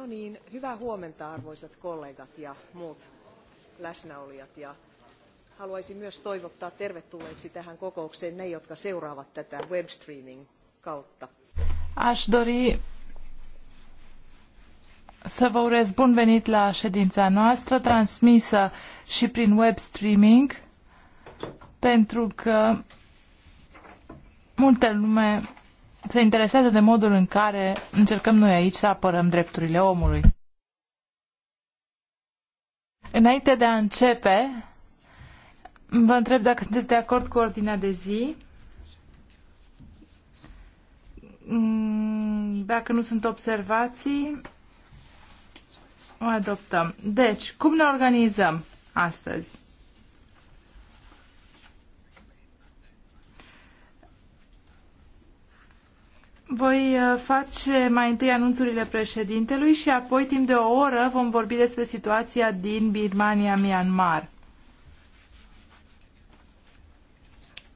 No niin, hyvää huomenta arvoisat kollegat ja muut läsnäolijat. Ja haluaisin myös toivottaa tervetulleeksi tähän kokoukseen ne, jotka seuraavat tätä webstreaming kautta. Aș dori să vă urez bun venit la ședința noastră, transmisă și prin web streaming, pentru că multe lume se interesează de modul în care încercăm noi aici să apărăm drepturile omului. Înainte de a începe, vă întreb dacă sunteți de acord cu ordinea de zi. Mm, dacă nu sunt observații, o adoptăm. Deci, cum ne organizăm astăzi? Voi uh, face mai întâi anunțurile președintelui și apoi, timp de o oră, vom vorbi despre situația din Birmania-Myanmar.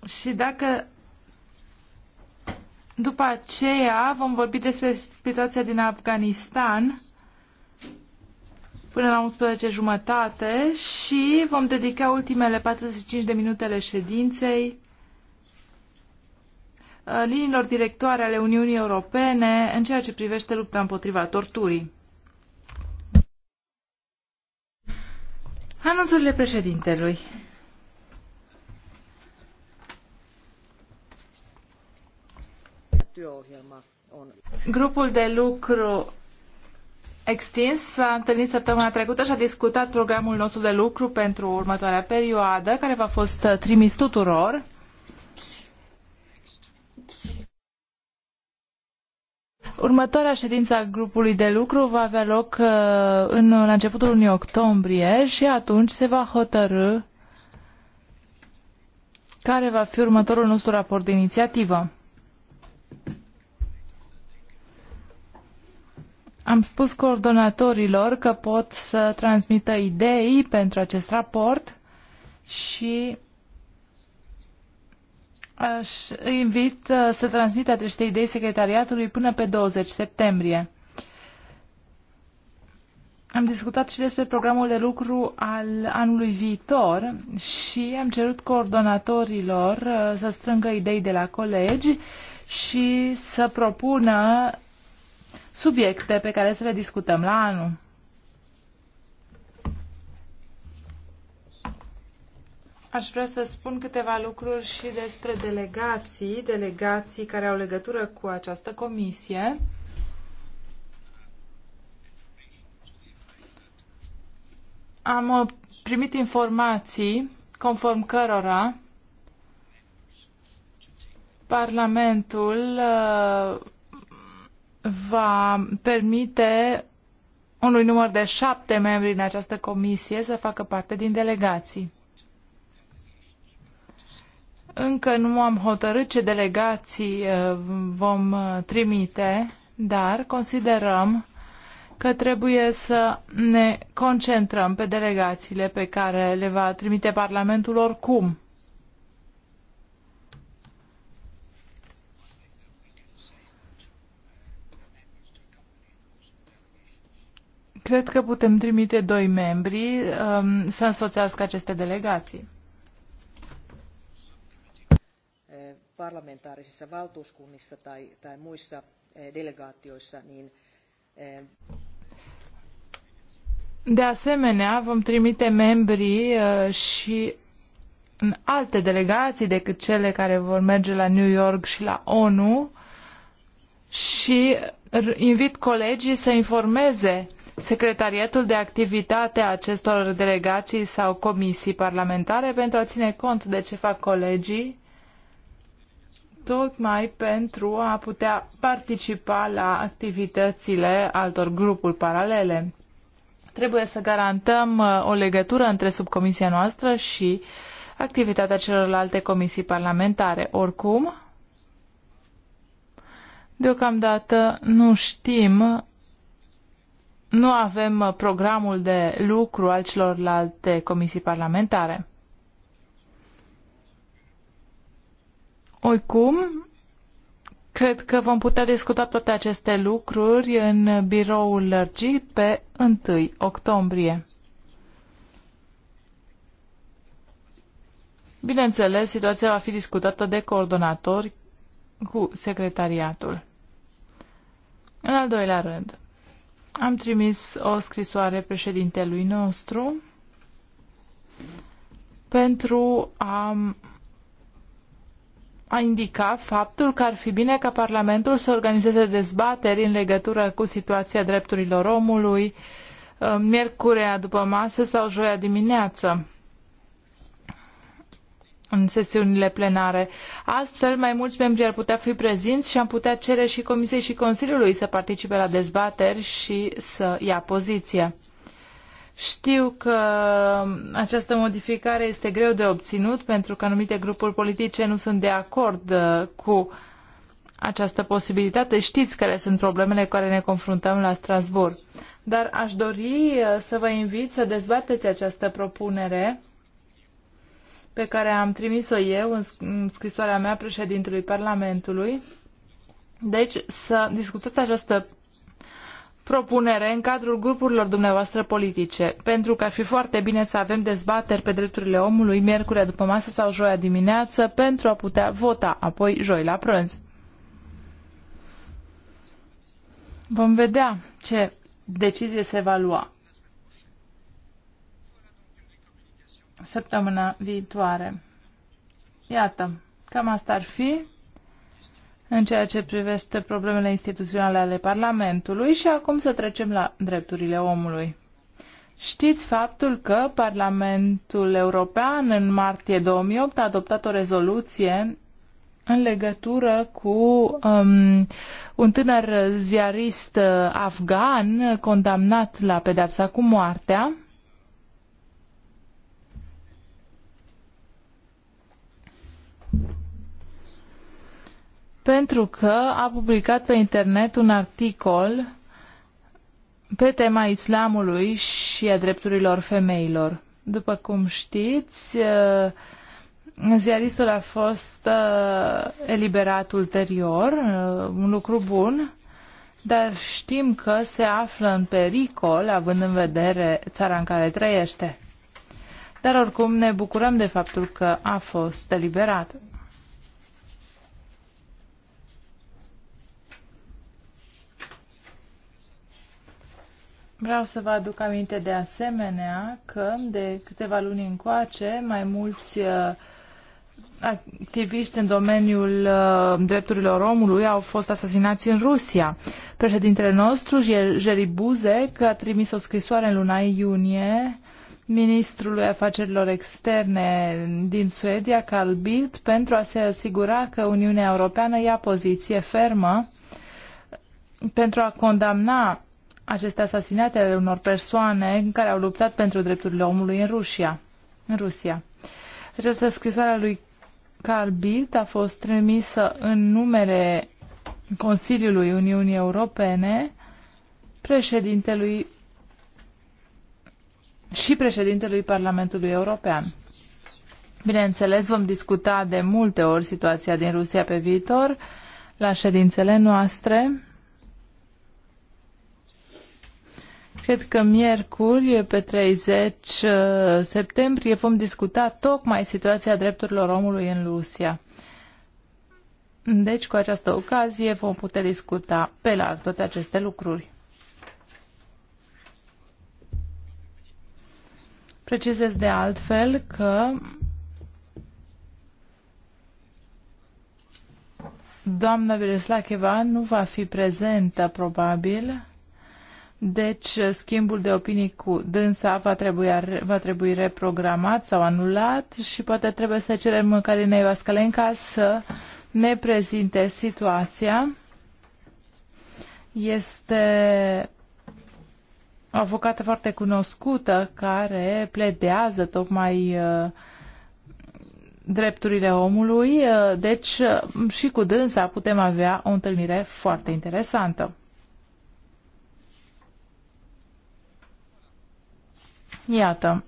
Și dacă după aceea vom vorbi despre situația din Afganistan până la 11 jumătate și vom dedica ultimele 45 de minute ale ședinței Uh, liniilor directoare ale Uniunii Europene în ceea ce privește lupta împotriva torturii. Anunțurile președintelui. Grupul de lucru extins s-a întâlnit săptămâna trecută și a discutat programul nostru de lucru pentru următoarea perioadă, care v-a fost trimis tuturor. Următoarea ședință a grupului de lucru va avea loc uh, în, la începutul lunii octombrie și atunci se va hotărâ care va fi următorul nostru raport de inițiativă. Am spus coordonatorilor că pot să transmită idei pentru acest raport și Aș invit uh, să transmit aceste idei secretariatului până pe 20 septembrie. Am discutat și despre programul de lucru al anului viitor și am cerut coordonatorilor uh, să strângă idei de la colegi și să propună subiecte pe care să le discutăm la anul. Aș vrea să spun câteva lucruri și despre delegații, delegații care au legătură cu această comisie. Am primit informații conform cărora Parlamentul uh, va permite unui număr de șapte membri în această comisie să facă parte din delegații. Încă nu am hotărât ce delegații uh, vom uh, trimite, dar considerăm că trebuie să ne concentrăm pe delegațiile pe care le va trimite Parlamentul oricum. Cred că putem trimite doi membri um, să însoțească aceste delegații. parlamentaarisissa valtuuskunnissa tai, tai muissa eh, delegaatioissa, niin eh, de asemenea, vom trimite membrii eh, și în mm, alte delegații decât cele care vor merge la New York și la ONU și invit colegii să informeze secretariatul de activitate a acestor delegații sau comisii parlamentare pentru a ține cont de ce fac colegii tocmai pentru a putea participa la activitățile altor grupuri paralele. Trebuie să garantăm uh, o legătură între subcomisia noastră și activitatea celorlalte comisii parlamentare. Oricum, deocamdată nu știm, nu avem uh, programul de lucru al celorlalte comisii parlamentare. Oricum, cred că vom putea discuta toate aceste lucruri în biroul lărgit pe 1 octombrie. Bineînțeles, situația va fi discutată de coordonatori cu secretariatul. În al doilea rând, am trimis o scrisoare președintelui nostru pentru a a indicat faptul că ar fi bine ca Parlamentul să organizeze dezbateri în legătură cu situația drepturilor omului uh, miercurea după masă sau joia dimineață în sesiunile plenare. Astfel, mai mulți membri ar putea fi prezenți și am putea cere și Comisiei și Consiliului să participe la dezbateri și să ia poziție. Știu că această modificare este greu de obținut pentru că anumite grupuri politice nu sunt de acord uh, cu această posibilitate. Știți care sunt problemele cu care ne confruntăm la Strasbourg. Dar aș dori uh, să vă invit să dezbateți această propunere pe care am trimis-o eu în scrisoarea mea președintelui Parlamentului. Deci să discutați această propunere în cadrul grupurilor dumneavoastră politice, pentru că ar fi foarte bine să avem dezbateri pe drepturile omului miercurea după masă sau joia dimineață pentru a putea vota apoi joi la prânz. Vom vedea ce decizie se va lua săptămâna viitoare. Iată, cam asta ar fi în ceea ce privește problemele instituționale ale Parlamentului și acum să trecem la drepturile omului. Știți faptul că Parlamentul European în martie 2008 a adoptat o rezoluție în legătură cu um, un tânăr ziarist uh, afgan condamnat la pedeapsa cu moartea pentru că a publicat pe internet un articol pe tema islamului și a drepturilor femeilor. După cum știți, eh, ziaristul a fost eh, eliberat ulterior, eh, un lucru bun, dar știm că se află în pericol, având în vedere țara în care trăiește. Dar oricum ne bucurăm de faptul că a fost eliberat. Vreau să vă aduc aminte de asemenea că de câteva luni încoace mai mulți uh, activiști în domeniul uh, drepturilor omului au fost asasinați în Rusia. Președintele nostru, Jerry Buzek, a trimis o scrisoare în luna iunie ministrului afacerilor externe din Suedia, Carl Bildt, pentru a se asigura că Uniunea Europeană ia poziție fermă pentru a condamna aceste asasinate ale unor persoane care au luptat pentru drepturile omului în Rusia. În Rusia. Această scrisoare a lui Carl Bildt a fost trimisă în numere Consiliului Uniunii Europene președintelui și președintelui Parlamentului European. Bineînțeles, vom discuta de multe ori situația din Rusia pe viitor la ședințele noastre Cred că miercuri, pe 30 uh, septembrie, vom discuta tocmai situația drepturilor omului în Rusia. Deci, cu această ocazie, vom putea discuta pe larg toate aceste lucruri. Precizez de altfel că doamna Bireslacheva nu va fi prezentă, probabil, deci, schimbul de opinii cu dânsa va trebui, va trebui reprogramat sau anulat și poate trebuie să cerem măcar Inei Vascalenca să ne prezinte situația. Este o avocată foarte cunoscută care pledează tocmai uh, drepturile omului, uh, deci uh, și cu dânsa putem avea o întâlnire foarte interesantă. Iată,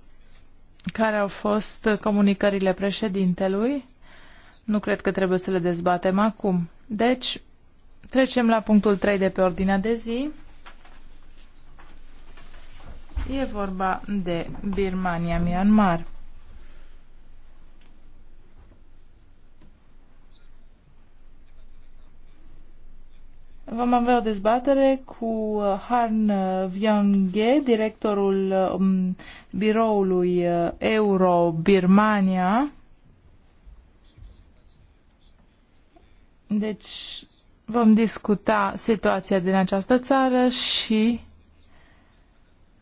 care au fost comunicările președintelui. Nu cred că trebuie să le dezbatem acum. Deci, trecem la punctul 3 de pe ordinea de zi. E vorba de Birmania, Myanmar. Vom avea o dezbatere cu uh, Han Vianghe, directorul um, biroului uh, Euro-Birmania. Deci vom discuta situația din această țară și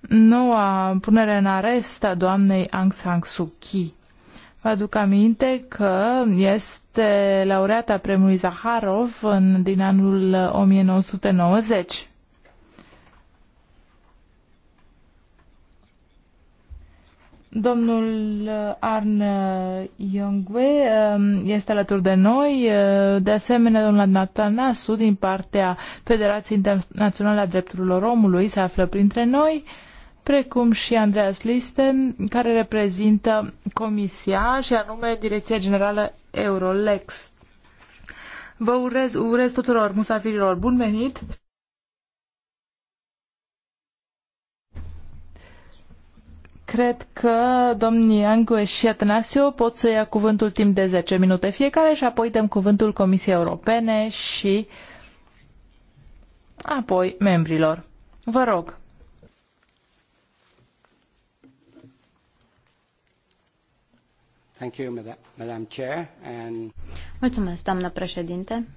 noua punere în arest a doamnei Aung San Suu Kyi. Vă aduc aminte că este laureata premiului Zaharov în, din anul 1990. Domnul Arn Iongwe um, este alături de noi, uh, de asemenea domnul Natanasu din partea Federației Internaționale a Drepturilor Omului se află printre noi precum și Andreas Liste, care reprezintă Comisia și anume Direcția Generală Eurolex. Vă urez, urez tuturor musafirilor bun venit! Cred că domnii Angue și Atanasio pot să ia cuvântul timp de 10 minute fiecare și apoi dăm cuvântul Comisiei Europene și apoi membrilor. Vă rog! Mulțumesc, doamnă președinte.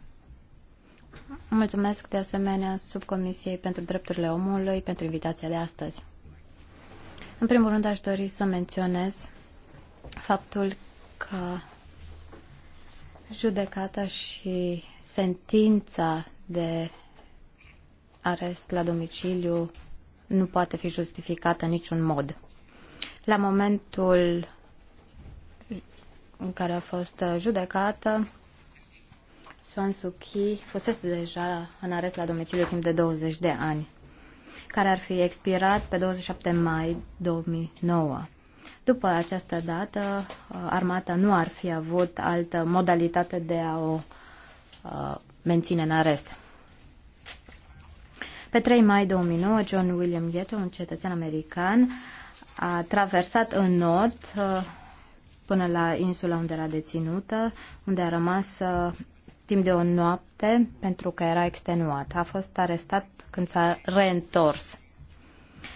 Mulțumesc de asemenea subcomisiei pentru drepturile omului pentru invitația de astăzi. În primul rând aș dori să menționez faptul că judecata și sentința de arest la domiciliu nu poate fi justificată în niciun mod. La momentul în care a fost uh, judecată, Suan Suki fusese deja în arest la domiciliu timp de 20 de ani, care ar fi expirat pe 27 mai 2009. După această dată, uh, armata nu ar fi avut altă modalitate de a o uh, menține în arest. Pe 3 mai 2009, John William Yeto, un cetățean american, a traversat în not până la insula unde era deținută, unde a rămas uh, timp de o noapte pentru că era extenuat. A fost arestat când s-a reîntors.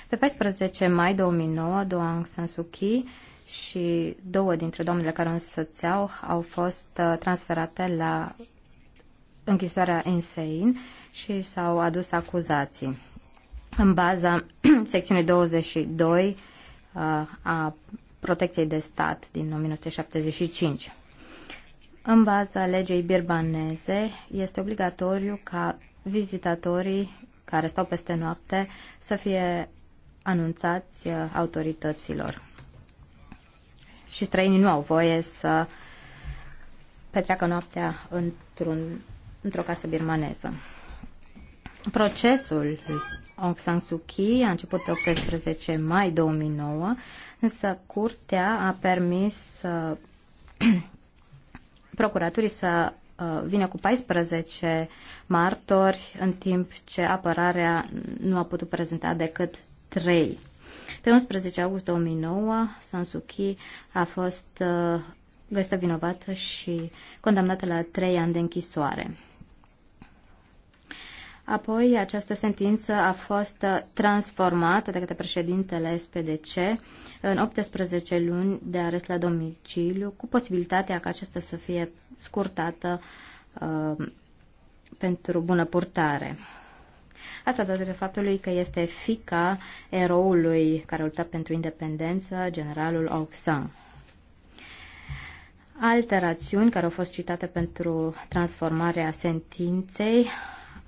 Pe 14 mai 2009, Doang San Suu Kyi și două dintre domnile care o însățeau au fost uh, transferate la închisoarea Insein și s-au adus acuzații. În baza secțiunii 22 uh, a protecției de stat din 1975. În baza legei birbaneze, este obligatoriu ca vizitatorii care stau peste noapte să fie anunțați uh, autorităților. Și străinii nu au voie să petreacă noaptea într-un, într-o casă birmaneză. Procesul Aung San Suu Kyi a început pe 18 mai 2009, însă curtea a permis uh, procuraturii să uh, vină cu 14 martori, în timp ce apărarea nu a putut prezenta decât 3. Pe 11 august 2009, San Suu Kyi a fost uh, găsită vinovată și condamnată la 3 ani de închisoare. Apoi, această sentință a fost uh, transformată de către președintele SPDC în 18 luni de arest la domiciliu, cu posibilitatea ca aceasta să fie scurtată uh, pentru bună purtare. Asta datorită faptului că este fica eroului care a luptat pentru independență, generalul Aung San. Alte rațiuni care au fost citate pentru transformarea sentinței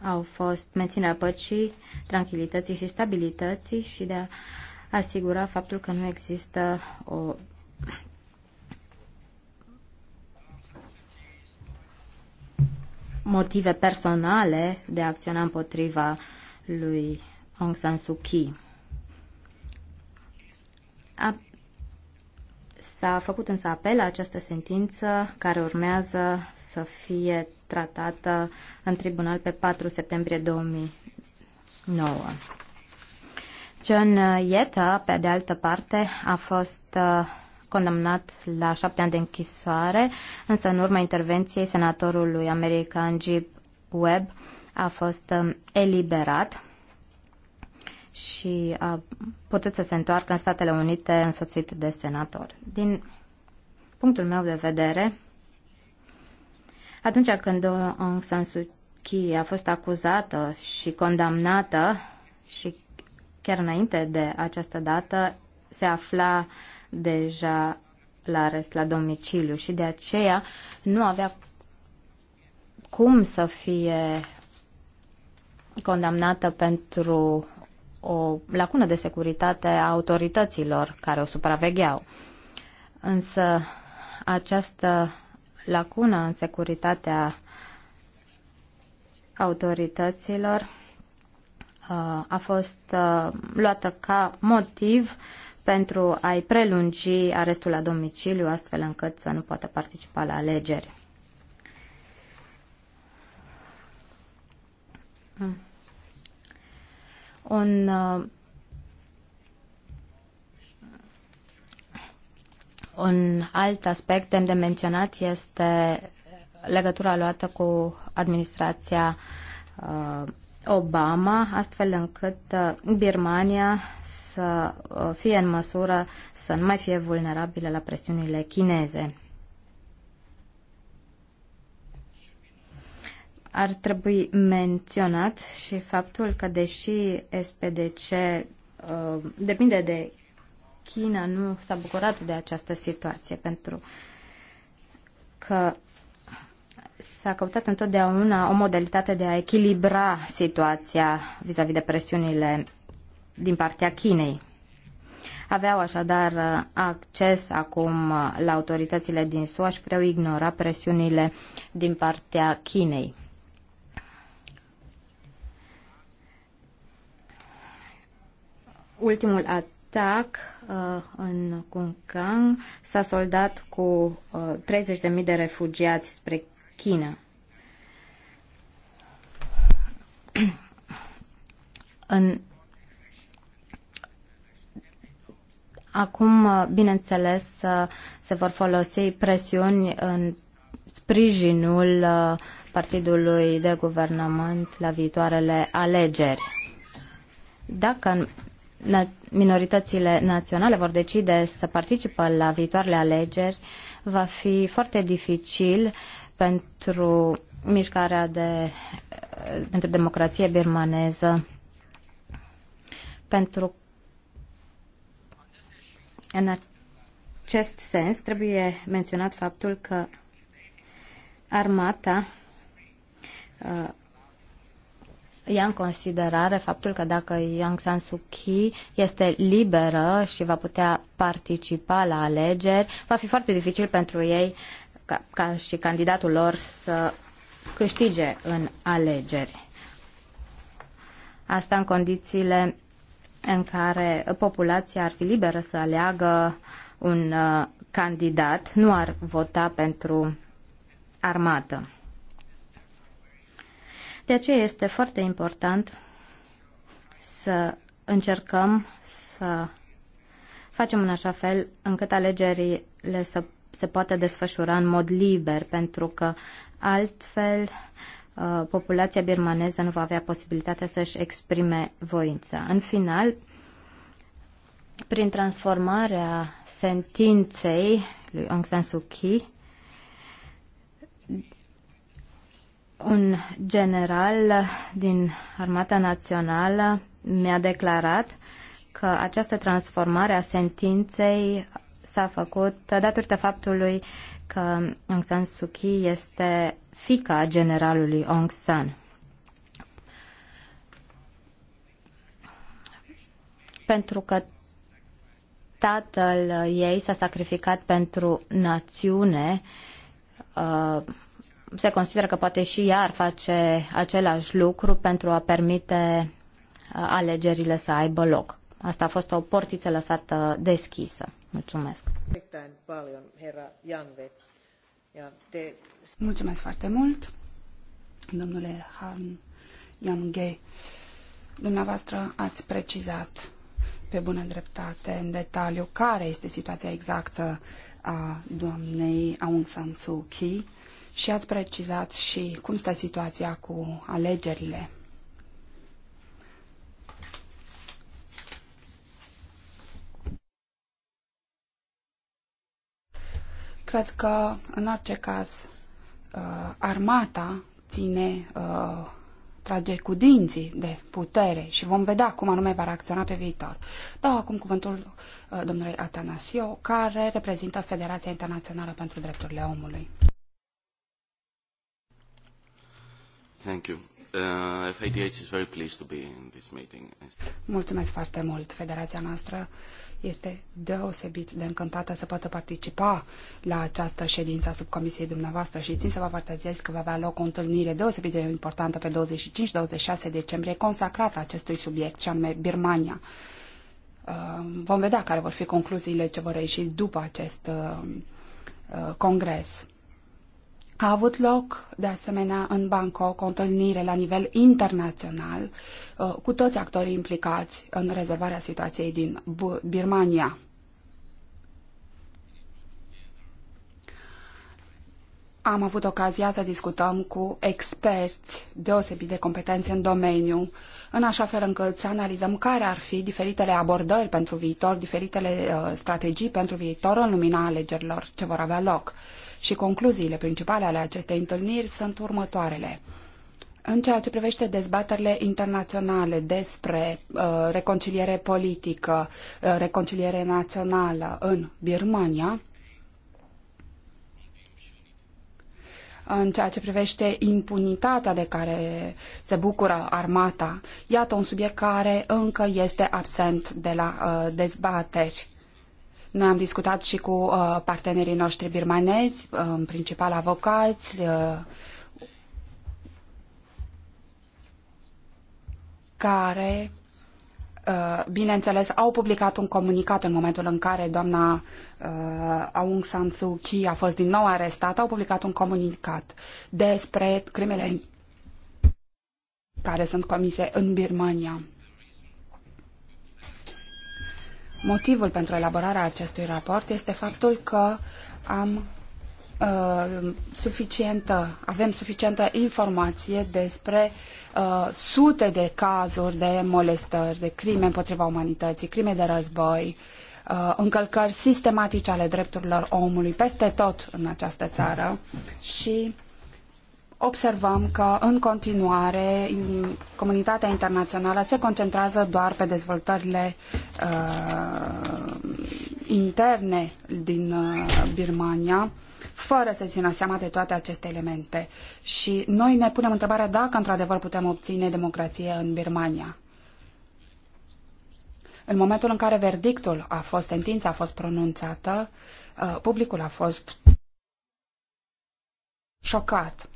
au fost menținerea păcii, tranquilității și stabilității și de a asigura faptul că nu există o motive personale de a acționa împotriva lui Aung San Suu Kyi. A S-a făcut însă apel la această sentință care urmează să fie tratată în tribunal pe 4 septembrie 2009. John Yeta, pe de altă parte, a fost uh, condamnat la șapte ani de închisoare, însă în urma intervenției senatorului american Jeep Webb a fost um, eliberat și a putut să se întoarcă în Statele Unite însoțit de senator. Din punctul meu de vedere, atunci când Aung San Suu Kyi a fost acuzată și condamnată și chiar înainte de această dată se afla deja la arest, la domiciliu și de aceea nu avea cum să fie condamnată pentru o lacună de securitate a autorităților care o supravegheau. Însă această lacună în securitatea autorităților uh, a fost uh, luată ca motiv pentru a-i prelungi arestul la domiciliu, astfel încât să nu poată participa la alegeri. Mm un uh, un alt aspect de menționat este legătura luată cu administrația uh, Obama, astfel încât uh, Birmania să fie în măsură să nu mai fie vulnerabilă la presiunile chineze. Ar trebui menționat și faptul că, deși SPDC uh, depinde de China, nu s-a bucurat de această situație, pentru că s-a căutat întotdeauna o modalitate de a echilibra situația vis-a-vis -vis de presiunile din partea Chinei. Aveau așadar uh, acces acum uh, la autoritățile din SUA și puteau ignora presiunile din partea Chinei. Ultimul atac uh, în Kunkang s-a soldat cu uh, 30.000 de refugiați spre China. în Acum, uh, bineînțeles, uh, se vor folosi presiuni în sprijinul uh, partidului de guvernământ la viitoarele alegeri. Dacă na- minoritățile naționale vor decide să participă la viitoarele alegeri, va fi foarte dificil pentru mișcarea de, pentru democrație birmaneză, pentru în acest sens trebuie menționat faptul că armata uh, ia în considerare faptul că dacă Aung San Suu Kyi este liberă și va putea participa la alegeri, va fi foarte dificil pentru ei ca, ca și candidatul lor să câștige în alegeri. Asta în condițiile în care populația ar fi liberă să aleagă un uh, candidat, nu ar vota pentru armată. De aceea este foarte important să încercăm să facem în așa fel încât alegerile să se poată desfășura în mod liber, pentru că altfel uh, populația birmaneză nu va avea posibilitatea să-și exprime voința. În final, prin transformarea sentinței lui Aung San Suu Kyi un general din Armata Națională mi-a declarat că această transformare a sentinței s-a făcut datorită faptului că Aung San Suu Kyi este fica generalului Aung San. Pentru că tatăl ei s-a sacrificat pentru națiune uh, se consideră că poate și ea ar face același lucru pentru a permite uh, alegerile să aibă loc. Asta a fost o portiță lăsată deschisă. Mulțumesc. Mulțumesc foarte mult, domnule Han Yanghe. Dumneavoastră ați precizat pe bună dreptate în detaliu care este situația exactă a doamnei Aung San Suu Kyi și ați precizat și cum stă situația cu alegerile. Cred că, în orice caz, uh, armata ține uh, trage cu dinții de putere și vom vedea cum anume va reacționa pe viitor. Dau acum cuvântul uh, domnului Atanasio, care reprezintă Federația Internațională pentru Drepturile Omului. Uh, is very pleased to be in this meeting. Mulțumesc foarte mult. Federația noastră este deosebit de încântată să poată participa la această ședință a subcomisiei dumneavoastră și țin să vă avertizez că va avea loc o întâlnire deosebit de importantă pe 25-26 decembrie consacrată acestui subiect, și anume Birmania. Uh, vom vedea care vor fi concluziile ce vor ieși după acest uh, congres. A avut loc, de asemenea, în Bangkok o întâlnire la nivel internațional uh, cu toți actorii implicați în rezolvarea situației din Birmania. Am avut ocazia să discutăm cu experți deosebit de competențe în domeniu, în așa fel încât să analizăm care ar fi diferitele abordări pentru viitor, diferitele uh, strategii pentru viitor în lumina alegerilor ce vor avea loc. Uh, și concluziile principale ale acestei întâlniri sunt următoarele. În ceea ce privește dezbaterile internaționale despre uh, reconciliere politică, uh, reconciliere națională în Birmania, în ceea ce privește impunitatea de care se bucură armata. Iată un subiect care încă este absent de la uh, dezbateri. Noi am discutat și cu uh, partenerii noștri birmanezi, uh, în principal avocați, uh, care, uh, bineînțeles, au publicat un comunicat în momentul în care doamna uh, Aung San Suu Kyi a fost din nou arestată, au publicat un comunicat despre crimele care sunt comise în Birmania. Motivul pentru elaborarea acestui raport este faptul că am uh, suficientă, avem suficientă informație despre uh, sute de cazuri de molestări, de crime împotriva umanității, crime de război, uh, încălcări sistematice ale drepturilor omului peste tot în această țară și observăm că în continuare comunitatea internațională se concentrează doar pe dezvoltările uh, interne din uh, Birmania, fără să țină seama de toate aceste elemente. Și noi ne punem întrebarea dacă într-adevăr putem obține democrație în Birmania. În momentul în care verdictul a fost, sentința a fost pronunțată, uh, publicul a fost șocat.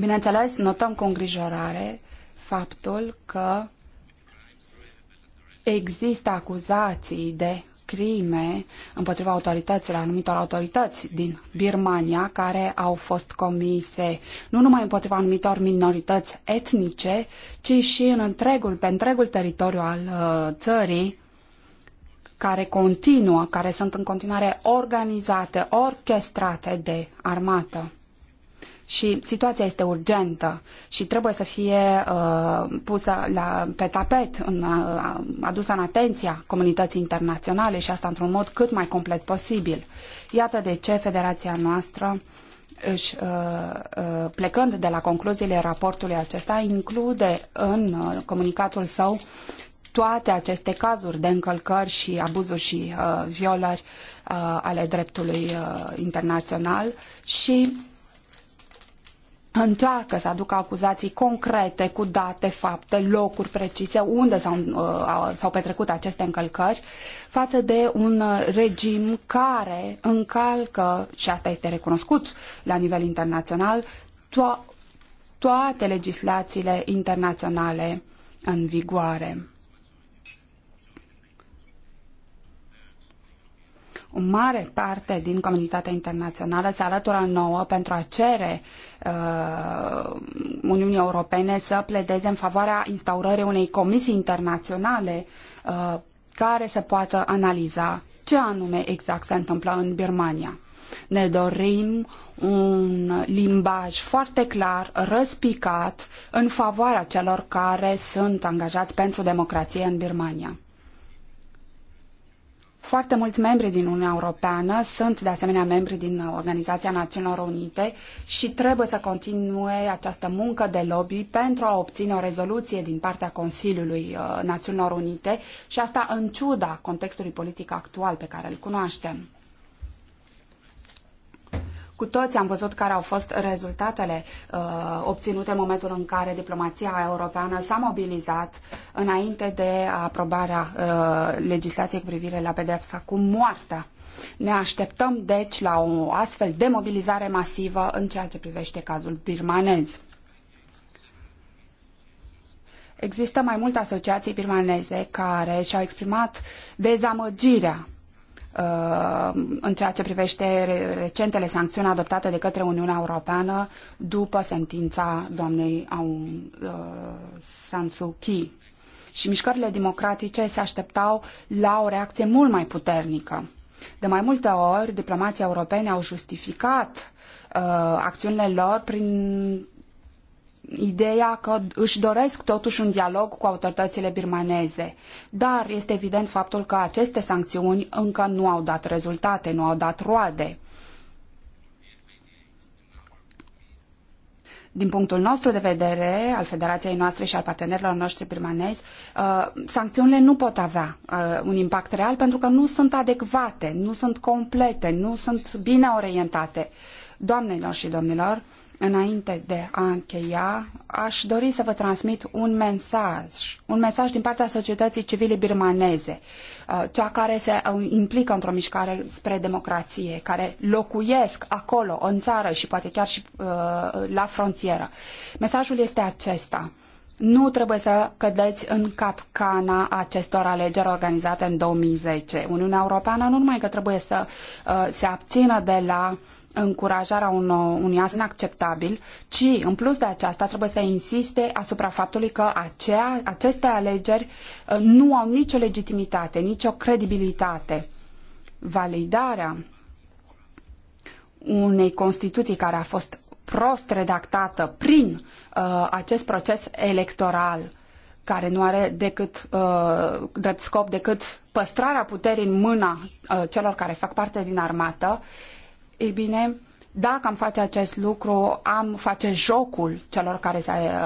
Bineînțeles, notăm cu îngrijorare faptul că există acuzații de crime împotriva autorităților, anumitor autorități din Birmania care au fost comise nu numai împotriva anumitor minorități etnice, ci și în întregul, pe întregul teritoriu al uh, țării care continuă, care sunt în continuare organizate, orchestrate de armată și situația este urgentă și trebuie să fie uh, pusă la, pe tapet, în, uh, adusă în atenția comunității internaționale și asta într-un mod cât mai complet posibil. Iată de ce federația noastră își, uh, uh plecând de la concluziile raportului acesta, include în uh, comunicatul său toate aceste cazuri de încălcări și abuzuri și uh, violări ale dreptului internațional și încearcă să aducă acuzații concrete cu date, fapte, locuri precise unde uh, s-au, petrecut aceste încălcări față de un regim care încalcă, și asta este recunoscut la nivel internațional, to- toate legislațiile internaționale în vigoare. o mare parte din comunitatea internațională se alătură nouă pentru a cere uh, Uniunii Europene să pledeze în favoarea instaurării unei comisii internaționale uh, care să poată analiza ce anume exact se întâmplă în Birmania. Ne dorim un limbaj foarte clar, răspicat, în favoarea celor care sunt angajați pentru democrație în Birmania. Foarte mulți membri din Uniunea Europeană sunt de asemenea membri din Organizația Națiunilor Unite și trebuie să continue această muncă de lobby pentru a obține o rezoluție din partea Consiliului uh, Națiunilor Unite și asta în ciuda contextului politic actual pe care îl cunoaștem. Cu toți am văzut care au fost rezultatele uh, obținute în momentul în care diplomația europeană s-a mobilizat înainte de aprobarea uh, legislației cu privire la pedepsa cu moartea. Ne așteptăm, deci, la o astfel de mobilizare masivă în ceea ce privește cazul birmanez. Există mai multe asociații birmaneze care și-au exprimat dezamăgirea Uh, în ceea ce privește recentele sancțiuni adoptate de către Uniunea Europeană după sentința doamnei Aung uh, San Suu Kyi. Și mișcările democratice se așteptau la o reacție mult mai puternică. De mai multe ori, diplomații europeni au justificat uh, acțiunile lor prin ideea că își doresc totuși un dialog cu autoritățile birmaneze. Dar este evident faptul că aceste sancțiuni încă nu au dat rezultate, nu au dat roade. din punctul nostru de vedere, al Federației noastre și al partenerilor noștri birmanezi, uh, sancțiunile nu pot avea uh, un impact real pentru că nu sunt adecvate, nu sunt complete, nu sunt bine orientate. Doamnelor și domnilor, Înainte de a încheia, aș dori să vă transmit un mesaj, un mesaj din partea societății civile birmaneze, uh, cea care se uh, implică într-o mișcare spre democrație, care locuiesc acolo, în țară și poate chiar și uh, la frontieră. Mesajul este acesta. Nu trebuie să cădeți în capcana acestor alegeri organizate în 2010. Uniunea Europeană nu numai că trebuie să uh, se abțină de la încurajarea unui asin acceptabil, ci, în plus de aceasta, trebuie să insiste asupra faptului că acea, aceste alegeri uh, nu au nicio legitimitate, nicio credibilitate. Validarea unei Constituții care a fost prost redactată prin uh, acest proces electoral care nu are decât uh, drept scop decât păstrarea puterii în mâna uh, celor care fac parte din armată, uh, ei bine, dacă am face acest lucru, am face jocul celor care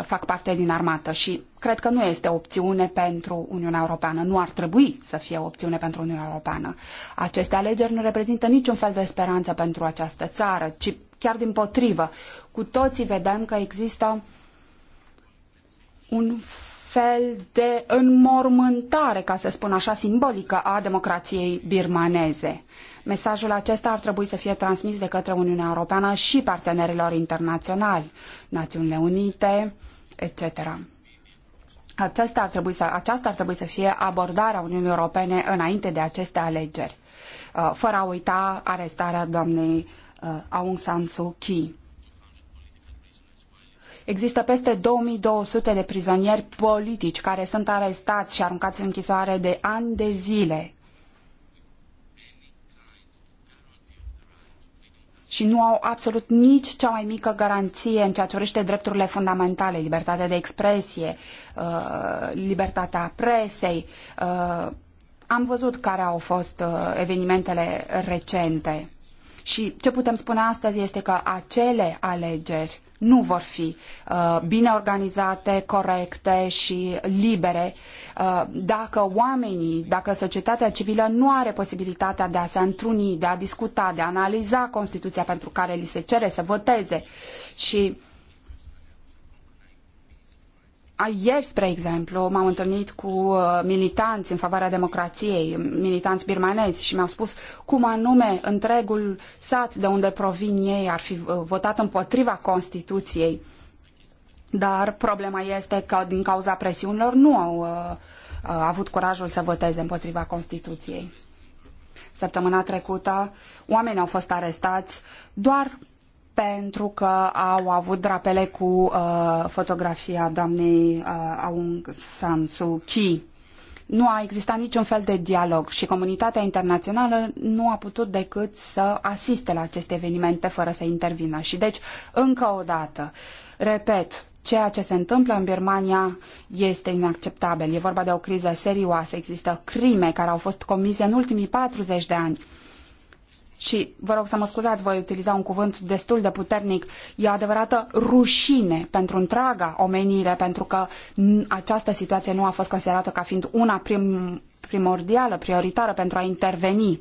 fac parte din armată și cred că nu este o opțiune pentru Uniunea Europeană. Nu ar trebui să fie o opțiune pentru Uniunea Europeană. Aceste alegeri nu reprezintă niciun fel de speranță pentru această țară, ci chiar din potrivă. Cu toții vedem că există un fel de înmormântare, ca să spun așa, simbolică a democrației birmaneze. Uh, Mesajul acesta ar trebui să fie transmis de către Uniunea Europeană și partenerilor internaționali, Națiunile Unite, etc. Aceasta ar trebui să, aceasta ar trebui să fie abordarea Uniunii Europene înainte de aceste alegeri, uh, fără a uita arestarea doamnei uh, Aung San Suu Kyi. Există peste 2200 de prizonieri politici care sunt arestați și aruncați în închisoare de ani de zile. și nu au absolut nici cea mai mică garanție în ceea ce urește drepturile fundamentale, libertatea de expresie, uh, libertatea presei. Uh, am văzut care au fost uh, evenimentele recente. Și ce putem spune astăzi este că acele alegeri nu vor fi uh, bine organizate, corecte și libere uh, dacă oamenii, dacă societatea civilă nu are posibilitatea de a se întruni, de a discuta, de a analiza Constituția pentru care li se cere să voteze și uh, ieri, spre exemplu, m-am întâlnit cu uh, militanți în favoarea democrației, militanți birmanezi și mi-au spus cum anume întregul sat de unde provin ei ar fi uh, votat împotriva Constituției. Dar problema este că din cauza presiunilor nu au uh, uh avut curajul să voteze împotriva Constituției. Săptămâna trecută, oameni au fost arestați doar pentru că au avut drapele cu uh, fotografia doamnei uh, Aung San Suu Kyi. Nu a existat niciun fel de dialog și comunitatea internațională nu a putut decât să asiste la aceste evenimente fără să intervină. Și deci, încă o dată, repet, ceea ce se întâmplă în Birmania este inacceptabil. E vorba de o criză serioasă. Există crime care au fost comise în ultimii 40 de ani și vă rog să mă scuzați, voi utiliza un cuvânt destul de puternic, e o adevărată rușine pentru întreaga omenire, pentru că această situație nu a fost considerată ca fiind una prim, primordială, prioritară pentru a interveni.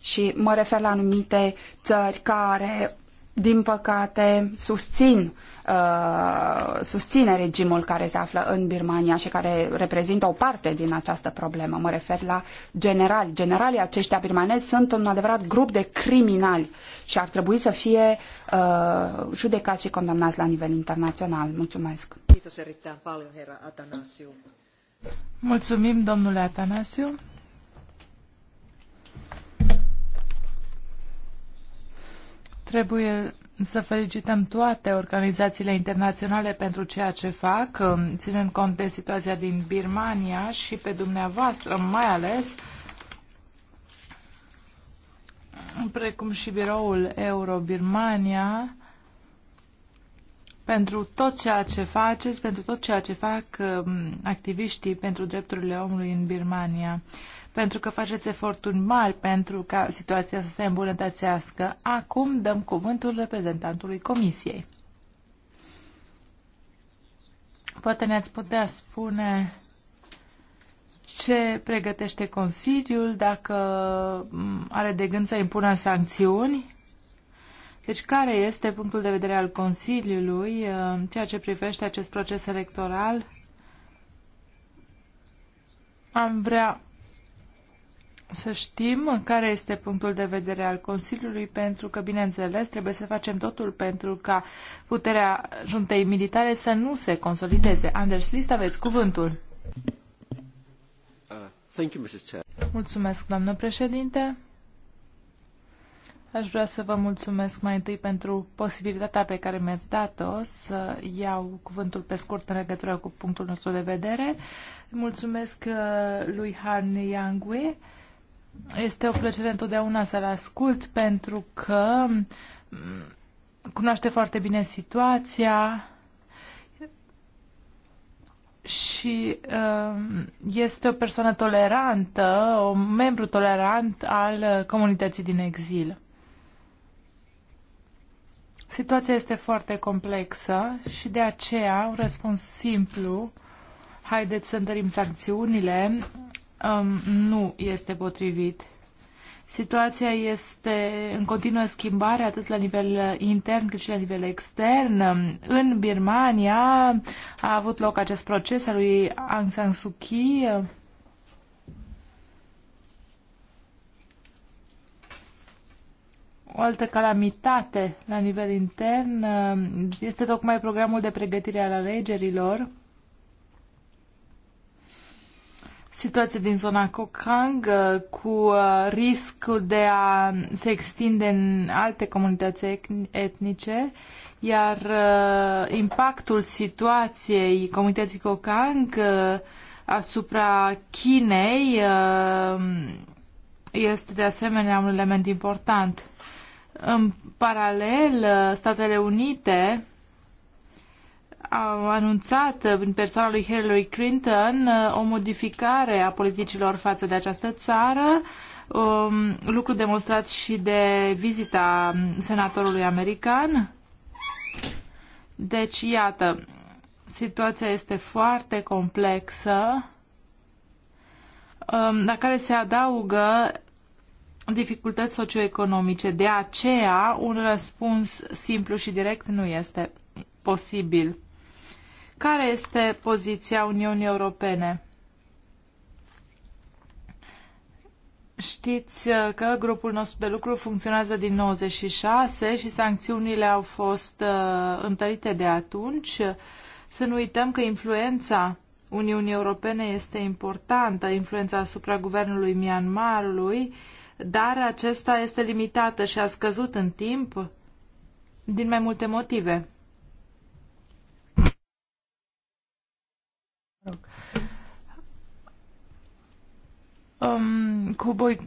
Și mă refer la anumite țări care din păcate, susțin, uh, susține regimul care se află în Birmania și care reprezintă o parte din această problemă. Mă refer la generali. Generalii aceștia birmanezi sunt un adevărat grup de criminali și ar trebui să fie uh, judecați și condamnați la nivel internațional. Mulțumesc! Mulțumim, domnule Atanasiu! Trebuie să felicităm toate organizațiile internaționale pentru ceea ce fac, um, ținând cont de situația din Birmania și pe dumneavoastră mai ales, precum și biroul Euro-Birmania, pentru tot ceea ce faceți, pentru tot ceea ce fac um, activiștii pentru drepturile omului în Birmania pentru că faceți eforturi mari pentru ca situația să se îmbunătățească. Acum dăm cuvântul reprezentantului Comisiei. Poate ne-ați putea spune ce pregătește Consiliul, dacă are de gând să impună sancțiuni. Deci care este punctul de vedere al Consiliului uh, ceea ce privește acest proces electoral? Am vrea să știm care este punctul de vedere al Consiliului, pentru că, bineînțeles, trebuie să facem totul pentru ca puterea juntei militare să nu se consolideze. Anders List, aveți cuvântul. Uh, mulțumesc, doamnă președinte. Aș vrea să vă mulțumesc mai întâi pentru posibilitatea pe care mi-ați dat-o să iau cuvântul pe scurt în legătură cu punctul nostru de vedere. Mulțumesc uh, lui Han Yangwe este o plăcere întotdeauna să-l ascult pentru că cunoaște foarte bine situația și uh, este o persoană tolerantă, un membru tolerant al comunității din exil. Situația este foarte complexă și de aceea un răspuns simplu, haideți să întărim sancțiunile, um, nu este potrivit. Situația este în continuă schimbare, atât la nivel intern cât și la nivel extern. În Birmania a avut loc acest proces al lui Aung San Suu Kyi. O altă calamitate la nivel intern um, este tocmai programul de pregătire al alegerilor situație din zona Kokang uh, cu uh, riscul de a se extinde în alte comunități etnice, iar uh, impactul situației comunității Kokang asupra Chinei este de asemenea un element important. În paralel, Statele Unite a anunțat prin persoana lui Hillary Clinton uh, o modificare a politicilor față de această țară, um, lucru demonstrat și de vizita senatorului american. Deci, iată, situația este foarte complexă, um, la care se adaugă dificultăți socioeconomice. De aceea, un răspuns simplu și direct nu este posibil. Care este poziția Uniunii Europene? Știți uh, că grupul nostru de lucru funcționează din 96 și sancțiunile au fost uh, întărite de atunci. Să nu uităm că influența Uniunii Europene este importantă, influența asupra guvernului Myanmarului, dar acesta este limitată și a scăzut în timp din mai multe motive. Um, cu boi,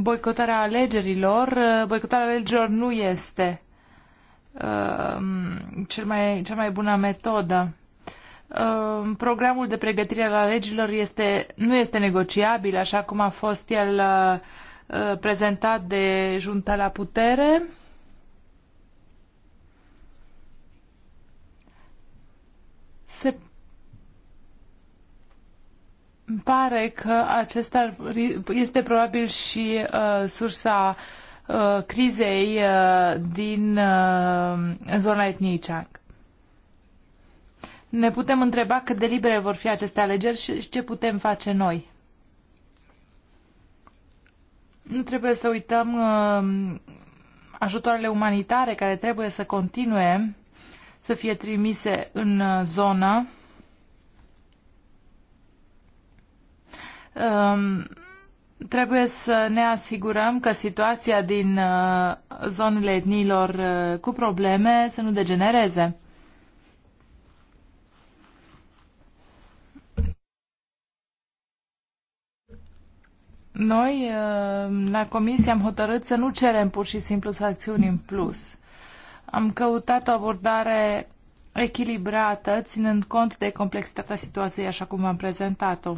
boicotarea alegerilor, uh, boicotarea alegerilor nu este uh, cel mai, cea mai bună metodă. Uh, programul de pregătire al alegerilor este, nu este negociabil, așa cum a fost el uh, uh prezentat de junta la putere. Se îmi pare că acesta este probabil și uh, sursa uh, crizei uh, din uh, zona Chang. Ne putem întreba cât de libere vor fi aceste alegeri și ce putem face noi. Nu trebuie să uităm uh, ajutoarele umanitare care trebuie să continue să fie trimise în uh, zonă. Um, trebuie să ne asigurăm că situația din uh, zonele etniilor uh, cu probleme să nu degenereze. Noi, uh, la comisie, am hotărât să nu cerem pur și simplu sancțiuni în plus. Am căutat o abordare echilibrată, ținând cont de complexitatea situației așa cum am prezentat-o.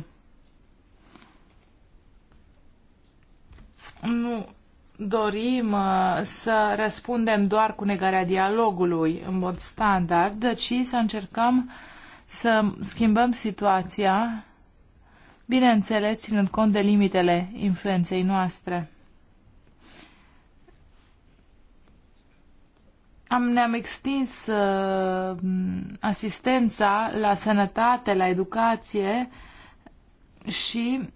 nu dorim uh, să răspundem doar cu negarea dialogului în mod standard, ci să încercăm să schimbăm situația, bineînțeles, ținând cont de limitele influenței noastre. Am, ne-am extins uh, asistența la sănătate, la educație și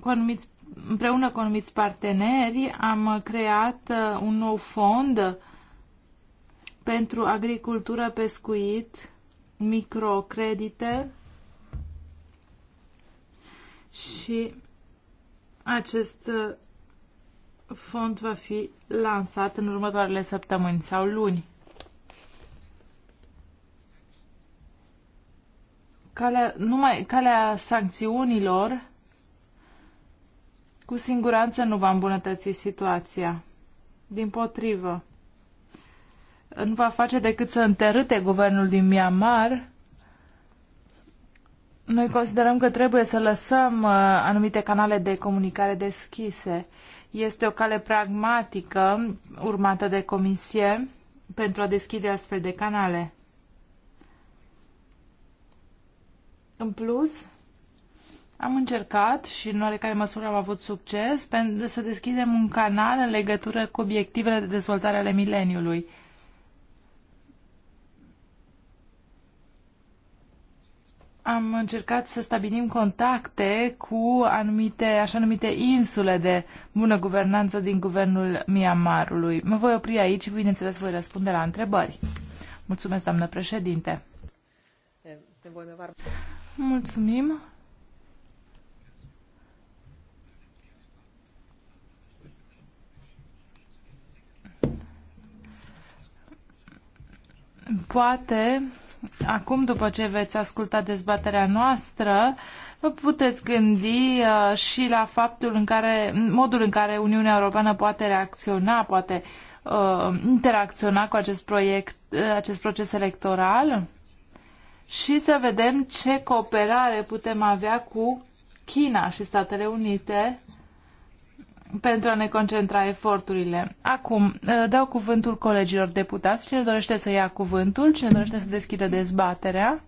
cu anumiți împreună cu anumiți parteneri am creat uh, un nou fond pentru agricultură, pescuit, microcredite și acest uh, fond va fi lansat în următoarele săptămâni sau luni. Calea, numai, calea sancțiunilor cu siguranță nu va îmbunătăți situația. Din potrivă, nu va face decât să întărâte guvernul din Myanmar. Noi considerăm că trebuie să lăsăm uh, anumite canale de comunicare deschise. Este o cale pragmatică urmată de comisie pentru a deschide astfel de canale. În plus, am încercat și în oarecare măsură am avut succes pentru să deschidem un canal în legătură cu obiectivele de dezvoltare ale mileniului. Am încercat să stabilim contacte cu anumite, așa numite insule de bună guvernanță din guvernul Myanmarului. Mă voi opri aici și, bineînțeles, voi răspunde la întrebări. Mulțumesc, doamnă președinte. Mulțumim. Poate, acum după ce veți asculta dezbaterea noastră, vă puteți gândi uh, și la faptul în care, modul în care Uniunea Europeană poate reacționa, poate uh, interacționa cu acest proiect, uh, acest proces electoral și să vedem ce cooperare putem avea cu China și Statele Unite pentru a ne concentra eforturile. Acum, uh, dau cuvântul colegilor deputați. Cine dorește să ia cuvântul? Cine dorește să deschidă dezbaterea?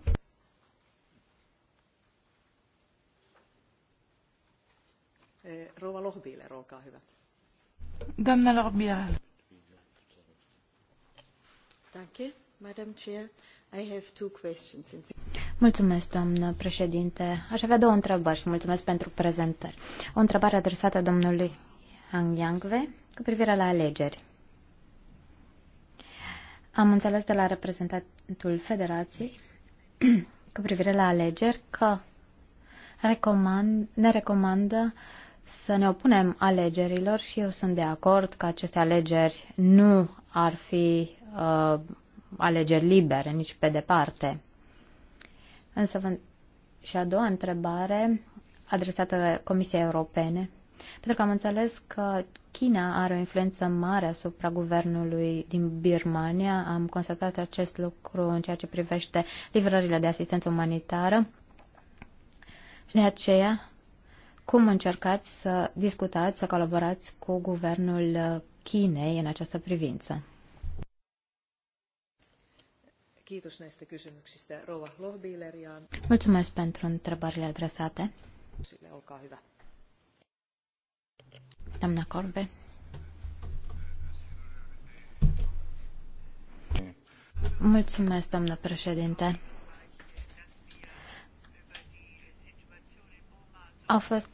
Eh, Rova Lohbiler, olkaa hyvä. Doamna Lohbiler. Danke, Madam Chair. I have two questions. Mulțumesc, doamnă președinte. Aș avea două întrebări și mulțumesc pentru prezentări. O întrebare adresată domnului Hangyangve cu privire la alegeri. Am înțeles de la reprezentantul Federației cu privire la alegeri că recomand, ne recomandă să ne opunem alegerilor și eu sunt de acord că aceste alegeri nu ar fi uh, alegeri libere, nici pe departe. Însă, și a doua întrebare adresată Comisiei Europene pentru că am înțeles că China are o influență mare asupra guvernului din Birmania. Am constatat acest lucru în ceea ce privește livrările de asistență umanitară. Și de aceea, cum încercați să discutați, să colaborați cu guvernul Chinei în această privință? Mulțumesc pentru întrebările adresate. Olkaa Doamna Corbe. Mulțumesc, doamnă președinte. Au fost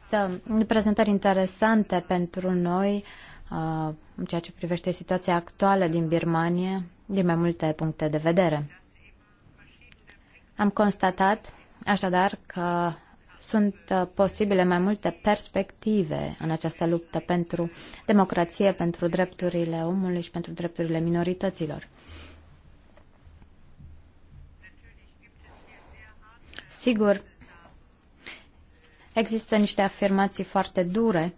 uh, prezentări interesante pentru noi uh, în ceea ce privește situația actuală din Birmania, din mai multe puncte de vedere. Am constatat așadar că sunt uh, posibile mai multe perspective în această luptă pentru democrație, pentru drepturile omului și pentru drepturile minorităților. Sigur, există niște afirmații foarte dure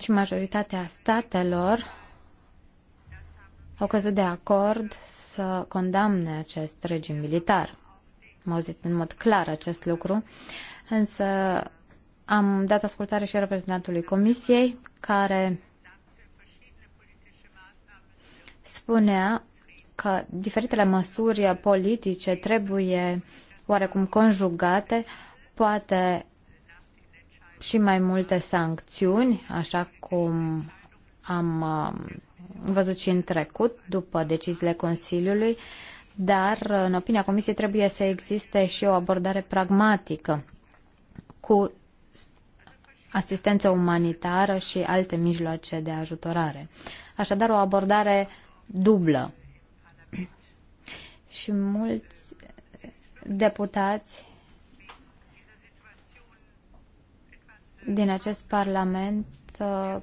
și majoritatea statelor au căzut de acord să condamne acest regim militar. Am auzit în mod clar acest lucru, însă am dat ascultare și reprezentantului Comisiei, care spunea că diferitele măsuri politice trebuie oarecum conjugate, poate și mai multe sancțiuni, așa cum am uh, văzut și în trecut, după deciziile Consiliului, dar, uh, în opinia Comisiei, trebuie să existe și o abordare pragmatică cu asistență umanitară și alte mijloace de ajutorare. Așadar, o abordare dublă. Și mulți deputați din acest Parlament uh,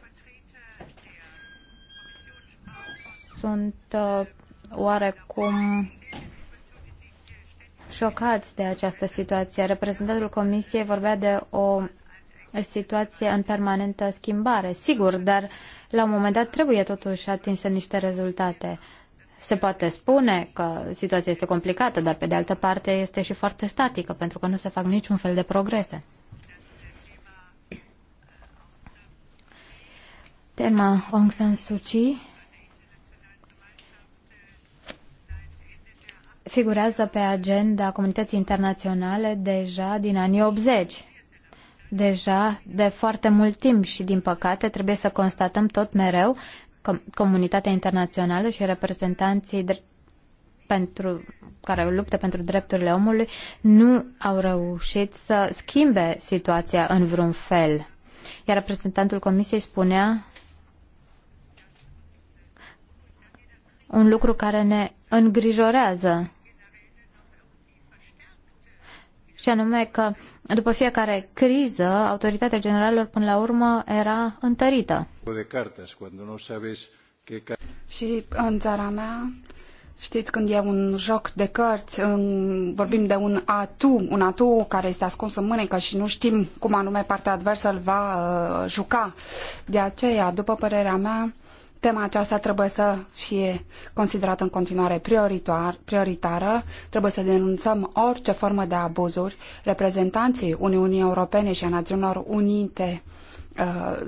sunt uh, oarecum șocați de această situație. Reprezentantul Comisiei vorbea de o situație în permanentă schimbare, sigur, dar la un moment dat trebuie totuși atinse niște rezultate. Se poate spune că situația este complicată, dar pe de altă parte este și foarte statică, pentru că nu se fac niciun fel de progrese. Tema Aung San Suu Kyi figurează pe agenda comunității internaționale deja din anii 80. Deja de foarte mult timp și, din păcate, trebuie să constatăm tot mereu că comunitatea internațională și reprezentanții pentru, care luptă pentru drepturile omului nu au reușit să schimbe situația în vreun fel. Iar reprezentantul Comisiei spunea un lucru care ne îngrijorează și anume că după fiecare criză, autoritatea generalilor până la urmă era întărită. Și în țara mea, știți când e un joc de cărți, în, vorbim de un atu, un atu care este ascuns în mânecă și nu știm cum anume partea adversă îl va uh, juca. De aceea, după părerea mea, Tema aceasta trebuie să fie considerată în continuare prioritar, prioritară, trebuie să denunțăm orice formă de abuzuri. Reprezentanții Uniunii Europene și a Națiunilor Unite uh,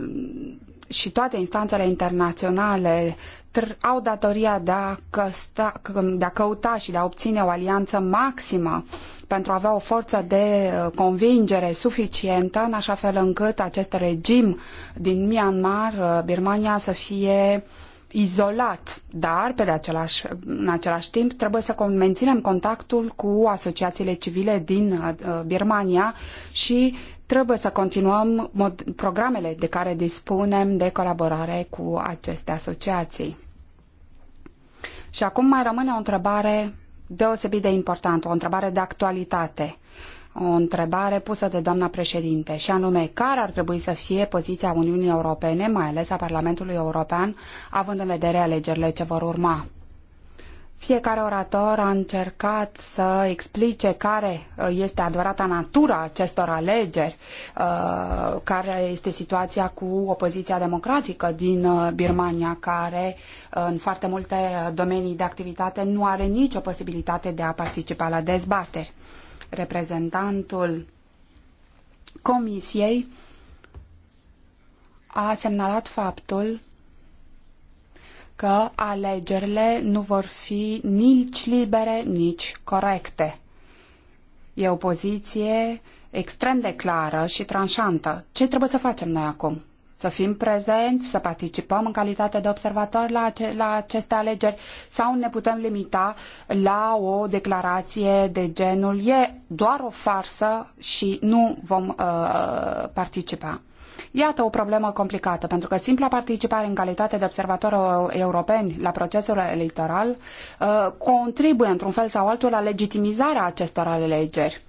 și toate instanțele internaționale au datoria de a, căsta, de a căuta și de a obține o alianță maximă pentru a avea o forță de uh, convingere suficientă în așa fel încât acest regim din Myanmar, uh, Birmania, să fie izolat, dar pe de același, în același timp trebuie să menținem contactul cu asociațiile civile din uh, Birmania și trebuie să continuăm programele de care dispunem de colaborare cu aceste asociații. Și acum mai rămâne o întrebare deosebit de importantă, o întrebare de actualitate, o întrebare pusă de doamna președinte, și anume care ar trebui să fie poziția Uniunii Europene, mai ales a Parlamentului European, având în vedere alegerile ce vor urma. Fiecare orator a încercat să explice care uh, este adevărata natura acestor alegeri, uh, care este situația cu opoziția democratică din uh, Birmania, care în foarte multe domenii de activitate nu are nicio posibilitate de a participa la dezbateri. Reprezentantul Comisiei a semnalat faptul că alegerile nu vor fi nici libere, nici corecte. E o poziție extrem de clară și tranșantă. Ce trebuie să facem noi acum? Să fim prezenți, să participăm în calitate de observatori la, ace- la aceste alegeri sau ne putem limita la o declarație de genul e doar o farsă și nu vom uh, participa. Iată o problemă complicată, pentru că simpla participare în calitate de observator europeni la procesul electoral uh, contribuie într-un fel sau altul la legitimizarea acestor alegeri.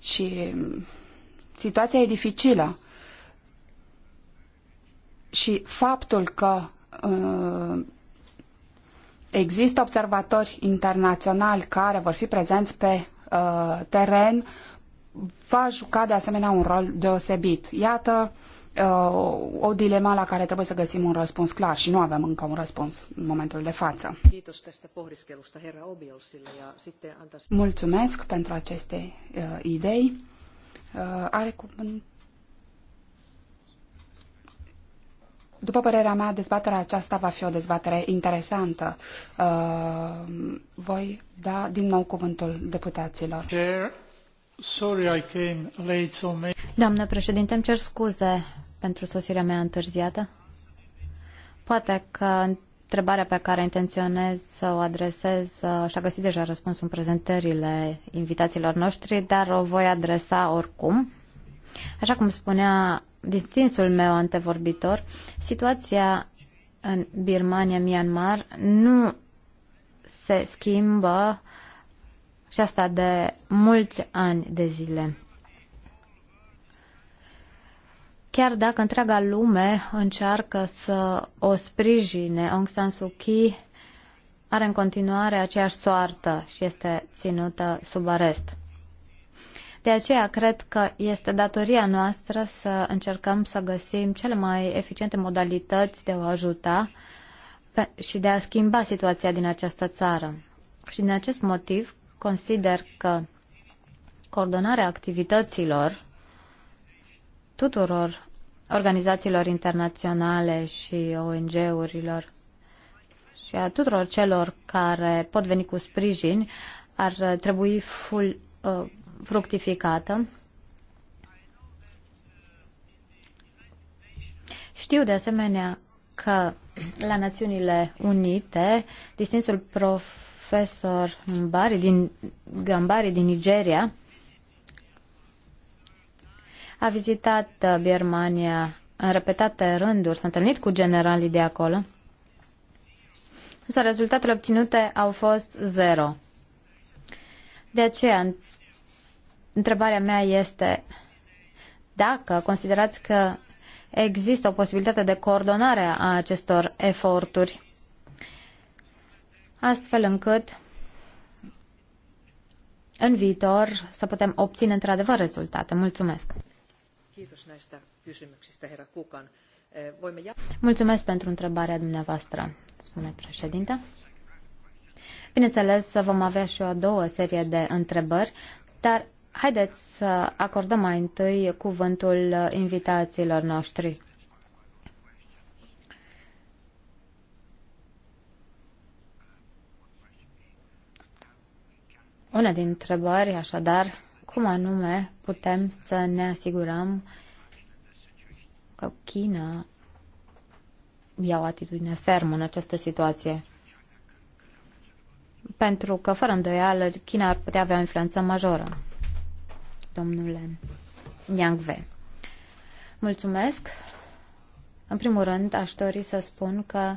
Și um, situația e dificilă. Și faptul că uh, există observatori internaționali care vor fi prezenți pe uh, teren va juca de asemenea un rol deosebit. Iată uh, o dilemă la care trebuie să găsim un răspuns clar și nu avem încă un răspuns în momentul de față. Mulțumesc pentru aceste uh, idei. Uh, are cu... După părerea mea, dezbaterea aceasta va fi o dezbatere interesantă. Uh, voi da din nou cuvântul deputaților. Chair, sorry I came late, so may... Doamnă președinte, îmi cer scuze pentru sosirea mea întârziată. Poate că întrebarea pe care intenționez să o adresez uh, și-a găsit deja răspunsul în prezentările invitațiilor noștri, dar o voi adresa oricum. Așa cum spunea distinsul meu antevorbitor, situația în Birmania, Myanmar nu se schimbă și asta de mulți ani de zile. chiar dacă întreaga lume încearcă să o sprijine, Aung San Suu Kyi are în continuare aceeași soartă și este ținută sub arest. De aceea cred că este datoria noastră să încercăm să găsim cele mai eficiente modalități de a o ajuta și de a schimba situația din această țară. Și din acest motiv consider că coordonarea activităților tuturor organizațiilor internaționale și ONG-urilor și a tuturor celor care pot veni cu sprijin ar trebui full, uh, fructificată. Știu de asemenea că la Națiunile Unite, distinsul profesor Gambari din, Gambari din Nigeria a vizitat uh, Birmania în repetate rânduri, s-a întâlnit cu generalii de acolo, însă rezultatele obținute au fost zero. De aceea, întrebarea mea este dacă considerați că există o posibilitate de coordonare a acestor eforturi, astfel încât în viitor să putem obține într-adevăr rezultate. Mulțumesc! Eh, Mulțumesc pentru întrebarea dumneavoastră, spune președinte. Bineînțeles, vom avea și o a doua serie de întrebări, dar haideți să acordăm mai întâi cuvântul invitațiilor noștri. Una din întrebări, așadar, cum anume putem să ne asigurăm că China ia o atitudine fermă în această situație. Pentru că, fără îndoială, China ar putea avea o influență majoră. Domnule Yang Mulțumesc. În primul rând, aș dori să spun că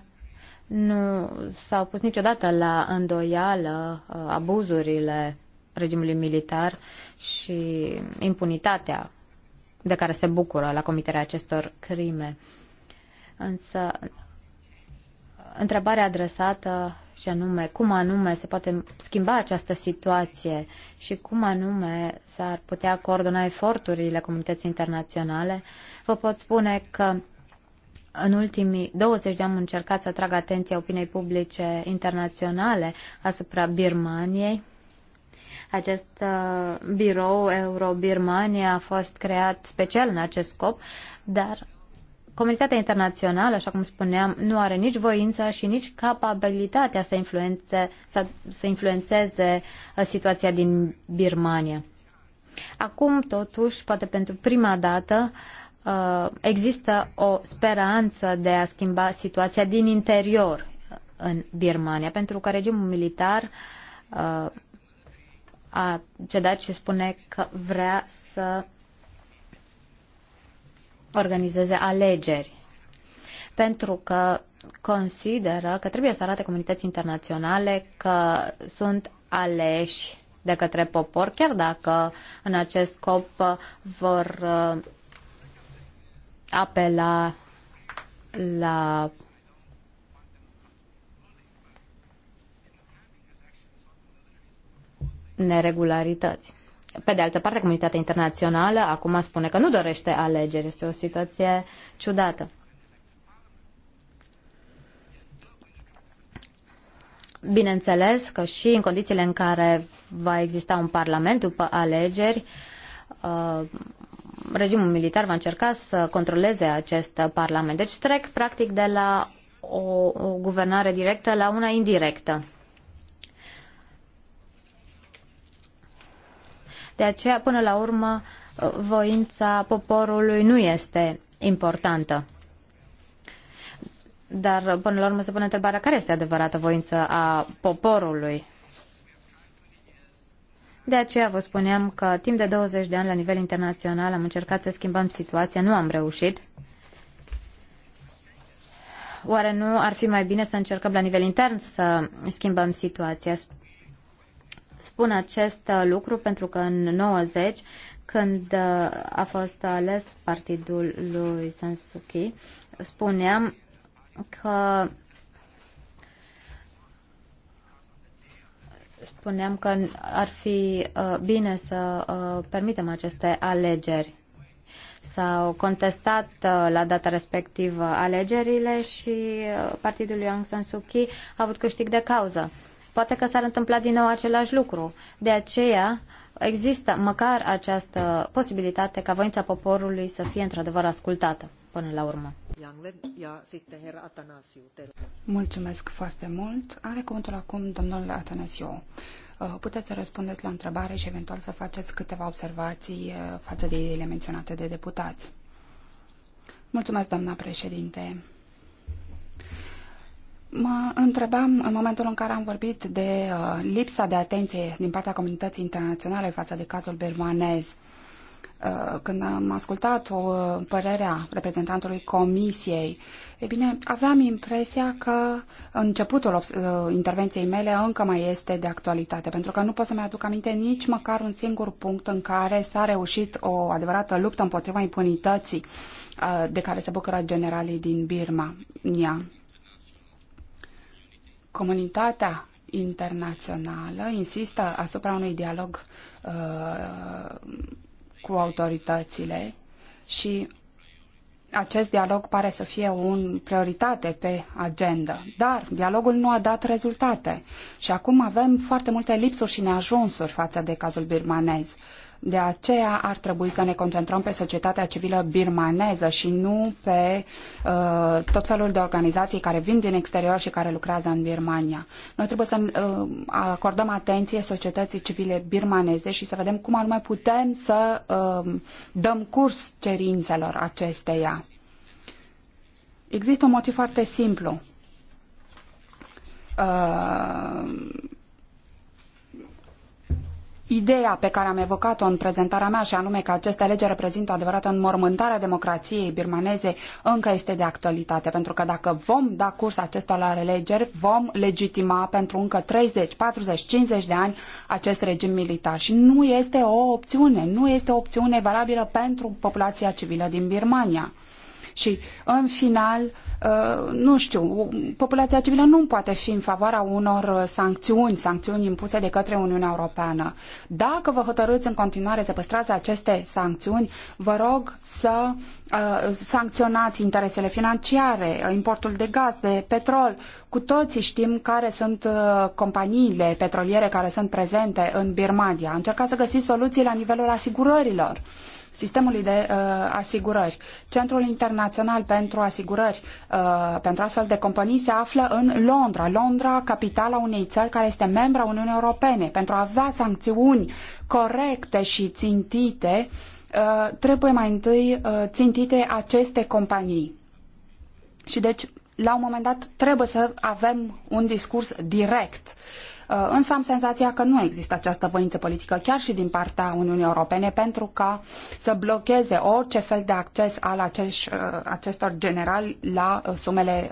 nu s-au pus niciodată la îndoială uh, abuzurile regimului militar și impunitatea de care se bucură la comiterea acestor crime. Însă, întrebarea adresată și anume cum anume se poate schimba această situație și cum anume s-ar putea coordona eforturile comunității internaționale, vă pot spune că în ultimii 20 de ani am încercat să atrag atenția opiniei publice internaționale asupra Birmaniei, acest uh, birou Euro-Birmania a fost creat special în acest scop, dar comunitatea internațională, așa cum spuneam, nu are nici voința și nici capabilitatea să, influențe, să, să influențeze uh, situația din Birmania. Acum, totuși, poate pentru prima dată, uh, există o speranță de a schimba situația din interior în Birmania, pentru că regimul militar a cedat și spune că vrea să organizeze alegeri. Pentru că consideră că trebuie să arate comunități internaționale că sunt aleși de către popor, chiar dacă în acest scop vor uh, apela la neregularități. Pe de altă parte, comunitatea internațională acum spune că nu dorește alegeri. Este o situație ciudată. Bineînțeles că și în condițiile în care va exista un parlament după alegeri, uh, regimul militar va încerca să controleze acest parlament. Deci trec practic de la o, o guvernare directă la una indirectă. De aceea, până la urmă, voința poporului nu este importantă. Dar, până la urmă, se pune întrebarea care este adevărata voință a poporului. De aceea vă spuneam că timp de 20 de ani la nivel internațional am încercat să schimbăm situația, nu am reușit. Oare nu ar fi mai bine să încercăm la nivel intern să schimbăm situația? spun acest uh, lucru pentru că în 90, când uh, a fost ales partidul lui Sansuki, spuneam că spuneam că ar fi uh, bine să permitem aceste alegeri. S-au contestat la data respectivă alegerile și partidul lui Aung San Suu Kyi a avut câștig de cauză poate că s-ar întâmpla din nou același lucru. De aceea există măcar această posibilitate ca voința poporului să fie într-adevăr ascultată până la urmă. Mulțumesc foarte mult. Are cuvântul acum domnul Atanasiu. Uh, puteți să răspundeți la întrebare și eventual să faceți câteva observații uh, față de ele menționate de deputați. Mulțumesc, doamna președinte. Mă întrebam în momentul în care am vorbit de uh, lipsa de atenție din partea comunității internaționale față de cazul birmanez. Uh, când am ascultat o uh, părerea reprezentantului comisiei, e bine, aveam impresia că începutul uh, intervenției mele încă mai este de actualitate, pentru că nu pot să-mi aduc aminte nici măcar un singur punct în care s-a reușit o adevărată luptă împotriva impunității uh, de care se bucură generalii din Birma. Yeah. Comunitatea internațională insistă asupra unui dialog uh, cu autoritățile și acest dialog pare să fie o prioritate pe agenda, dar dialogul nu a dat rezultate și acum avem foarte multe lipsuri și neajunsuri față de cazul birmanez. Uh, de aceea ar trebui să ne concentrăm pe societatea civilă birmaneză și nu pe uh, tot felul de organizații care vin din exterior și care lucrează în Birmania. Noi trebuie să uh, acordăm atenție societății civile birmaneze și să vedem cum anume putem să uh, dăm curs cerințelor acesteia. Există un motiv foarte simplu. Uh, ideea pe care am evocat-o în prezentarea mea și anume că aceste alegeri reprezintă o adevărată înmormântare a democrației birmaneze încă este de actualitate, pentru că dacă vom da curs acestor alegeri, vom legitima pentru încă 30, 40, 50 de ani acest regim militar și nu este o opțiune, nu este o opțiune valabilă pentru populația civilă din Birmania. Și, în final, uh, nu știu, populația civilă nu poate fi în favoarea unor uh, sancțiuni, sancțiuni impuse de către Uniunea Europeană. Dacă vă hotărâți în continuare să păstrați aceste sancțiuni, vă rog să uh, sancționați interesele financiare, importul de gaz, de petrol. Cu toții știm care sunt companiile petroliere care sunt prezente în Birmania. Încercați să găsiți soluții la nivelul asigurărilor sistemului de uh, asigurări. Centrul Internațional pentru Asigurări uh, pentru astfel de companii se află în Londra, Londra, capitala unei țări care este membra Uniunii Europene. Pentru a avea sancțiuni corecte și țintite, uh, trebuie mai întâi uh, țintite aceste companii. Și deci, la un moment dat, trebuie să avem un discurs direct. Uh, Uh, însă am senzația că nu există această voință politică chiar și din partea Uniunii Europene pentru ca să blocheze orice fel de acces al uh, acestor generali la uh, sumele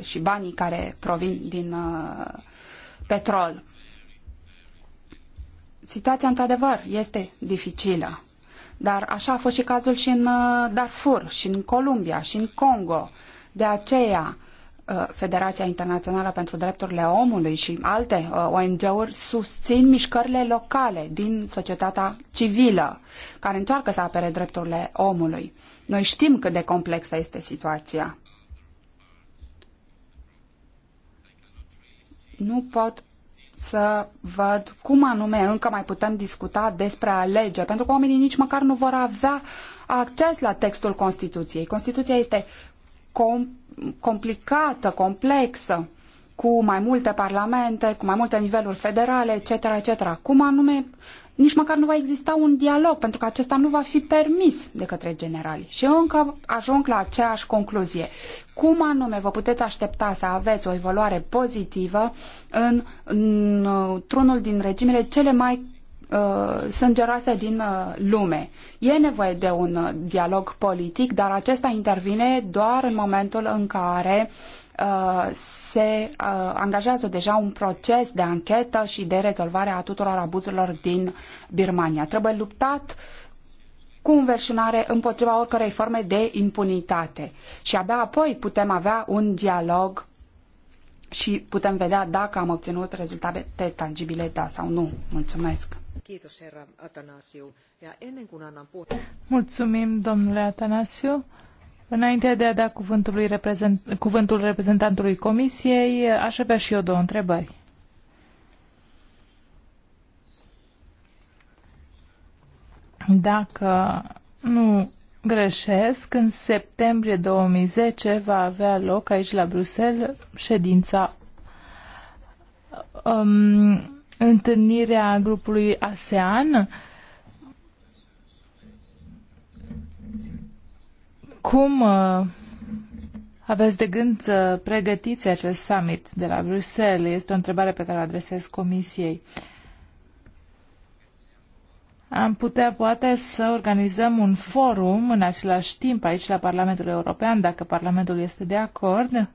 și banii care provin din petrol. Situația, într-adevăr, este dificilă. Dar așa a fost și cazul și în Darfur, și în Columbia, și în Congo. De aceea, Uh, Federația Internațională pentru Drepturile Omului și alte uh, ONG-uri susțin mișcările locale din societatea civilă care încearcă să apere drepturile omului. Noi știm cât de complexă este situația. Nu pot să văd cum anume încă mai putem discuta despre alegeri, pentru că oamenii nici măcar nu vor avea acces la textul Constituției. Constituția este complexă complicată, complexă, cu mai multe parlamente, cu mai multe niveluri federale, etc., etc. Cum anume, nici măcar nu va exista un dialog, pentru că acesta nu va fi permis de către generali. Și eu încă ajung la aceeași concluzie. Cum anume vă puteți aștepta să aveți o evaluare pozitivă în, în trunul din regimele cele mai Uh, sângeroase din uh, lume. E nevoie de un uh, dialog politic, dar acesta intervine doar în momentul în care se angajează deja un proces de anchetă și de rezolvare a tuturor abuzurilor din Birmania. Trebuie luptat cu înverșunare împotriva oricărei forme de impunitate. Și abia apoi putem avea un dialog și putem vedea dacă am obținut rezultate tangibile, da sau nu. Mulțumesc! Mulțumim, domnule Atanasiu. Înainte de a da cuvântul, reprezent, cuvântul reprezentantului Comisiei, aș avea și eu două întrebări. Dacă nu greșesc, în septembrie 2010 va avea loc aici la Bruxelles ședința um, întâlnirea grupului ASEAN cum uh, aveți de gând să pregătiți acest summit de la Bruxelles? Este o întrebare pe care o adresez Comisiei. Uh, am putea poate să organizăm un forum în același timp aici la Parlamentul European, dacă Parlamentul este de acord.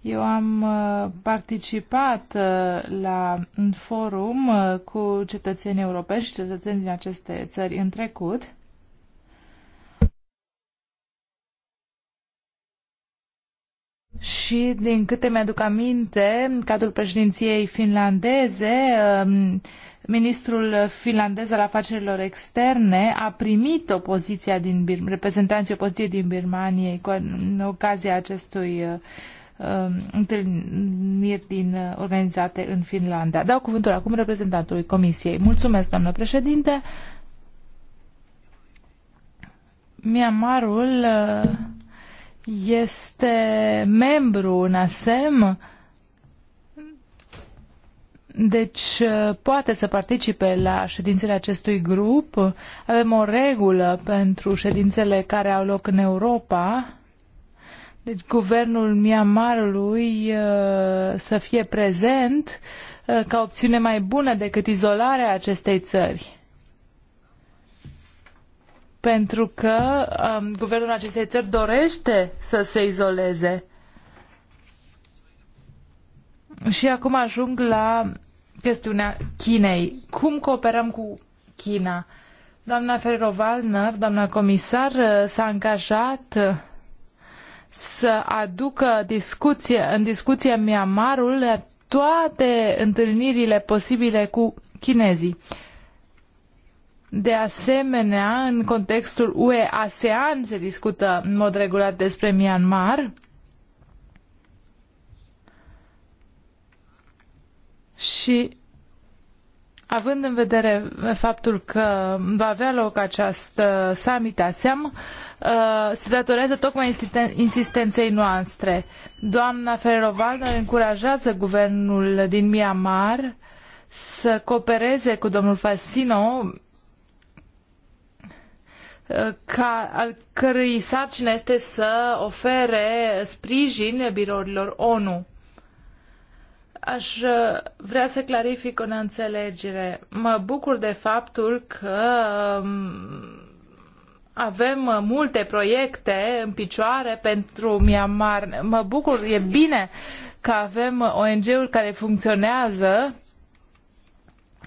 Eu am uh, participat uh, la un forum uh, cu cetățenii europeni și cetățeni din aceste țări în trecut. și din câte mi-aduc aminte, în cadrul președinției finlandeze, um, ministrul finlandez al afacerilor externe a primit opoziția din reprezentanții opoziției din Birmaniei cu ocazia acestui um, întâlniri din uh, organizate în Finlanda. Dau cuvântul acum reprezentantului Comisiei. Mulțumesc, doamnă președinte. Myanmarul uh, este membru în ASEM, deci uh, poate să participe la ședințele acestui grup. Avem o regulă pentru ședințele care au loc în Europa. Deci guvernul Myanmarului uh, să fie prezent uh, ca opțiune mai bună decât izolarea acestei țări pentru că um, guvernul acestei țări dorește să se izoleze. Și acum ajung la chestiunea Chinei. Cum cooperăm cu China? Doamna Ferro-Valner, doamna comisar, uh, s-a angajat uh, să aducă discuție, în discuție Myanmarul toate întâlnirile posibile cu chinezii. De asemenea, în contextul UE-ASEAN se discută în mod regulat despre Myanmar. Și având în vedere faptul că va avea loc această summit ASEAN, uh, se datorează tocmai insistenței noastre. Doamna Ferrovaldă încurajează guvernul din Myanmar să coopereze cu domnul Fasino ca, al cărui sarcină este să ofere sprijin birourilor ONU. Aș uh, vrea să clarific o neînțelegere. Mă bucur de faptul că um, avem multe proiecte în picioare pentru Myanmar. Mă bucur, e bine că avem ONG-uri care funcționează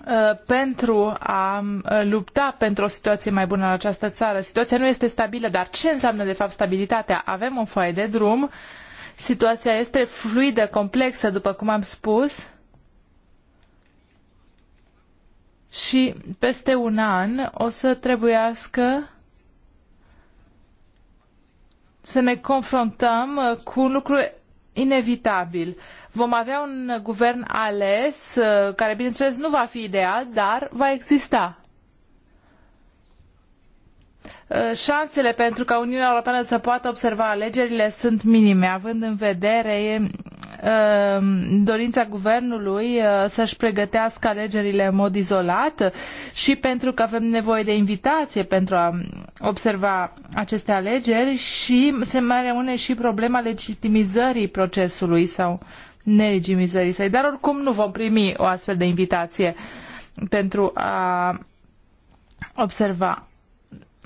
Uh, pentru a uh, lupta pentru o situație mai bună în această țară. Situația nu este stabilă, dar ce înseamnă de fapt stabilitatea? Avem un foaie de drum, situația este fluidă, complexă, după cum am spus, și peste un an o să trebuiască să ne confruntăm uh, cu un lucru inevitabil. Vom avea un guvern ales, uh, care bineînțeles nu va fi ideal, dar va exista. Uh, șansele pentru ca Uniunea Europeană să poată observa alegerile sunt minime, având în vedere uh, dorința guvernului să-și pregătească alegerile în mod izolat și pentru că avem nevoie de invitație pentru a observa aceste alegeri și se mai rămâne și problema legitimizării procesului sau mizării săi. Dar oricum nu vom primi o astfel de invitație pentru a observa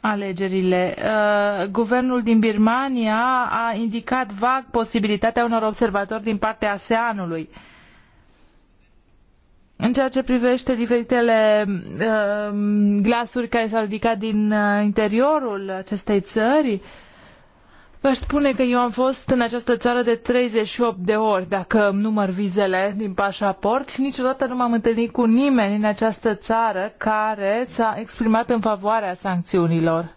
alegerile. Uh, guvernul din Birmania a indicat vag posibilitatea unor observatori din partea ASEANului. În ceea ce privește diferitele uh, glasuri care s-au ridicat din uh, interiorul acestei țări, V-aș spune că eu am fost în această țară de 38 de ori, dacă număr vizele din pașaport și niciodată nu m-am întâlnit cu nimeni în această țară care s-a exprimat în favoarea sancțiunilor.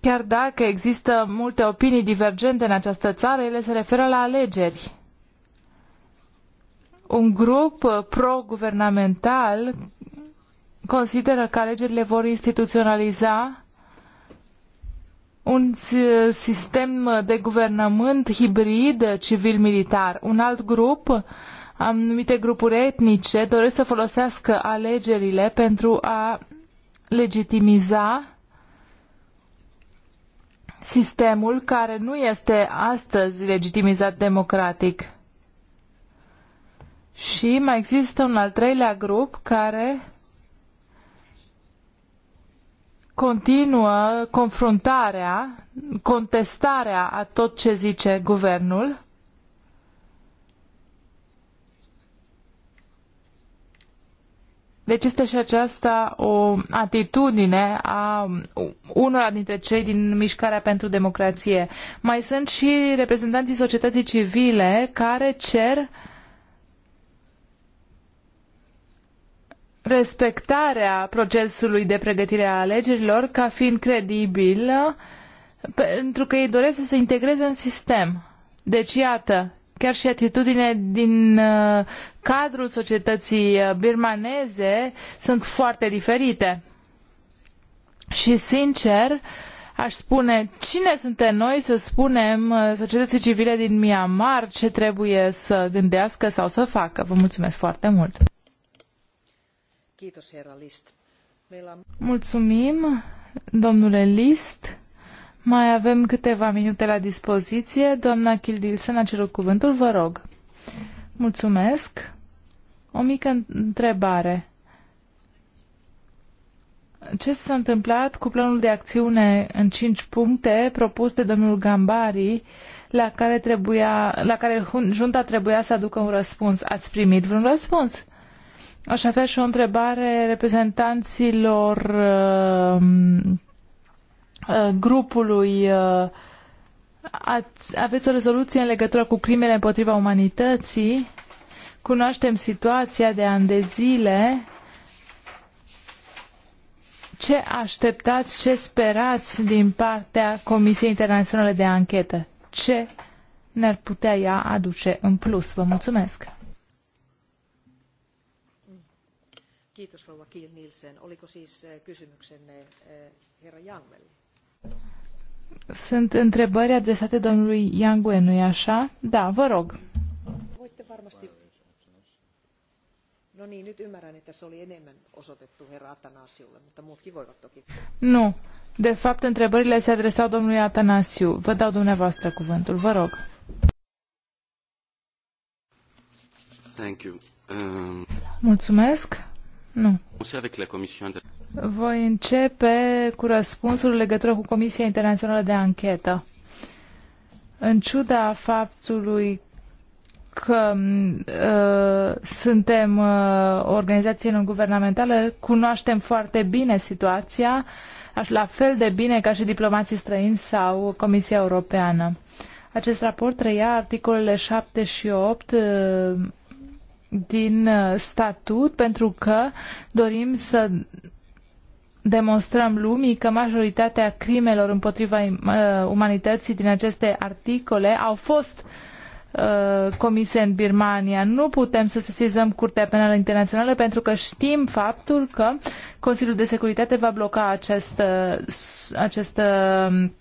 Chiar dacă există multe opinii divergente în această țară, ele se referă la alegeri. Un grup pro-guvernamental consideră că alegerile vor instituționaliza un sistem de guvernământ hibrid civil-militar. Un alt grup, anumite grupuri etnice, doresc să folosească alegerile pentru a legitimiza sistemul care nu este astăzi legitimizat democratic. Și mai există un al treilea grup care continuă confruntarea, contestarea a tot ce zice guvernul. Deci este și aceasta o atitudine a unora dintre cei din Mișcarea pentru Democrație. Mai sunt și reprezentanții societății civile care cer uh, respectarea procesului de pregătire a alegerilor ca fiind credibilă pentru că ei doresc să se integreze în sistem. Deci, iată, chiar și atitudinile din uh, cadrul societății uh, birmaneze sunt foarte diferite. Și, sincer, aș spune, cine suntem noi să spunem uh, societății civile din Myanmar ce trebuie să gândească sau să facă? Vă mulțumesc foarte mult! Mulțumim, domnule List. Mai avem câteva minute la dispoziție. Doamna Kildilsen a cerut cuvântul, vă rog. Mulțumesc. O mică întrebare. Ce s-a întâmplat cu planul de acțiune în cinci puncte propus de domnul Gambari, la care, trebuia, la care junta trebuia să aducă un răspuns? Ați primit vreun răspuns? Aș avea și o întrebare reprezentanților um, uh, grupului. Uh, ați, aveți o rezoluție în legătură cu crimele împotriva umanității? Cunoaștem situația de ani de zile. Ce așteptați, ce sperați din partea Comisiei Internaționale de Anchetă? Ce ne-ar putea ea aduce în plus? Vă mulțumesc! Kiitos rouva Nielsen. Oliko siis eh, kysymyksenne eh, herra Sunt întrebări adresate domnului Yangue, nu-i așa? Da, vă rog. Voitte varmasti... No niin, nyt ymmärrän, että se oli enemmän osoitettu herra Atanasiulle, mutta muutkin voivat toki. Nu. De fapt, întrebările se adresau domnului Atanasiu. Vă dau dumneavoastră cuvântul, vă rog. Thank you. Um... Mulțumesc. Nu. Voi începe cu răspunsul în legătură cu Comisia Internațională de Anchetă. În ciuda faptului că uh, suntem uh, organizație non-guvernamentală, cunoaștem foarte bine situația, aș la fel de bine ca și diplomații străini sau Comisia Europeană. Acest raport trăia articolele 7 și 8 uh, din uh, statut pentru că dorim să demonstrăm lumii că majoritatea crimelor împotriva uh, umanității din aceste articole au fost uh, comise în Birmania. Nu putem să sesizăm Curtea Penală Internațională pentru că știm faptul că Consiliul de Securitate va bloca această, această um,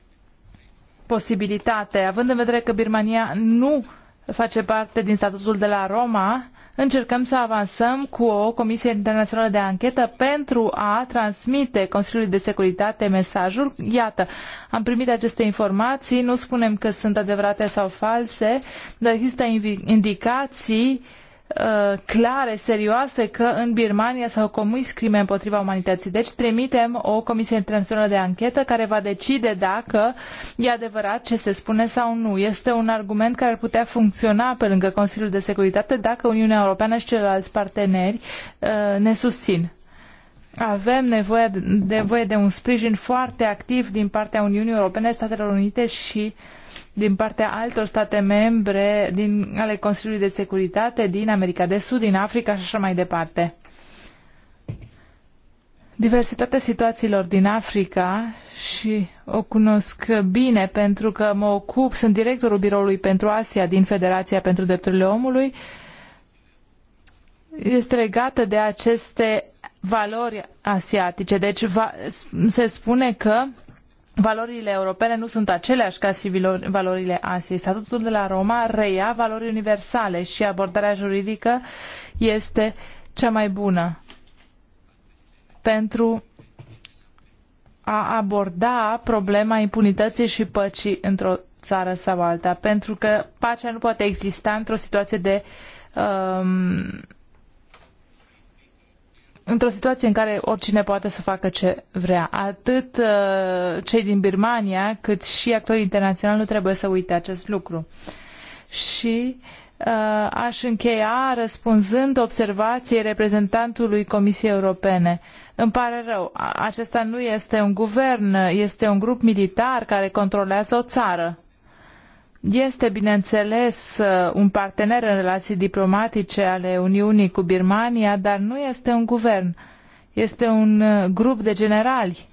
posibilitate, având în vedere că Birmania nu face parte din statutul de la Roma, încercăm să avansăm cu o Comisie Internațională de Anchetă pentru a transmite Consiliului de Securitate mesajul. Iată, am primit aceste informații, nu spunem că sunt adevărate sau false, dar există indicații uh, Uh, clare, serioase că în Birmania s-au comis crime împotriva umanității. Deci trimitem o comisie internațională de anchetă care va decide dacă e adevărat ce se spune sau nu. Este un argument care ar putea funcționa pe lângă Consiliul de Securitate dacă Uniunea Europeană și ceilalți parteneri uh, ne susțin. Avem nevoie de, nevoie de un sprijin foarte activ din partea Uniunii Europene, Statelor Unite și uh, din partea altor state membre din, ale Consiliului de Securitate din America de Sud, din Africa și așa mai departe. Diversitatea situațiilor din Africa și o cunosc bine pentru că mă ocup, sunt directorul biroului pentru Asia din Federația pentru Drepturile Omului, este legată de aceste valori asiatice. Deci va, se spune că valorile europene nu sunt aceleași ca și valorile Asiei. Statutul de la Roma reia valori universale și abordarea juridică este cea mai bună pentru a aborda problema impunității și păcii într-o țară sau alta, pentru că pacea nu poate exista într-o situație de um, într-o situație în care oricine poate să facă ce vrea. Atât uh, cei din Birmania, cât și actorii internaționali nu trebuie să uite acest lucru. Și uh, aș încheia răspunzând observației reprezentantului Comisiei Europene. Îmi pare rău, acesta nu este un guvern, este un grup militar care controlează o țară este, bineînțeles, uh, un partener în relații diplomatice ale Uniunii cu Birmania, dar nu este un guvern. Este un uh, grup de generali.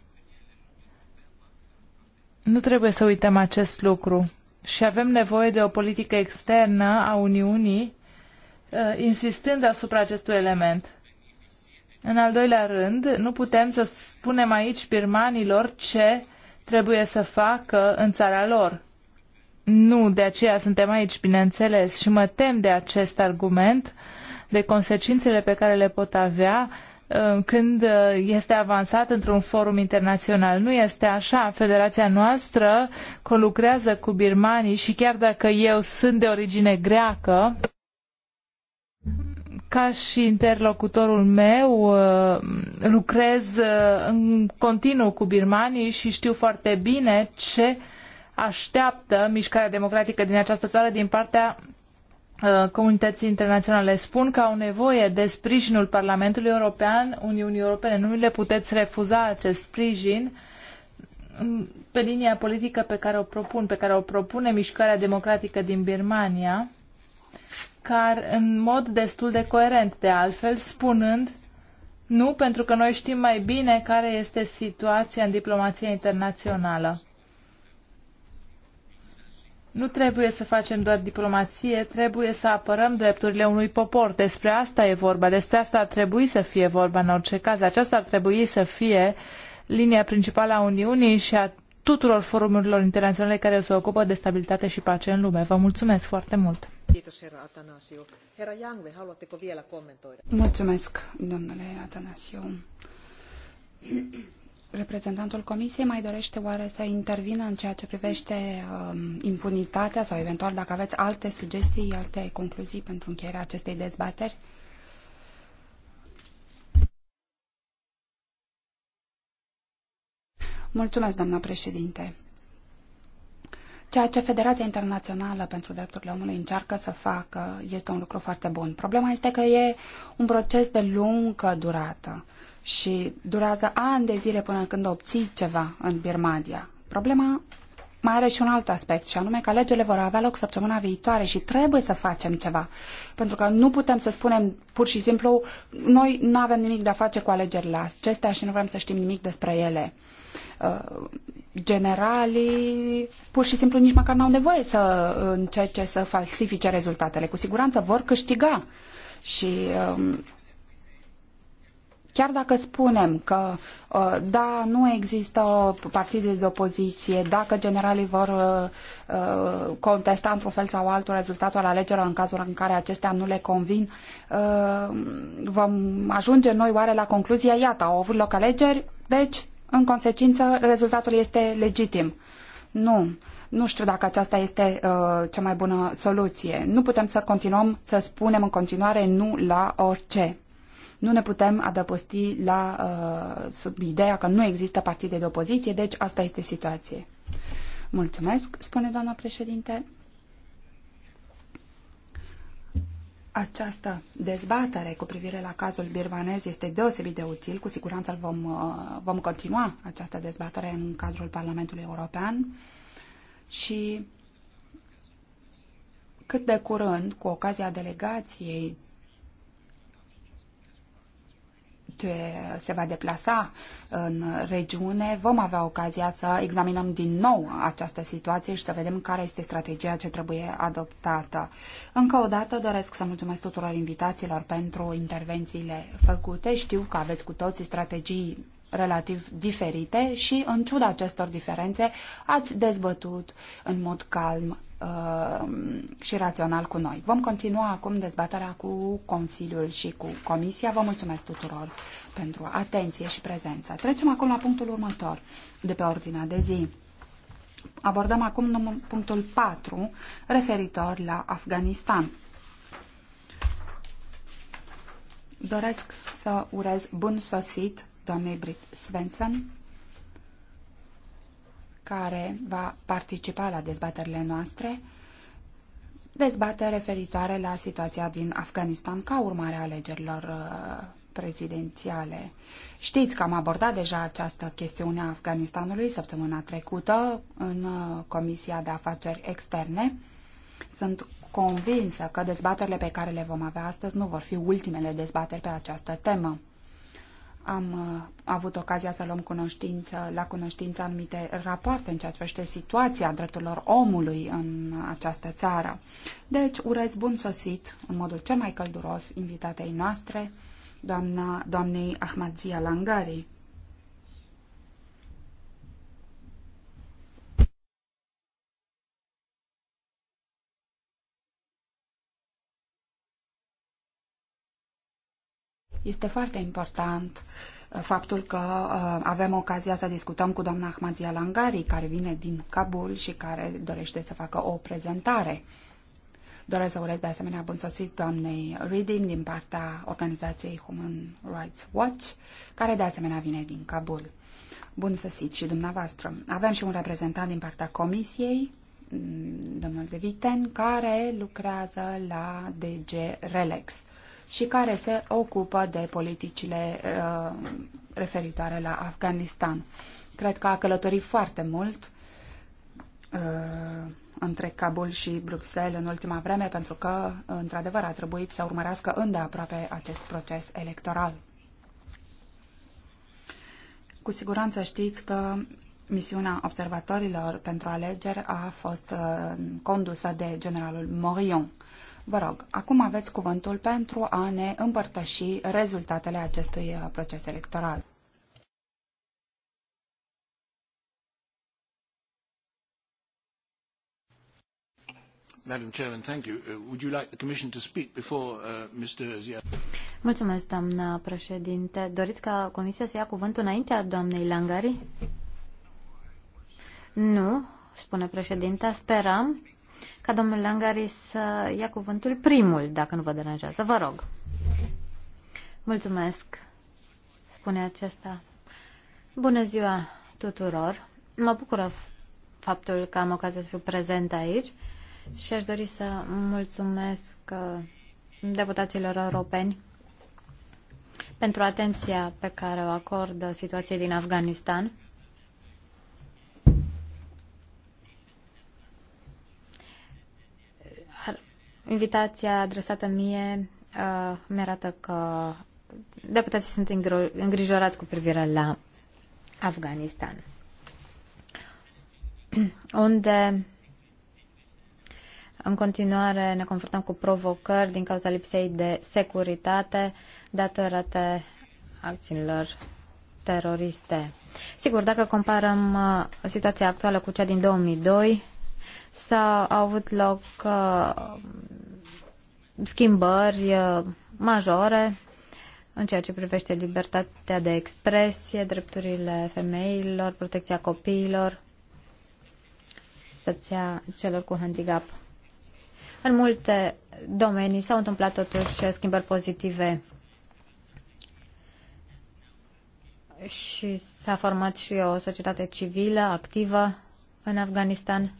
Nu trebuie să uităm acest lucru. Și avem nevoie de o politică externă a Uniunii, uh, insistând asupra acestui element. În al doilea rând, nu putem să spunem aici birmanilor ce trebuie să facă în țara lor nu, de aceea suntem aici, bineînțeles, și mă tem de acest argument, de consecințele pe care le pot avea uh, când uh, este avansat într-un forum internațional. Nu este așa. Federația noastră colucrează cu birmanii și chiar dacă eu sunt de origine greacă, ca și interlocutorul meu, uh, lucrez în continuu cu birmanii și știu foarte bine ce așteaptă mișcarea democratică din această țară din partea uh, comunității internaționale. Spun că au nevoie de sprijinul Parlamentului European, Uniunii Europene. Nu le puteți refuza acest sprijin pe linia politică pe care o propun, pe care o propune mișcarea democratică din Birmania, care în mod destul de coerent de altfel, spunând nu, pentru că noi știm mai bine care este situația în diplomația internațională. Nu trebuie să facem doar diplomație, trebuie să apărăm drepturile unui popor. Despre asta e vorba, despre asta ar trebui să fie vorba în orice caz. Aceasta ar trebui să fie linia principală a Uniunii și a tuturor forumurilor internaționale care se ocupă de stabilitate și pace în lume. Vă mulțumesc foarte mult! Mulțumesc, domnule Atanasiu. Reprezentantul Comisiei mai dorește oare să intervină în ceea ce privește um, impunitatea sau eventual dacă aveți alte sugestii, alte concluzii pentru încheierea acestei dezbateri? Mulțumesc, doamna președinte. Ceea ce Federația Internațională pentru Drepturile Omului încearcă să facă este un lucru foarte bun. Problema este că e un proces de lungă durată. Uh, și durează ani de zile până când obții ceva în Birmania. Problema mai are și un alt aspect, și anume că alegerile vor avea loc săptămâna viitoare și trebuie să facem ceva. Pentru că nu putem să spunem pur și simplu, noi nu avem nimic de a face cu alegerile acestea și nu vrem să știm nimic despre ele. Uh, generalii pur și simplu nici măcar n-au nevoie să încerce să falsifice rezultatele. Cu siguranță vor câștiga. Și um, Chiar dacă spunem că uh, da, nu există partide de opoziție, dacă generalii vor uh, uh, contesta într-un fel sau altul rezultatul al alegerilor în cazul în care acestea nu le convin, vom ajunge noi oare la concluzia, iată, au avut loc alegeri, deci, în consecință, rezultatul este legitim. Nu. Nu știu dacă aceasta este uh, cea mai bună soluție. Nu putem să continuăm să spunem în continuare nu la orice. Nu ne putem adăposti la, uh, sub ideea că nu există partide de opoziție, deci asta este situație. Mulțumesc, spune doamna președinte. Această dezbatere cu privire la cazul birmanez este deosebit de util. Cu siguranță vom, uh, vom continua această dezbatere în cadrul Parlamentului European și cât de curând, cu ocazia delegației Goethe se va deplasa în regiune, vom avea ocazia să examinăm din nou această situație și să vedem care este strategia ce trebuie adoptată. Încă o dată doresc să mulțumesc tuturor invitațiilor pentru intervențiile făcute. Știu că aveți cu toții strategii relativ diferite și, în ciuda acestor diferențe, ați dezbătut în mod calm Uh, și rațional cu noi. Vom continua acum dezbaterea cu Consiliul și cu Comisia. Vă mulțumesc tuturor pentru atenție și prezență. Trecem acum la punctul următor de pe ordinea de zi. Abordăm acum punctul 4 referitor la Afganistan. Doresc să urez bun sosit doamnei Brit Svensson, care va participa la dezbaterile noastre, dezbatere referitoare la situația din Afganistan ca urmare a alegerilor uh, prezidențiale. Știți că am abordat deja această chestiune a Afganistanului săptămâna trecută în uh, Comisia de Afaceri Externe. Sunt convinsă că dezbaterile pe care le vom avea astăzi nu vor fi ultimele dezbateri pe această temă. Am uh, avut ocazia să luăm cunoștință, la cunoștință anumite rapoarte în ceea ce privește situația drepturilor omului în această țară. Deci, urez bun sosit, în modul cel mai călduros, invitatei noastre, doamna, doamnei Ahmadzia Langari. Este foarte important uh, faptul că uh, avem ocazia să discutăm cu doamna Ahmadzia Langari, care vine din Kabul și care dorește să facă o prezentare. Doresc să urez de asemenea bun sosit doamnei Reading din partea organizației Human Rights Watch, care de asemenea vine din Kabul. Bun sosit și dumneavoastră. Avem și un reprezentant din partea comisiei, mm, domnul De Viten, care lucrează la DG Relex și care se ocupă de politicile uh, referitoare la Afganistan. Cred că a călătorit foarte mult uh, între Kabul și Bruxelles în ultima vreme, pentru că, într-adevăr, a trebuit să urmărească îndeaproape acest proces electoral. Cu siguranță știți că misiunea observatorilor pentru alegeri a fost uh, condusă de generalul Morion. Uh, Vă rog, acum aveți cuvântul pentru a ne împărtăși rezultatele acestui uh, proces electoral. Madam Chairman, thank you. Uh, would you like the Commission to speak before uh, Mr. Zia? Mulțumesc, doamnă președinte. Doriți ca Comisia să ia cuvântul înaintea doamnei Langari? Nu, spune președinta. Speram ca domnul Langari să ia cuvântul primul, dacă nu vă deranjează. Vă rog. Mulțumesc, spune acesta. Bună ziua tuturor. Mă bucură faptul că am ocazia să fiu prezent aici și aș dori să mulțumesc uh, deputaților europeni pentru atenția pe care o acordă situației din Afganistan Invitația adresată mie uh, mi-arată că deputații sunt îngrijorați cu privire la Afganistan, unde în continuare ne confruntăm cu provocări din cauza lipsei de securitate datorate acțiunilor teroriste. Sigur, dacă comparăm uh, situația actuală cu cea din 2002, S-au avut loc uh, schimbări uh, majore în ceea ce privește libertatea de expresie, drepturile femeilor, protecția copiilor, situația celor cu handicap. În multe domenii s-au întâmplat totuși schimbări pozitive și s-a format și o societate civilă activă în Afganistan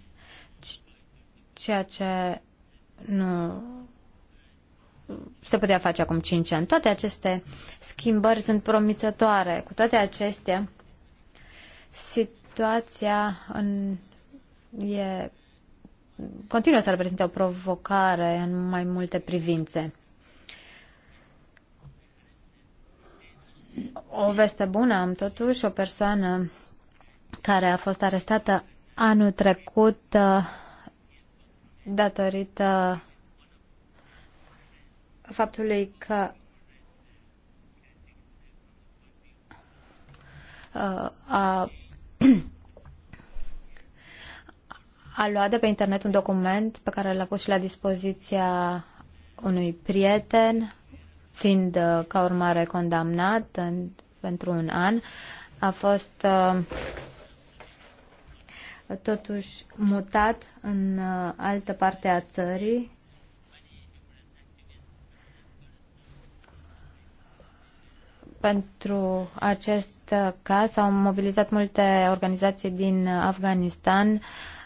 ceea ce nu se putea face acum 5 ani. Toate aceste schimbări sunt promițătoare. Cu toate acestea, situația în, e, continuă să reprezinte o provocare în mai multe privințe. O veste bună am totuși o persoană care a fost arestată anul trecut uh, datorită faptului că uh, a, a luat de pe internet un document pe care l-a pus și la dispoziția unui prieten, fiind uh, ca urmare condamnat în, pentru un an, a fost uh, totuși mutat în uh, altă parte a țării. Pentru acest uh, caz s-au mobilizat multe organizații din Afganistan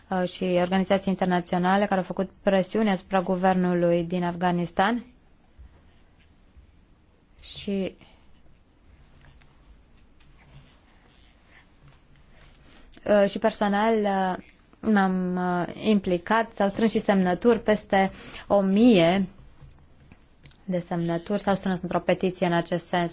uh, și organizații internaționale care au făcut presiune asupra guvernului din Afganistan și Uh, și personal uh, m-am uh, implicat, s-au strâns și semnături, peste o mie de semnături s-au strâns într-o petiție în acest sens.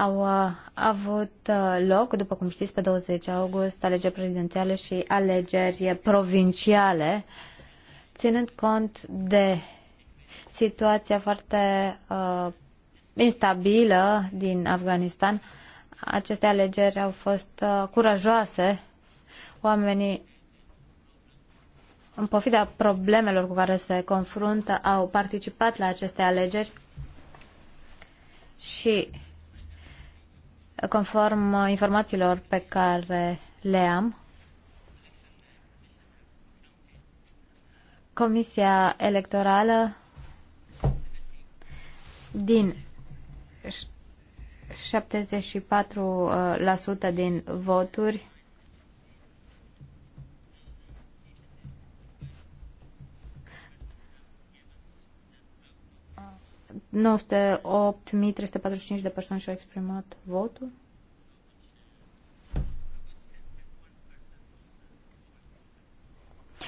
Au uh, avut uh, loc, după cum știți, pe 20 august alegeri prezidențiale și alegeri provinciale, ținând cont de situația foarte uh, instabilă din Afganistan. Aceste alegeri au fost uh, curajoase. Oamenii, în pofida problemelor cu care se confruntă, au participat la aceste alegeri și Conform informațiilor pe care le am, Comisia Electorală din 74% uh, din voturi 908.345 de persoane și-au exprimat votul.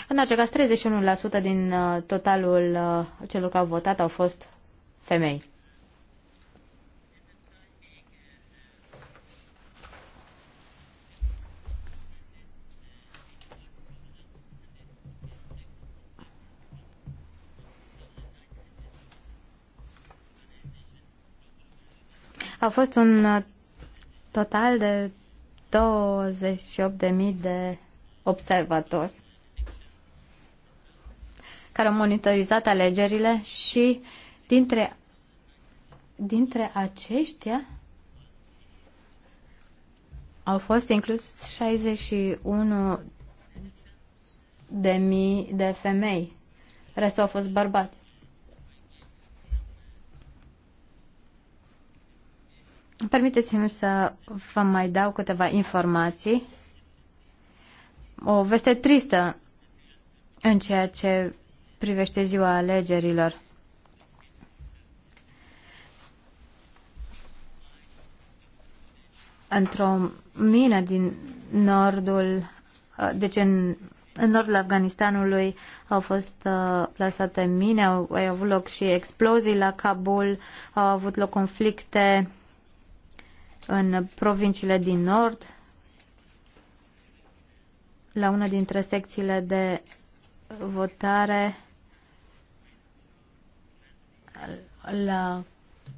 În acest caz, 31% din uh, totalul uh, celor care au votat au fost femei. A fost un uh, total de 28.000 de observatori care au monitorizat alegerile și dintre, dintre aceștia au fost inclus 61 de mii de femei. Restul au fost bărbați. Permiteți-mi să vă mai dau câteva informații. O veste tristă în ceea ce privește ziua alegerilor. Într-o mină din nordul, deci în, în nordul Afganistanului au fost uh, plasate mine, au, au avut loc și explozii la Kabul, au avut loc conflicte în provinciile din nord, la una dintre secțiile de votare la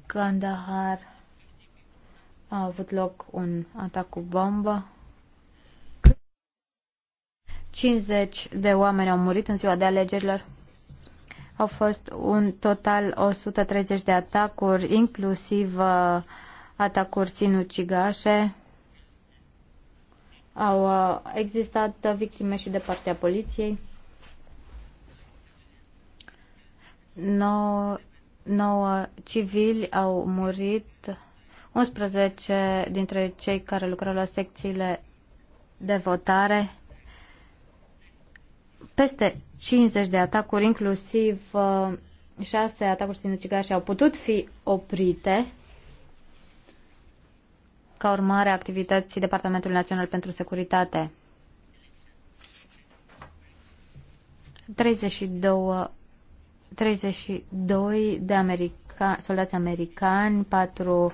Kandahar a avut loc un atac cu bombă. 50 de oameni au murit în ziua de alegerilor. Au fost un total 130 de atacuri, inclusiv uh, atacuri sinucigașe. Au uh, existat victime și de partea poliției. Nouă, nouă civili au murit, 11 dintre cei care lucrau la secțiile de votare, peste 50 de atacuri, inclusiv 6 uh, atacuri sinucigașe, au putut fi oprite ca urmare a activității Departamentului Național pentru Securitate. 32, 32 de america, soldați americani, 4 uh,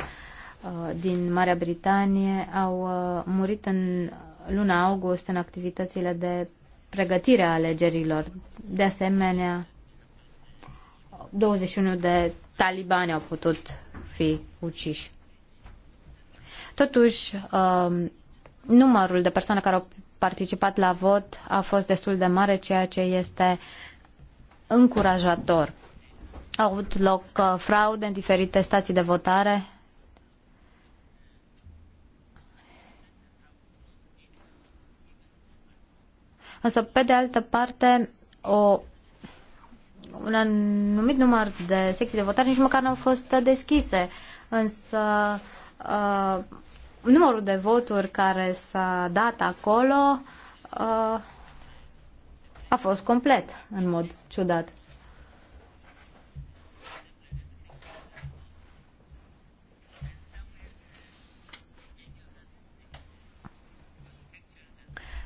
din Marea Britanie au uh, murit în luna august în activitățile de pregătire a alegerilor. De asemenea, 21 de talibani au putut fi uciși. Totuși, um, numărul de persoane care au participat la vot a fost destul de mare, ceea ce este încurajator. Au avut loc uh, fraude în diferite stații de votare. Însă, pe de altă parte, o, un anumit număr de secții de votare nici măcar nu au fost deschise. Însă, uh, numărul de voturi care s-a dat acolo uh, a fost complet, în mod ciudat.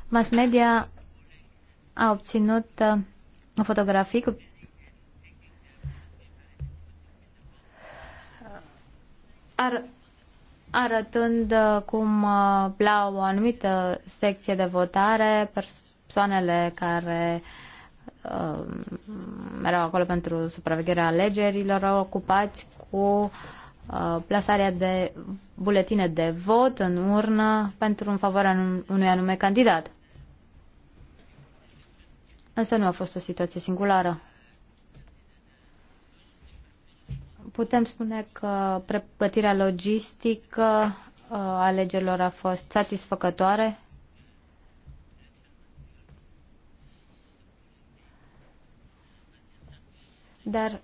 Mass media a obținut uh, fotografie cu ar arătând uh, cum uh, la o anumită secție de votare persoanele care uh, erau acolo pentru supravegherea alegerilor au ocupați cu uh, plasarea de buletine de vot în urnă pentru în favoarea unui anume candidat. Însă nu a fost o situație singulară. putem spune că pregătirea logistică a uh, alegerilor a fost satisfăcătoare? Dar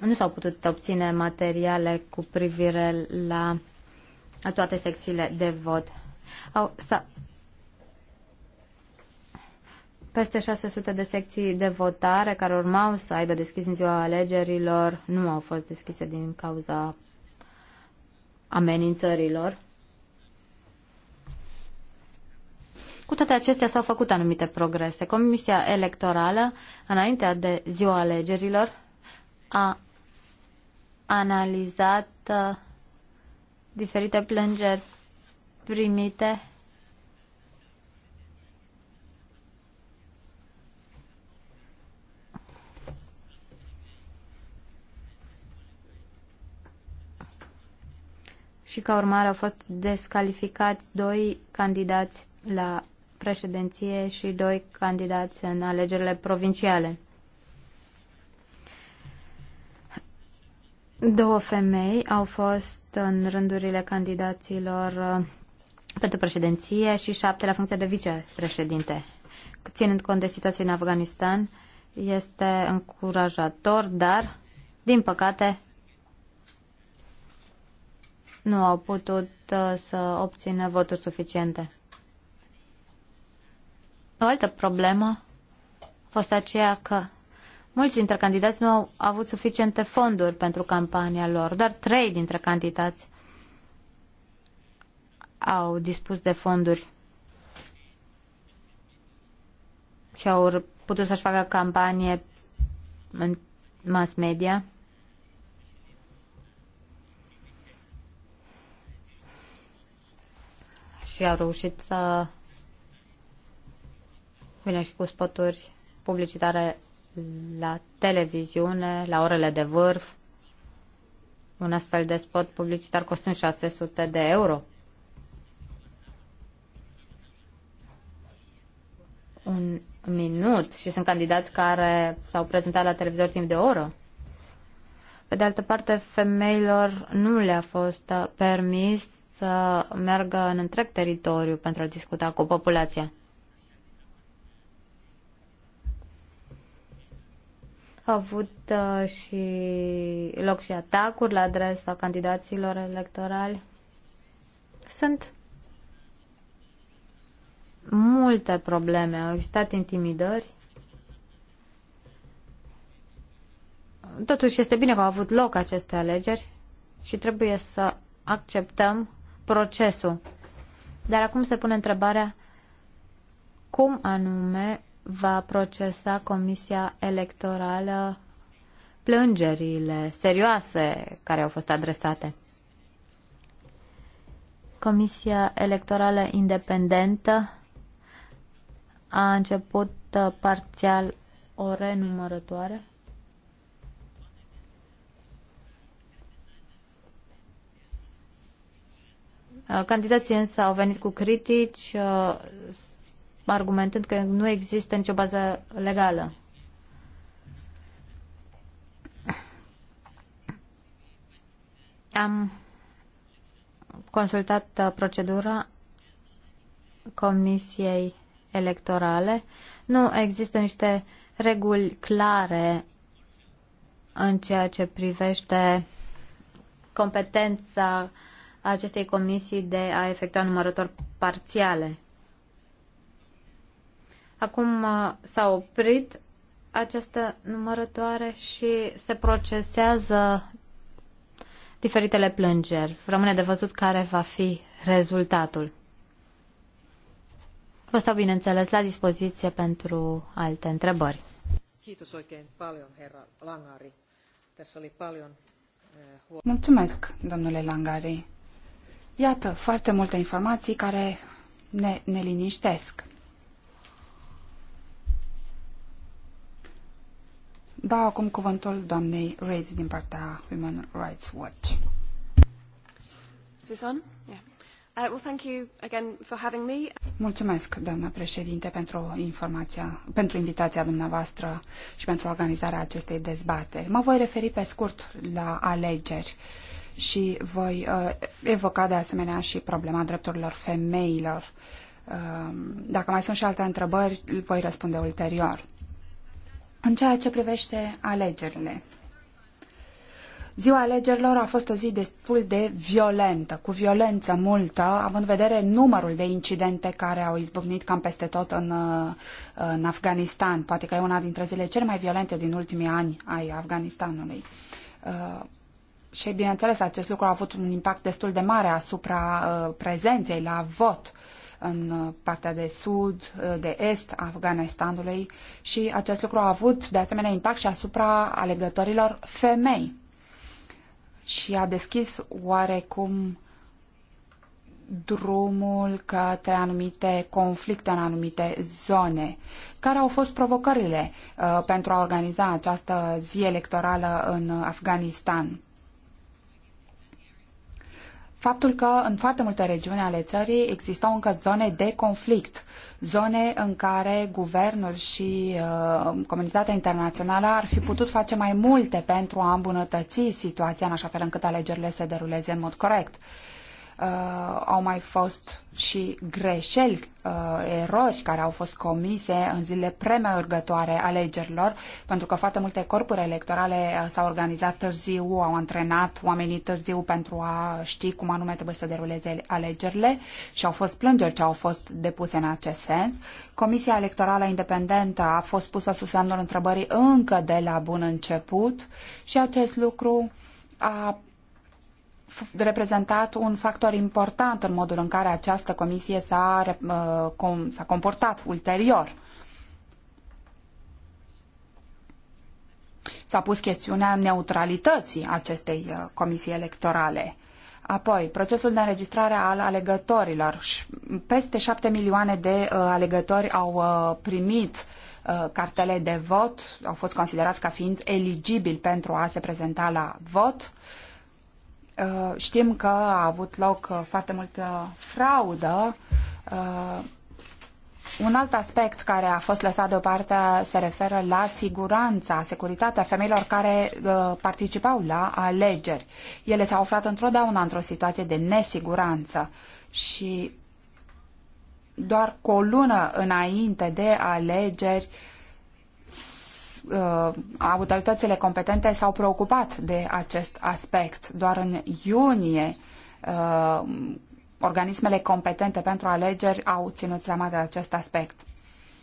nu s-au putut obține materiale cu privire la toate secțiile de vot. Au, peste 600 de secții de votare care urmau să aibă deschis în ziua alegerilor nu au fost deschise din cauza amenințărilor. Cu toate acestea s-au făcut anumite progrese. Comisia Electorală, înaintea de ziua alegerilor, a analizat uh, diferite plângeri primite și ca urmare au fost descalificați doi candidați la președinție și doi candidați în alegerile provinciale. Două femei au fost în rândurile candidaților uh, pentru președinție și șapte la funcția de vicepreședinte. Ținând cont de situația în Afganistan, este încurajator, dar, din păcate, nu au putut uh, să obțină voturi suficiente. O altă problemă a fost aceea că mulți dintre candidați nu au avut suficiente fonduri pentru campania lor. Doar trei dintre candidați au dispus de fonduri și au putut să-și facă campanie în mass media. și au reușit să vină și cu spoturi publicitare la televiziune, la orele de vârf. Un astfel de spot publicitar costând 600 de euro. Un minut și sunt candidați care s-au prezentat la televizor timp de o oră. Pe de altă parte, femeilor nu le-a fost permis să meargă în întreg teritoriu pentru a discuta cu populația. Au avut uh, și loc și atacuri la adresa candidaților electorali. Sunt multe probleme. Au existat intimidări. Totuși este bine că au avut loc aceste alegeri și trebuie să acceptăm procesul. Dar acum se pune întrebarea cum anume va procesa Comisia Electorală plângerile serioase care au fost adresate. Comisia Electorală Independentă a început uh, parțial o renumărătoare Uh, candidații însă au venit cu critici, uh, argumentând că nu există nicio bază legală. Am consultat uh, procedura Comisiei Electorale. Nu există niște reguli clare în ceea ce privește competența uh, a acestei comisii de a efectua numărători parțiale. Acum uh, s-a oprit această numărătoare și se procesează diferitele plângeri. Rămâne de văzut care va fi rezultatul. Vă stau, bineînțeles, la dispoziție pentru alte întrebări. Eh, Mulțumesc, domnule Langari. Iată, foarte multe informații care ne, ne liniștesc. Dau acum cuvântul doamnei Reid din partea Human Rights Watch. Yeah. Uh, well, thank you again for having me. Mulțumesc, doamna președinte, pentru informația, pentru invitația dumneavoastră și pentru organizarea acestei dezbateri. Mă voi referi pe scurt la alegeri. Uh, și voi uh, evoca de asemenea și problema drepturilor femeilor. Uh, dacă mai sunt și alte întrebări, voi răspunde ulterior. În ceea ce privește alegerile, Ziua alegerilor a fost o zi destul de violentă, cu violență multă, având în vedere numărul de incidente care au izbucnit cam peste tot în, uh, în Afganistan. Poate că e una dintre zile cele mai violente din ultimii ani ai Afganistanului. Uh, și, bineînțeles, acest lucru a avut un impact destul de mare asupra uh, prezenței la vot în uh, partea de sud, uh, de est a Afganistanului și acest lucru a avut de asemenea impact și asupra alegătorilor femei și a deschis oarecum drumul către anumite conflicte în anumite zone. Care au fost provocările uh, pentru a organiza această zi electorală în Afganistan? faptul că în foarte multe regiuni ale țării existau încă zone de conflict, zone în care guvernul și uh, comunitatea internațională ar fi putut face mai multe pentru a îmbunătăți situația în așa fel încât alegerile se deruleze în mod corect. Uh, uh, au mai fost și greșeli, uh, erori care au fost comise în zilele premergătoare alegerilor, pentru că foarte multe corpuri electorale uh, s-au organizat târziu, au antrenat oamenii târziu pentru a ști cum anume trebuie să deruleze alegerile și au fost plângeri ce au fost depuse în acest sens. Comisia Electorală Independentă a fost pusă sub semnul întrebării încă de la bun început și acest lucru a reprezentat un factor important în modul în care această comisie s-a, uh, s-a comportat ulterior. S-a pus chestiunea neutralității acestei uh, comisii electorale. Apoi, procesul de înregistrare al alegătorilor. Peste șapte milioane de uh, alegători au uh, primit uh, cartele de vot, au fost considerați ca fiind eligibili pentru a se prezenta la vot. Uh, Uh, știm că a avut loc uh, foarte multă fraudă. Uh, un alt aspect care a fost lăsat deoparte se referă la siguranța, securitatea femeilor care participau la alegeri. Ele s-au aflat întotdeauna într-o situație de nesiguranță și doar cu o lună înainte de alegeri uh, autoritățile competente s-au preocupat de acest aspect. Doar în iunie uh, organismele competente pentru alegeri au ținut seama de acest aspect.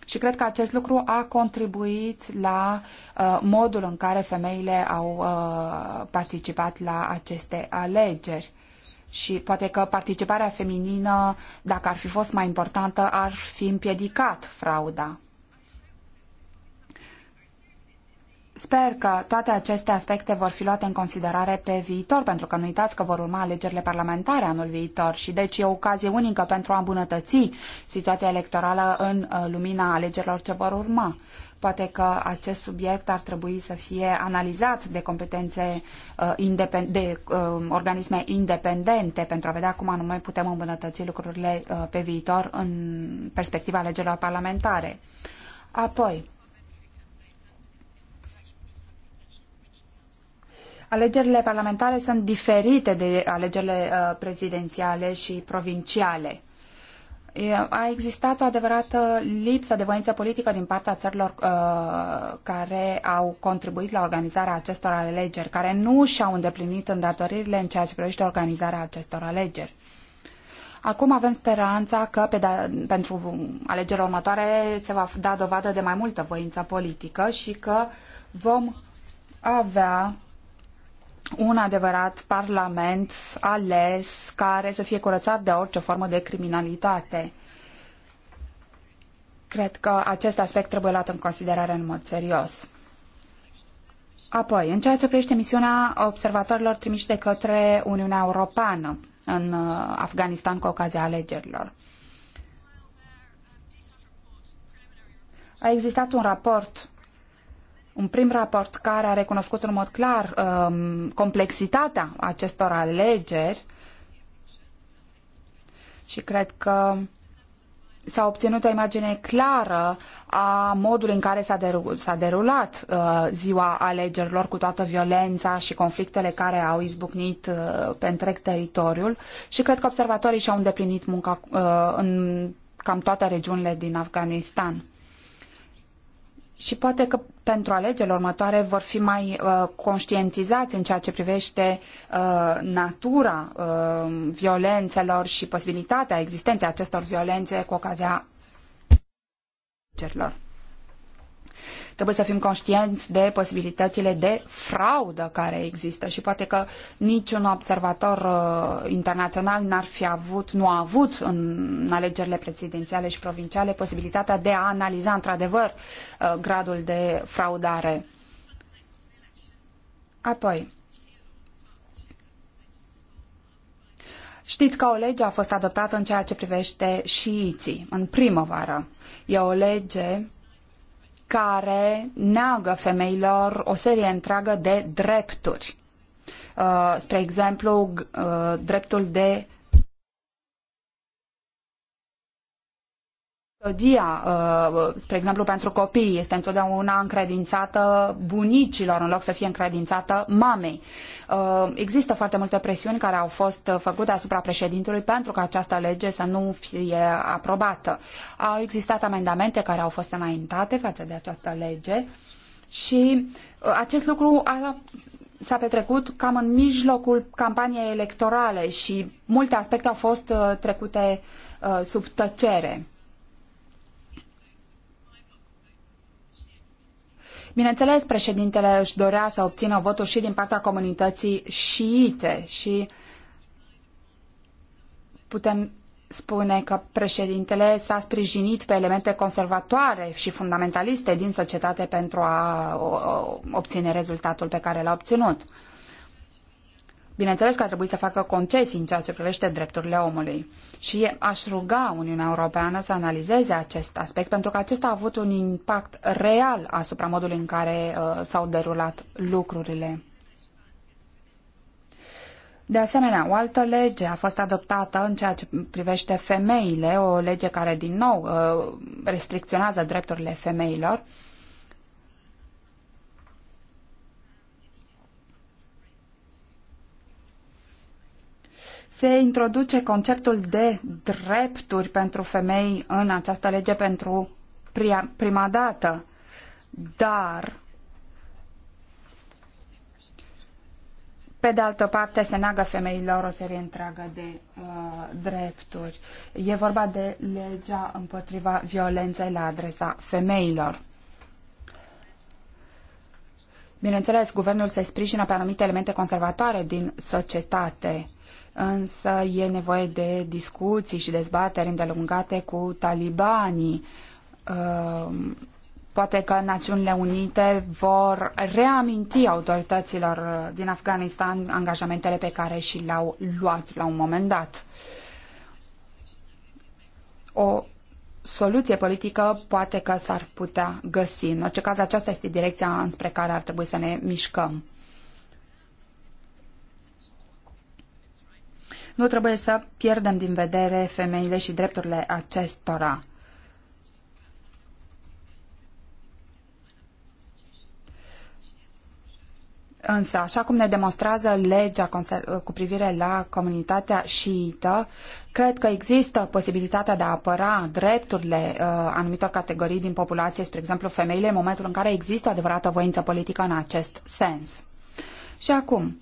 Și cred că acest lucru a contribuit la uh, modul în care femeile au uh, participat la aceste alegeri. Și poate că participarea feminină, dacă ar fi fost mai importantă, ar fi împiedicat frauda. Sper că toate aceste aspecte vor fi luate în considerare pe viitor, pentru că nu uitați că vor urma alegerile parlamentare anul viitor și deci e o ocazie unică pentru a îmbunătăți situația electorală în uh, lumina alegerilor ce vor urma. Poate că acest subiect ar trebui să fie analizat de competențe uh, de uh, organisme independente pentru a vedea cum anume putem îmbunătăți lucrurile pe viitor în perspectiva alegerilor parlamentare. Apoi, Alegerile parlamentare sunt diferite de alegerile uh, prezidențiale și provinciale. A existat o adevărată lipsă de voință politică din partea țărilor uh, care au contribuit la organizarea acestor alegeri, care nu și-au îndeplinit îndatoririle în ceea ce privește organizarea acestor alegeri. Acum avem speranța că pe da, pentru alegerile următoare se va da dovadă de mai multă voință politică și că vom avea un adevărat parlament ales care să fie curățat de orice formă de criminalitate. Cred că acest aspect trebuie luat în considerare în mod serios. Apoi, în ceea ce privește misiunea observatorilor trimiși de către Uniunea Europeană în uh, Afganistan cu ocazia alegerilor. A existat un raport un prim raport care a recunoscut în mod clar um, complexitatea acestor alegeri și cred că s-a obținut o imagine clară a modului în care s-a, derul, derulat uh, ziua alegerilor cu toată violența și conflictele care au izbucnit uh, pe întreg teritoriul și cred că observatorii și-au îndeplinit munca uh, în cam toate regiunile din Afganistan. Și poate că pentru alegerile următoare vor fi mai uh, conștientizați în ceea ce privește uh, natura uh, violențelor și posibilitatea existenței acestor violențe cu ocazia alegerilor. Trebuie să fim conștienți de posibilitățile de fraudă care există și poate că niciun observator uh, internațional n-ar fi avut, nu a avut în alegerile prezidențiale și provinciale posibilitatea de a analiza într-adevăr uh, gradul de fraudare. Apoi, Știți că o lege a fost adoptată în ceea ce privește șiiții, în primăvară. E o lege care neagă femeilor o serie întreagă de drepturi. Uh, spre exemplu, uh, dreptul de Melodia, uh, spre exemplu, pentru copii este întotdeauna încredințată bunicilor în loc să fie încredințată mamei. Uh, există foarte multe presiuni care au fost făcute asupra președintelui pentru ca această lege să nu fie aprobată. Au existat amendamente care au fost înaintate față de această lege și uh, acest lucru a s-a petrecut cam în mijlocul campaniei electorale și multe aspecte au fost trecute sub tăcere. Bineînțeles, președintele își dorea să obțină votul și din partea comunității șiite și putem spune că președintele s-a sprijinit pe elemente conservatoare și fundamentaliste din societate pentru a obține rezultatul pe care l-a obținut. Bineînțeles că ar trebui să facă concesii în ceea ce privește drepturile omului. Și aș ruga Uniunea Europeană să analizeze acest aspect, pentru că acesta a avut un impact real asupra modului în care uh, s-au derulat lucrurile. De asemenea, o altă lege a fost adoptată în ceea ce privește femeile, o lege care din nou uh, restricționează drepturile femeilor. Uh, se introduce conceptul de drepturi pentru femei în această lege pentru prima dată, dar pe de altă parte se neagă femeilor o serie întreagă de uh, drepturi. E vorba de legea împotriva violenței la adresa femeilor. Bineînțeles, guvernul se sprijină pe anumite elemente conservatoare din societate, însă e nevoie de discuții și dezbateri îndelungate cu talibanii. Uh, poate că Națiunile Unite vor reaminti autorităților din Afganistan angajamentele pe care și le-au luat la un moment dat. O soluție politică poate că s-ar putea găsi. În orice caz, aceasta este direcția înspre care ar trebui să ne mișcăm. Nu trebuie să pierdem din vedere femeile și drepturile acestora. Însă, așa cum ne demonstrează legea cu privire la comunitatea șiită, cred că există posibilitatea de a apăra drepturile uh, anumitor categorii din populație, spre exemplu femeile, în momentul în care există o adevărată voință politică în acest sens. Și acum,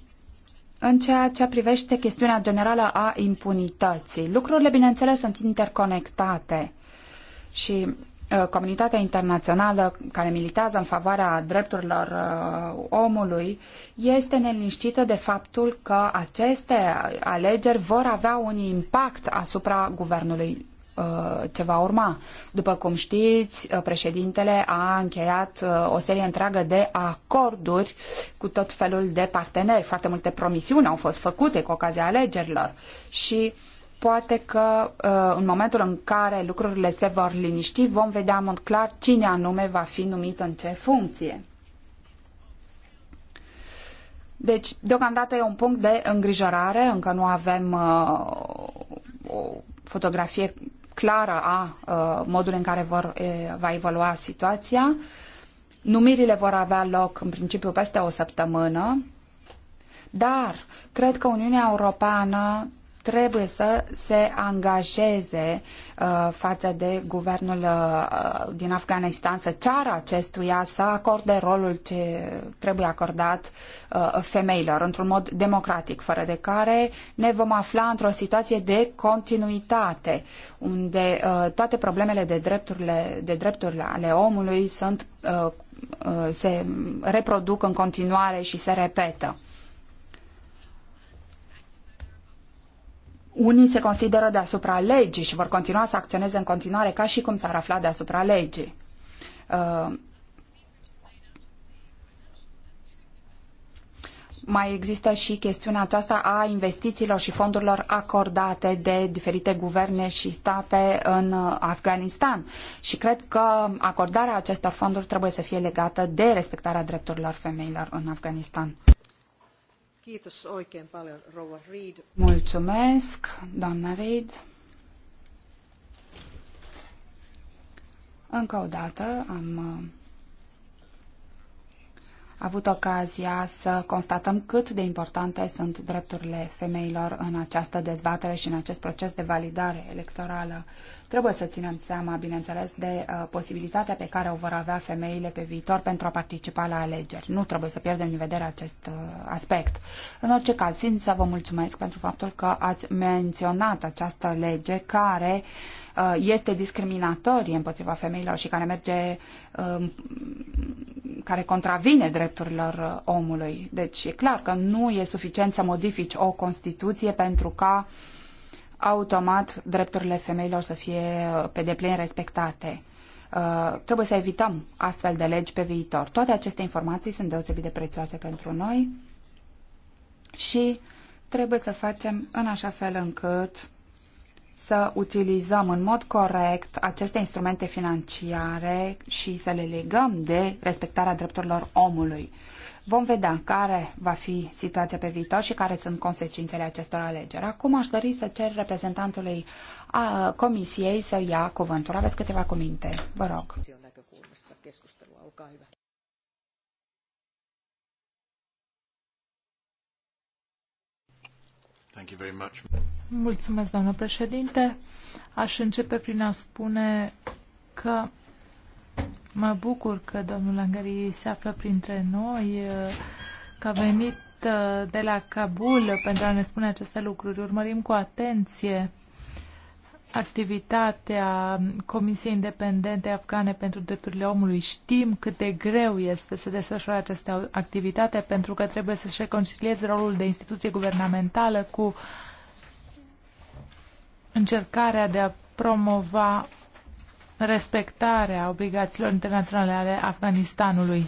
în ceea ce privește chestiunea generală a impunității. Lucrurile, bineînțeles, sunt interconectate și uh, comunitatea internațională care militează în favoarea drepturilor uh, omului este neliniștită de faptul că aceste alegeri vor avea un impact asupra guvernului Uh, ce va urma. După cum știți, uh, președintele a încheiat uh, o serie întreagă de acorduri cu tot felul de parteneri. Foarte multe promisiuni au fost făcute cu ocazia alegerilor și poate că în momentul în care lucrurile se vor liniști, vom vedea mult clar cine anume va fi numit în ce funcție. Deci, deocamdată e un punct de îngrijorare, încă nu avem uh, o fotografie clară a uh, modului în care vor, va evolua situația. Numirile vor avea loc în principiu peste o săptămână, dar cred că Uniunea Europeană trebuie să se angajeze uh, față de guvernul uh, din Afganistan, să ceară acestuia să acorde rolul ce trebuie acordat uh, femeilor într-un mod democratic, fără de care ne vom afla într-o situație de continuitate, unde uh, toate problemele de drepturile, de drepturile ale omului sunt, uh, uh, se reproduc în continuare și se repetă. unii se consideră deasupra legii și vor continua să acționeze în continuare ca și cum s-ar afla deasupra legii. Uh, mai există și chestiunea aceasta a investițiilor și fondurilor acordate de diferite guverne și state în uh, Afganistan. Și cred că acordarea acestor fonduri trebuie să fie legată de respectarea drepturilor femeilor în Afganistan. Kiitos Reid. Mulțumesc, doamna Reid. Încă o dată am uh, avut ocazia să constatăm cât de importante sunt drepturile femeilor în această dezbatere și în acest proces de validare electorală Trebuie să ținem seama, bineînțeles, de uh, posibilitatea pe care o vor avea femeile pe viitor pentru a participa la alegeri. Nu trebuie să pierdem din vedere acest uh, aspect. În orice caz, simt să vă mulțumesc pentru faptul că ați menționat această lege care uh, este discriminatorie împotriva femeilor și care merge, uh, care contravine drepturilor uh, omului. Deci e clar că nu e suficient să modifici o Constituție pentru ca uh, automat drepturile femeilor să fie uh, pe deplin respectate. Uh, trebuie să evităm astfel de legi pe viitor. Toate aceste informații sunt deosebit de prețioase pentru noi și trebuie să facem în așa fel încât să utilizăm în mod corect aceste instrumente financiare și să le legăm de respectarea drepturilor omului. Vom vedea care va fi situația pe viitor și care sunt consecințele acestor alegeri. Acum aș dori să cer reprezentantului a Comisiei să ia cuvântul. Aveți câteva cuvinte, vă rog. Mulțumesc, doamnă președinte. Aș începe prin a spune că Mă bucur că domnul Angării se află printre noi, că a venit uh, de la Kabul pentru a ne spune aceste lucruri. Urmărim cu atenție activitatea Comisiei Independente Afgane pentru Drepturile Omului. Știm cât de greu este să desfășoare această activitate pentru că trebuie să-și reconcilieze rolul de instituție guvernamentală cu încercarea de a promova respectarea obligațiilor internaționale ale Afganistanului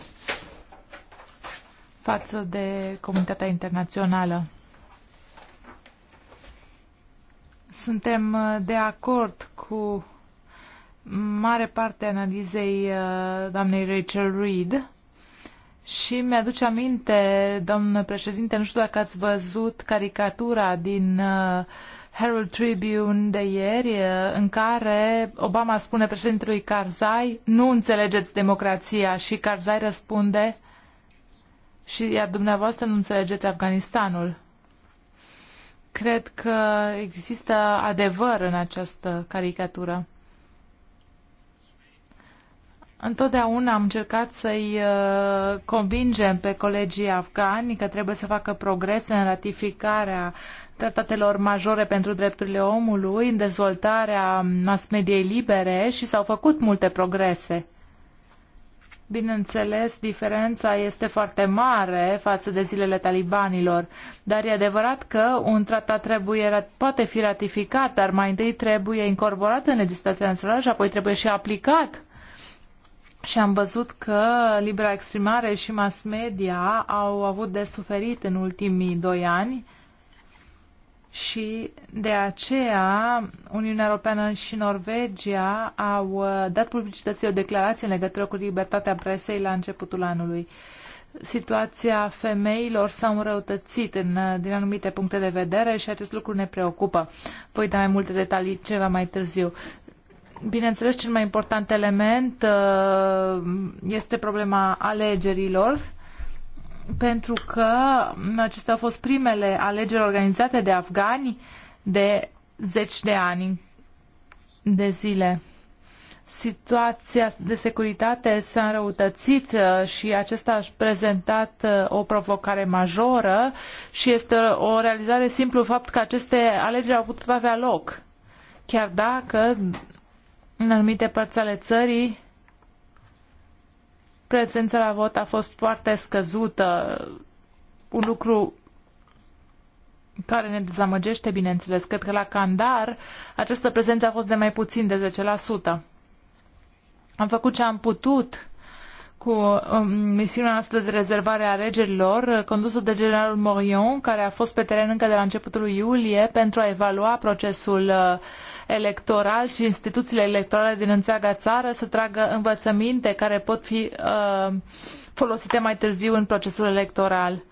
față de comunitatea internațională. Suntem uh, de acord cu mare parte analizei uh, doamnei Rachel Reed și mi-aduce aminte, domnul președinte, nu știu dacă ați văzut caricatura din uh, Herald Tribune de ieri, uh, în care Obama spune președintelui Karzai, nu înțelegeți democrația și Karzai răspunde, și iar dumneavoastră nu înțelegeți Afganistanul. Cred că există adevăr în această caricatură. Întotdeauna am încercat să-i uh, convingem pe colegii afgani că trebuie să facă progrese în ratificarea tratatelor majore pentru drepturile omului, în dezvoltarea mass-mediei libere și s-au făcut multe progrese. Bineînțeles, diferența este foarte mare față de zilele talibanilor, dar e adevărat că un tratat trebuie, poate fi ratificat, dar mai întâi trebuie incorporat în legislația națională și apoi trebuie și aplicat și am văzut că libera exprimare și mass media au avut de suferit în ultimii doi ani și de aceea Uniunea Europeană și Norvegia au uh, dat publicității o declarație în legătură cu libertatea presei la începutul anului. Situația femeilor s-a înrăutățit în, uh, din anumite puncte de vedere și acest lucru ne preocupă. Voi da mai multe detalii ceva mai târziu. Bineînțeles, cel mai important element uh, este problema alegerilor, pentru că acestea au fost primele alegeri organizate de afgani de zeci de ani de zile. Situația de securitate s-a înrăutățit uh, și acesta a prezentat uh, o provocare majoră și este o realizare simplu fapt că aceste alegeri au putut avea loc. Chiar dacă în anumite părți ale țării, prezența la vot a fost foarte scăzută, un lucru care ne dezamăgește, bineînțeles. Cred că la Candar această prezență a fost de mai puțin de 10%. Am făcut ce am putut cu um, misiunea noastră de rezervare a regerilor, condusă de generalul Morion, care a fost pe teren încă de la începutul lui iulie pentru a evalua procesul uh, electoral și instituțiile electorale din întreaga țară să tragă învățăminte care pot fi uh, folosite mai târziu în procesul electoral.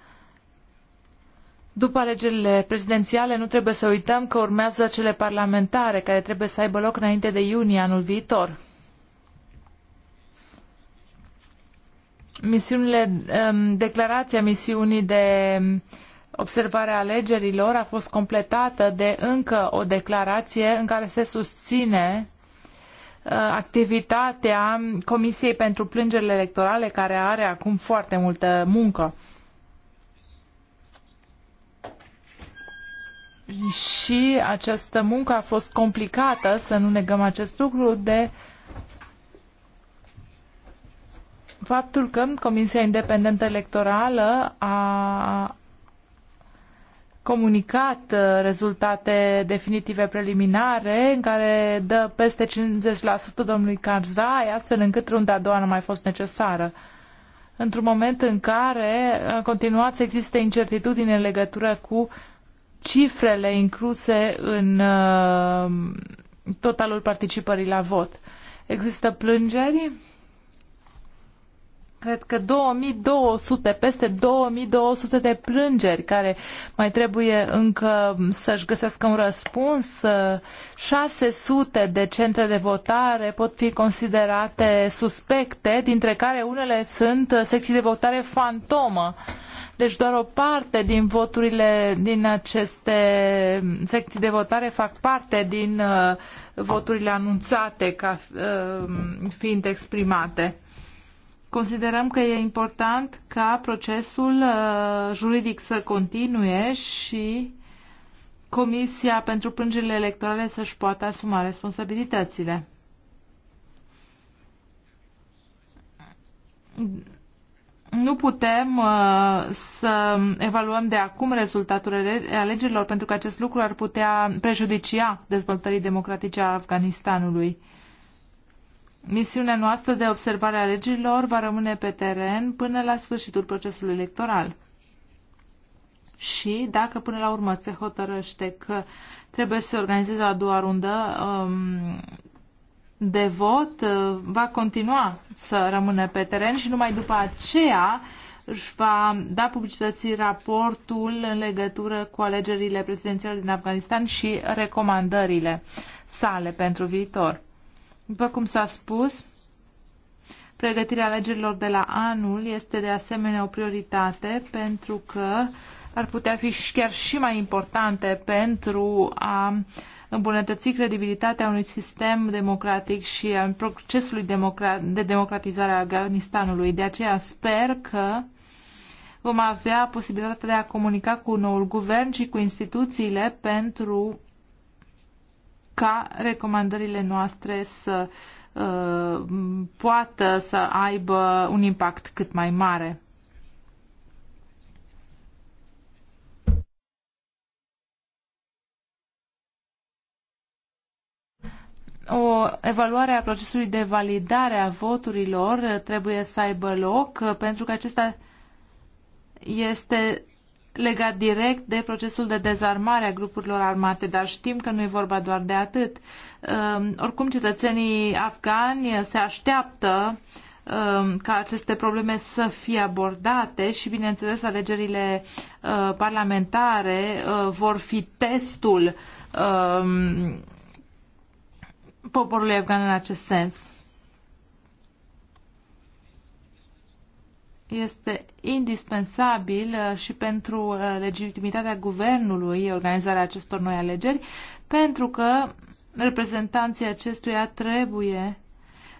După alegerile prezidențiale, nu trebuie să uităm că urmează cele parlamentare, care trebuie să aibă loc înainte de iunie anul viitor. Misiunile, um, declarația misiunii de observarea alegerilor a fost completată de încă o declarație în care se susține uh, activitatea Comisiei pentru Plângerile Electorale, care are acum foarte multă muncă. Și această muncă a fost complicată, să nu negăm acest lucru, de faptul că Comisia Independentă Electorală a comunicat uh, rezultate definitive preliminare în care dă peste 50% domnului Karzai, astfel încât runda a doua nu mai fost necesară. Într-un moment în care în uh, continuat să existe incertitudine în legătură cu cifrele incluse în uh, totalul participării la vot. Există plângeri? cred că 2200, peste 2200 de plângeri care mai trebuie încă să-și găsească un răspuns. 600 de centre de votare pot fi considerate suspecte, dintre care unele sunt secții de votare fantomă. Deci doar o parte din voturile din aceste secții de votare fac parte din uh, voturile anunțate ca uh, fiind exprimate. Considerăm că e important ca procesul uh, juridic să continue și Comisia pentru plângerile electorale să-și poată asuma responsabilitățile. Nu putem uh, să evaluăm de acum rezultatul alegerilor, pentru că acest lucru ar putea prejudicia dezvoltării democratice a Afganistanului. Misiunea noastră de observare a legilor va rămâne pe teren până la sfârșitul procesului electoral. Și dacă până la urmă se hotărăște că trebuie să organizeze a doua rundă um, de vot, uh, va continua să rămână pe teren și numai după aceea își va da publicității raportul în legătură cu alegerile prezidențiale din Afganistan și recomandările sale pentru viitor. După cum s-a spus, pregătirea alegerilor de la anul este de asemenea o prioritate pentru că ar putea fi chiar și mai importante pentru a îmbunătăți credibilitatea unui sistem democratic și a procesului de democratizare a Afganistanului. De aceea sper că vom avea posibilitatea de a comunica cu noul guvern și cu instituțiile pentru ca recomandările noastre să uh, poată să aibă un impact cât mai mare. o evaluare a procesului de validare a voturilor trebuie să aibă loc, uh, pentru că acesta este legat direct de procesul de dezarmare a grupurilor armate, dar știm că nu e vorba doar de atât. Ehm, oricum, cetățenii afgani se așteaptă ehm, ca aceste probleme să fie abordate și, bineînțeles, alegerile eh, parlamentare eh, vor fi testul ehm, poporului afgan în acest sens. este indispensabil uh, și pentru uh, legitimitatea guvernului organizarea acestor noi alegeri, pentru că reprezentanții acestuia trebuie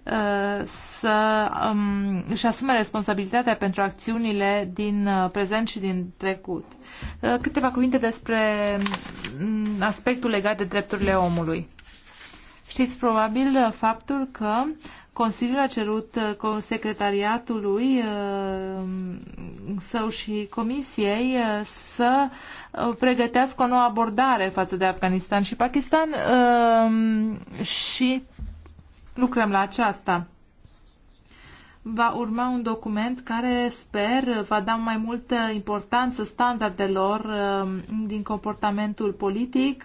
uh, să um, își asume responsabilitatea pentru acțiunile din prezent și din trecut. Câteva cuvinte despre mm, aspectul legat de drepturile omului. Știți probabil faptul că Consiliul a cerut uh, secretariatului uh, său și comisiei uh, să pregătească o nouă abordare față de Afganistan și Pakistan um, și lucrăm la aceasta. Va urma un document care sper va da mai multă importanță standardelor um, din comportamentul politic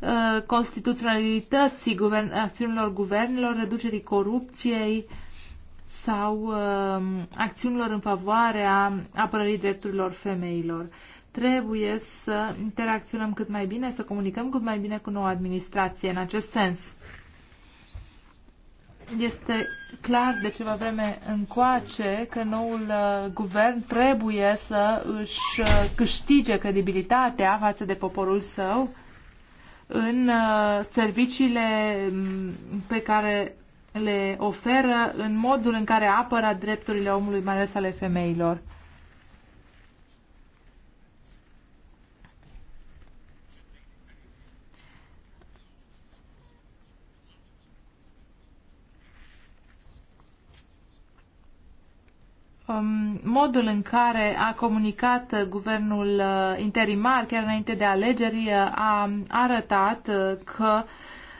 Uh, constituționalității guvern, acțiunilor guvernelor, reducerii corupției sau uh, acțiunilor în favoarea apărării drepturilor femeilor. Trebuie să interacționăm cât mai bine, să comunicăm cât mai bine cu noua administrație în acest sens. Este clar de ceva vreme încoace că noul uh, guvern trebuie să își uh, câștige credibilitatea față de poporul său în uh, serviciile mm, pe care le oferă, în modul în care apără drepturile omului, mai ales ale femeilor. Um, modul în care a comunicat uh, guvernul uh, interimar, chiar înainte de alegeri, uh, a arătat că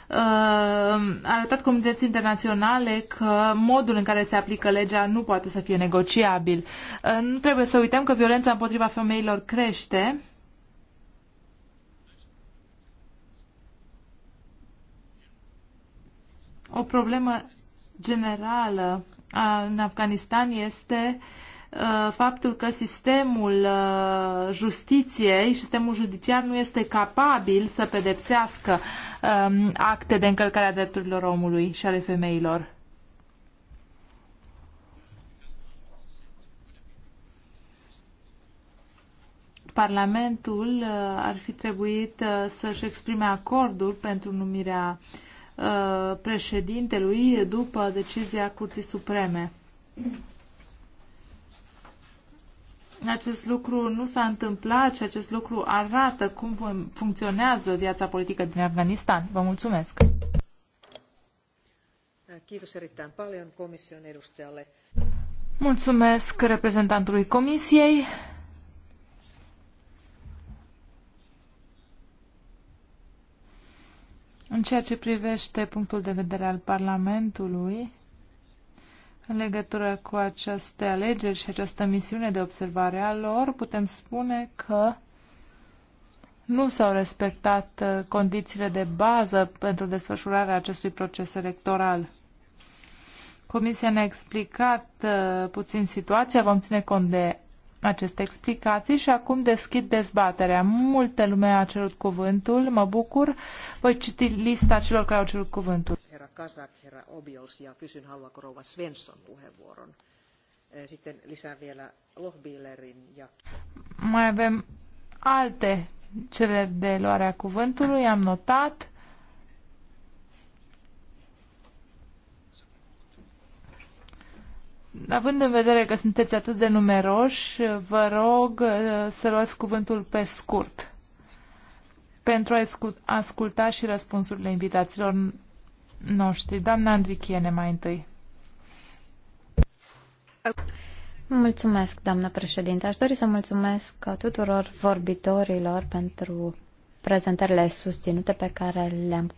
a arătat comunității internaționale că modul în care se aplică legea nu poate să fie negociabil. Nu trebuie să uităm că violența împotriva femeilor crește. O problemă generală în Afganistan este faptul că sistemul justiției, sistemul judiciar nu este capabil să pedepsească acte de încălcare a drepturilor omului și ale femeilor. Parlamentul ar fi trebuit să-și exprime acordul pentru numirea uh, Uh, președintelui după decizia Curții Supreme. Acest lucru nu s-a întâmplat și acest lucru arată cum funcționează viața politică din Afganistan. Vă mulțumesc! Mulțumesc reprezentantului Comisiei. În ceea ce privește punctul de vedere al Parlamentului, în legătură cu aceste alegeri și această misiune de observare a lor, putem spune că nu s-au respectat uh, condițiile de bază pentru desfășurarea acestui proces electoral. Comisia ne-a explicat uh, puțin situația, vom ține cont de aceste explicații și acum deschid dezbaterea. Multă lume a cerut cuvântul, mă bucur. Voi citi lista celor care au cerut cuvântul. Herra Kazak, herra Obiols ja kysyn haluaako rouva Svensson puheenvuoron. Eh, sitten lisää vielä Lohbillerin ja... Mai avem alte cele de luarea cuvântului, am notat. având în vedere că sunteți atât de numeroși, vă rog uh, să luați cuvântul pe scurt pentru a asculta și răspunsurile invitaților noștri. Doamna Andrichiene, mai întâi. Mulțumesc, doamnă președinte. Aș dori să mulțumesc tuturor vorbitorilor pentru prezentările susținute pe care le-am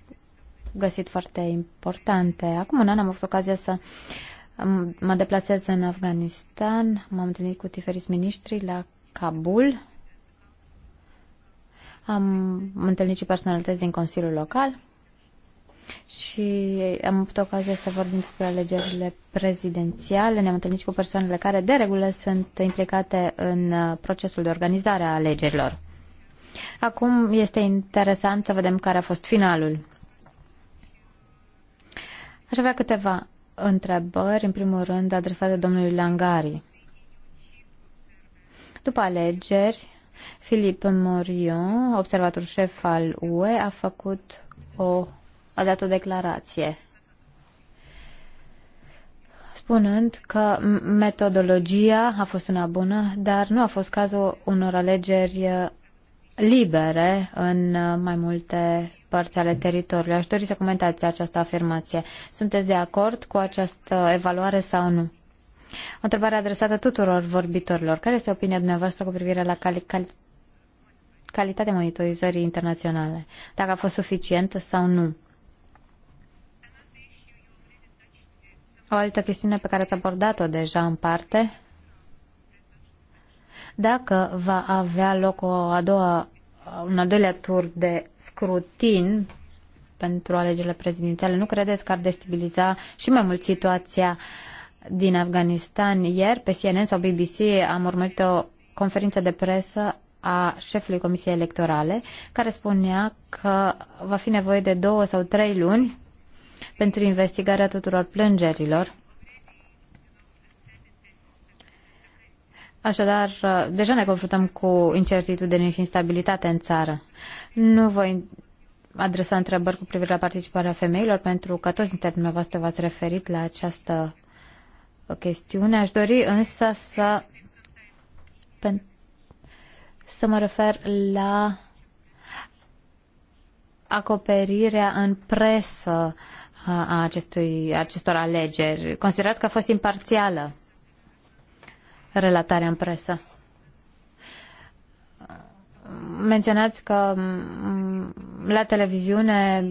găsit foarte importante. Acum un an am avut ocazia să Mă deplasez în Afganistan, m-am întâlnit cu diferiți miniștri la Kabul. Am întâlnit și personalități din Consiliul Local și am avut ocazia să vorbim despre alegerile prezidențiale. Ne-am întâlnit și cu persoanele care de regulă sunt implicate în uh, procesul de organizare a alegerilor. Acum este interesant să vedem care a fost finalul. Aș avea câteva întrebări, în primul rând, adresate domnului Langari. După alegeri, Filip Morion, observator șef al UE, a făcut o, a dat o declarație spunând că metodologia a fost una bună, dar nu a fost cazul unor alegeri eh, libere în eh, mai multe părți ale teritoriului. Aș dori să comentați această afirmație. Sunteți de acord cu această evaluare sau nu? O întrebare adresată tuturor vorbitorilor. Care este opinia dumneavoastră cu privire la cali- cali- calitatea monitorizării internaționale? Dacă a fost suficientă sau nu? O altă chestiune pe care ați abordat-o deja în parte, dacă va avea loc o a doua un al doilea tur de scrutin pentru alegerile prezidențiale, nu credeți că ar destabiliza și mai mult situația din Afganistan? Ieri, pe CNN sau BBC, am urmărit o conferință de presă a șefului Comisiei Electorale, care spunea că va fi nevoie de două sau trei luni pentru investigarea tuturor plângerilor Așadar, uh, deja ne confruntăm cu incertitudine și instabilitate în țară. Nu voi adresa întrebări cu privire la participarea femeilor, pentru că toți dintre dumneavoastră v-ați referit la această uh, chestiune. Aș dori însă să, să mă refer la acoperirea în presă uh, a acestui, acestor alegeri. Considerați că a fost imparțială relatarea în presă. Menționați că la televiziune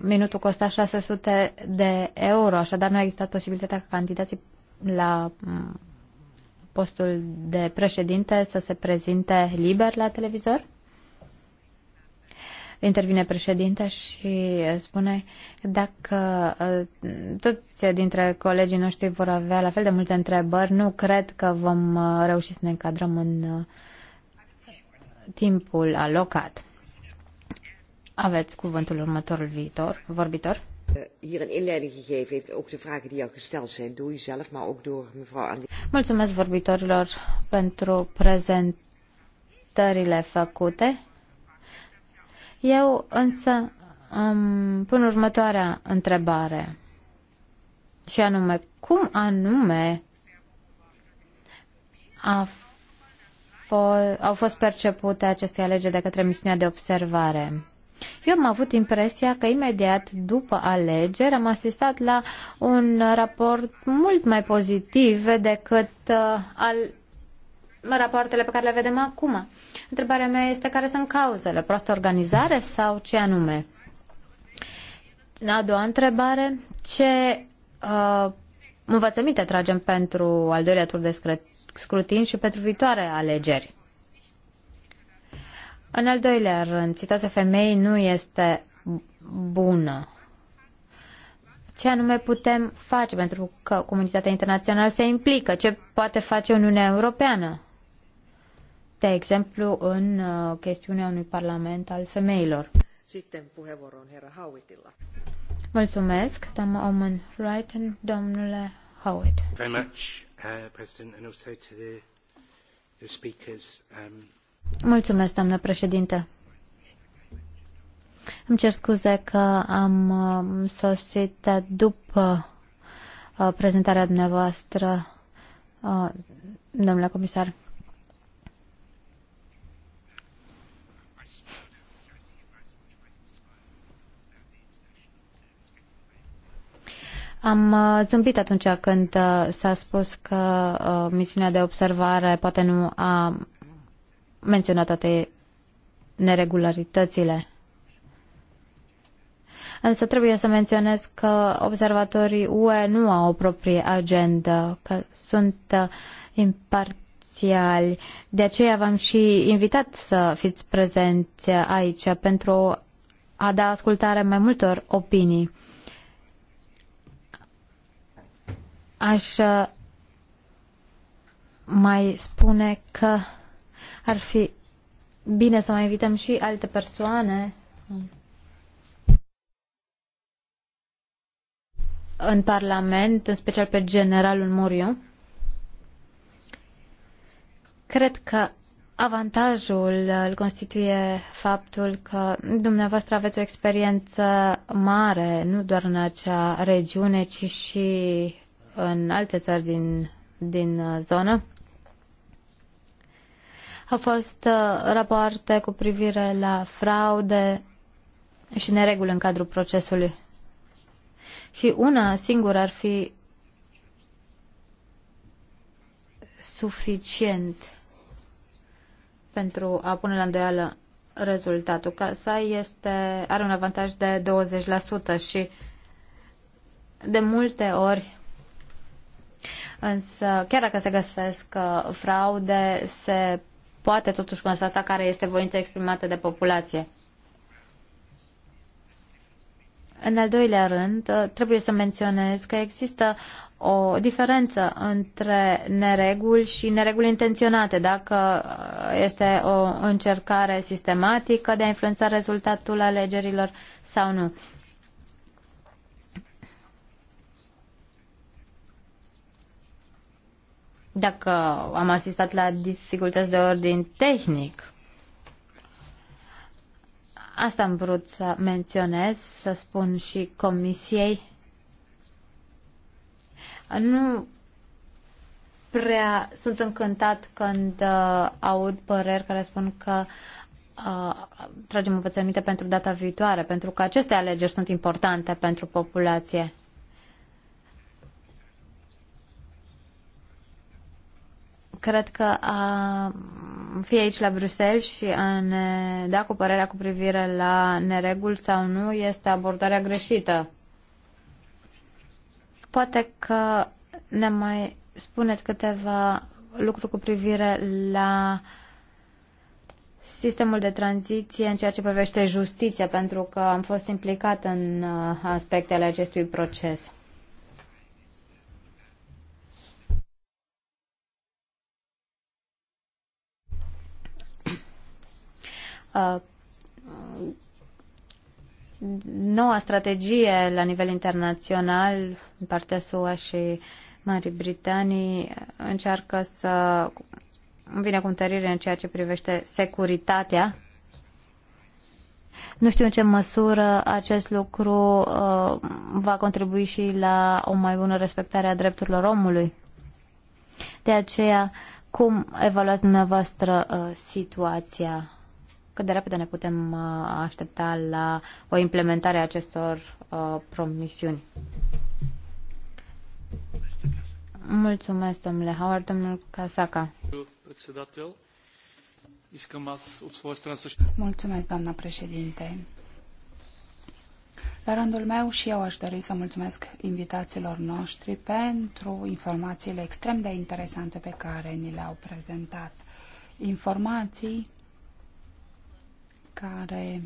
minutul costa 600 de euro, așadar nu a existat posibilitatea ca candidații la postul de președinte să se prezinte liber la televizor? intervine președinta și uh, spune dacă uh, toți dintre colegii noștri vor avea la fel de multe întrebări, nu cred că vom uh, reuși să ne încadrăm în timpul alocat. Aveți cuvântul următorul viitor, vorbitor. Eh, hier een inleiding gegeven heeft ook de vragen die al gesteld zijn door maar ook door mevrouw Andi. Mulțumesc vorbitorilor pentru prezentările făcute. Eu însă îmi pun următoarea întrebare și anume, cum anume a fo- au fost percepute aceste alegeri de către misiunea de observare? Eu am avut impresia că imediat după alegeri am asistat la un raport mult mai pozitiv decât uh, al rapoartele pe care le vedem acum. Întrebarea mea este care sunt cauzele, proastă organizare sau ce anume? A doua întrebare, ce uh, învățăminte tragem pentru al doilea tur de scrutin și pentru viitoare alegeri? În al doilea rând, situația femeii nu este bună. Ce anume putem face pentru că comunitatea internațională se implică? Ce poate face Uniunea Europeană de exemplu în uh, chestiunea unui parlament al femeilor. Mulțumesc, doamna Oman Reiten, domnule Howitt. Very much, uh, President, and also to the, the speakers. Um... Mulțumesc, doamnă președinte. Îmi cer scuze că am uh, sosit după uh, prezentarea dumneavoastră, domnule comisar. Am uh, zâmbit atunci când uh, s-a spus că uh, misiunea de observare poate nu a menționat toate neregularitățile. Însă trebuie să menționez că observatorii UE nu au o proprie agendă, că sunt imparțiali. De aceea v-am și invitat să fiți prezenți aici pentru a da ascultare mai multor opinii. Aș uh, mai spune că ar fi bine să mai invităm și alte persoane în Parlament, în special pe generalul Muriu. Cred că avantajul uh, îl constituie faptul că dumneavoastră aveți o experiență mare, nu doar în acea regiune, ci și în alte țări din, din uh, zonă. Au fost uh, rapoarte cu privire la fraude și nereguli în cadrul procesului. Și una singură ar fi suficient pentru a pune la îndoială rezultatul. Casa este, are un avantaj de 20% și de multe ori Însă, chiar dacă se găsesc uh, fraude, se poate totuși constata care este voința exprimată de populație. În al doilea rând, uh, trebuie să menționez că există o diferență între nereguli și nereguli intenționate. Dacă uh, este o încercare sistematică de a influența rezultatul alegerilor sau nu. dacă am asistat la dificultăți de ordin tehnic, asta am vrut să menționez, să spun și comisiei. Nu prea sunt încântat când uh, aud păreri care spun că uh, tragem învățăminte pentru data viitoare, pentru că aceste alegeri sunt importante pentru populație. cred că a fi aici la Bruxelles și a ne da cu părerea cu privire la nereguli sau nu este abordarea greșită. Poate că ne mai spuneți câteva lucruri cu privire la sistemul de tranziție în ceea ce privește justiția, pentru că am fost implicat în aspectele acestui proces. Uh, noua strategie la nivel internațional în partea SUA și Marii Britanii încearcă să vine cu întărire în ceea ce privește securitatea. Nu știu în ce măsură acest lucru uh, va contribui și la o mai bună respectare a drepturilor omului. De aceea, cum evaluați dumneavoastră uh, situația cât de repede ne putem uh, aștepta la o implementare a acestor uh, promisiuni. Mulțumesc, domnule Howard, domnul Casaca. Mulțumesc, doamna președinte. La rândul meu și eu aș dori să mulțumesc invitațiilor noștri pentru informațiile extrem de interesante pe care ni le-au prezentat. Informații care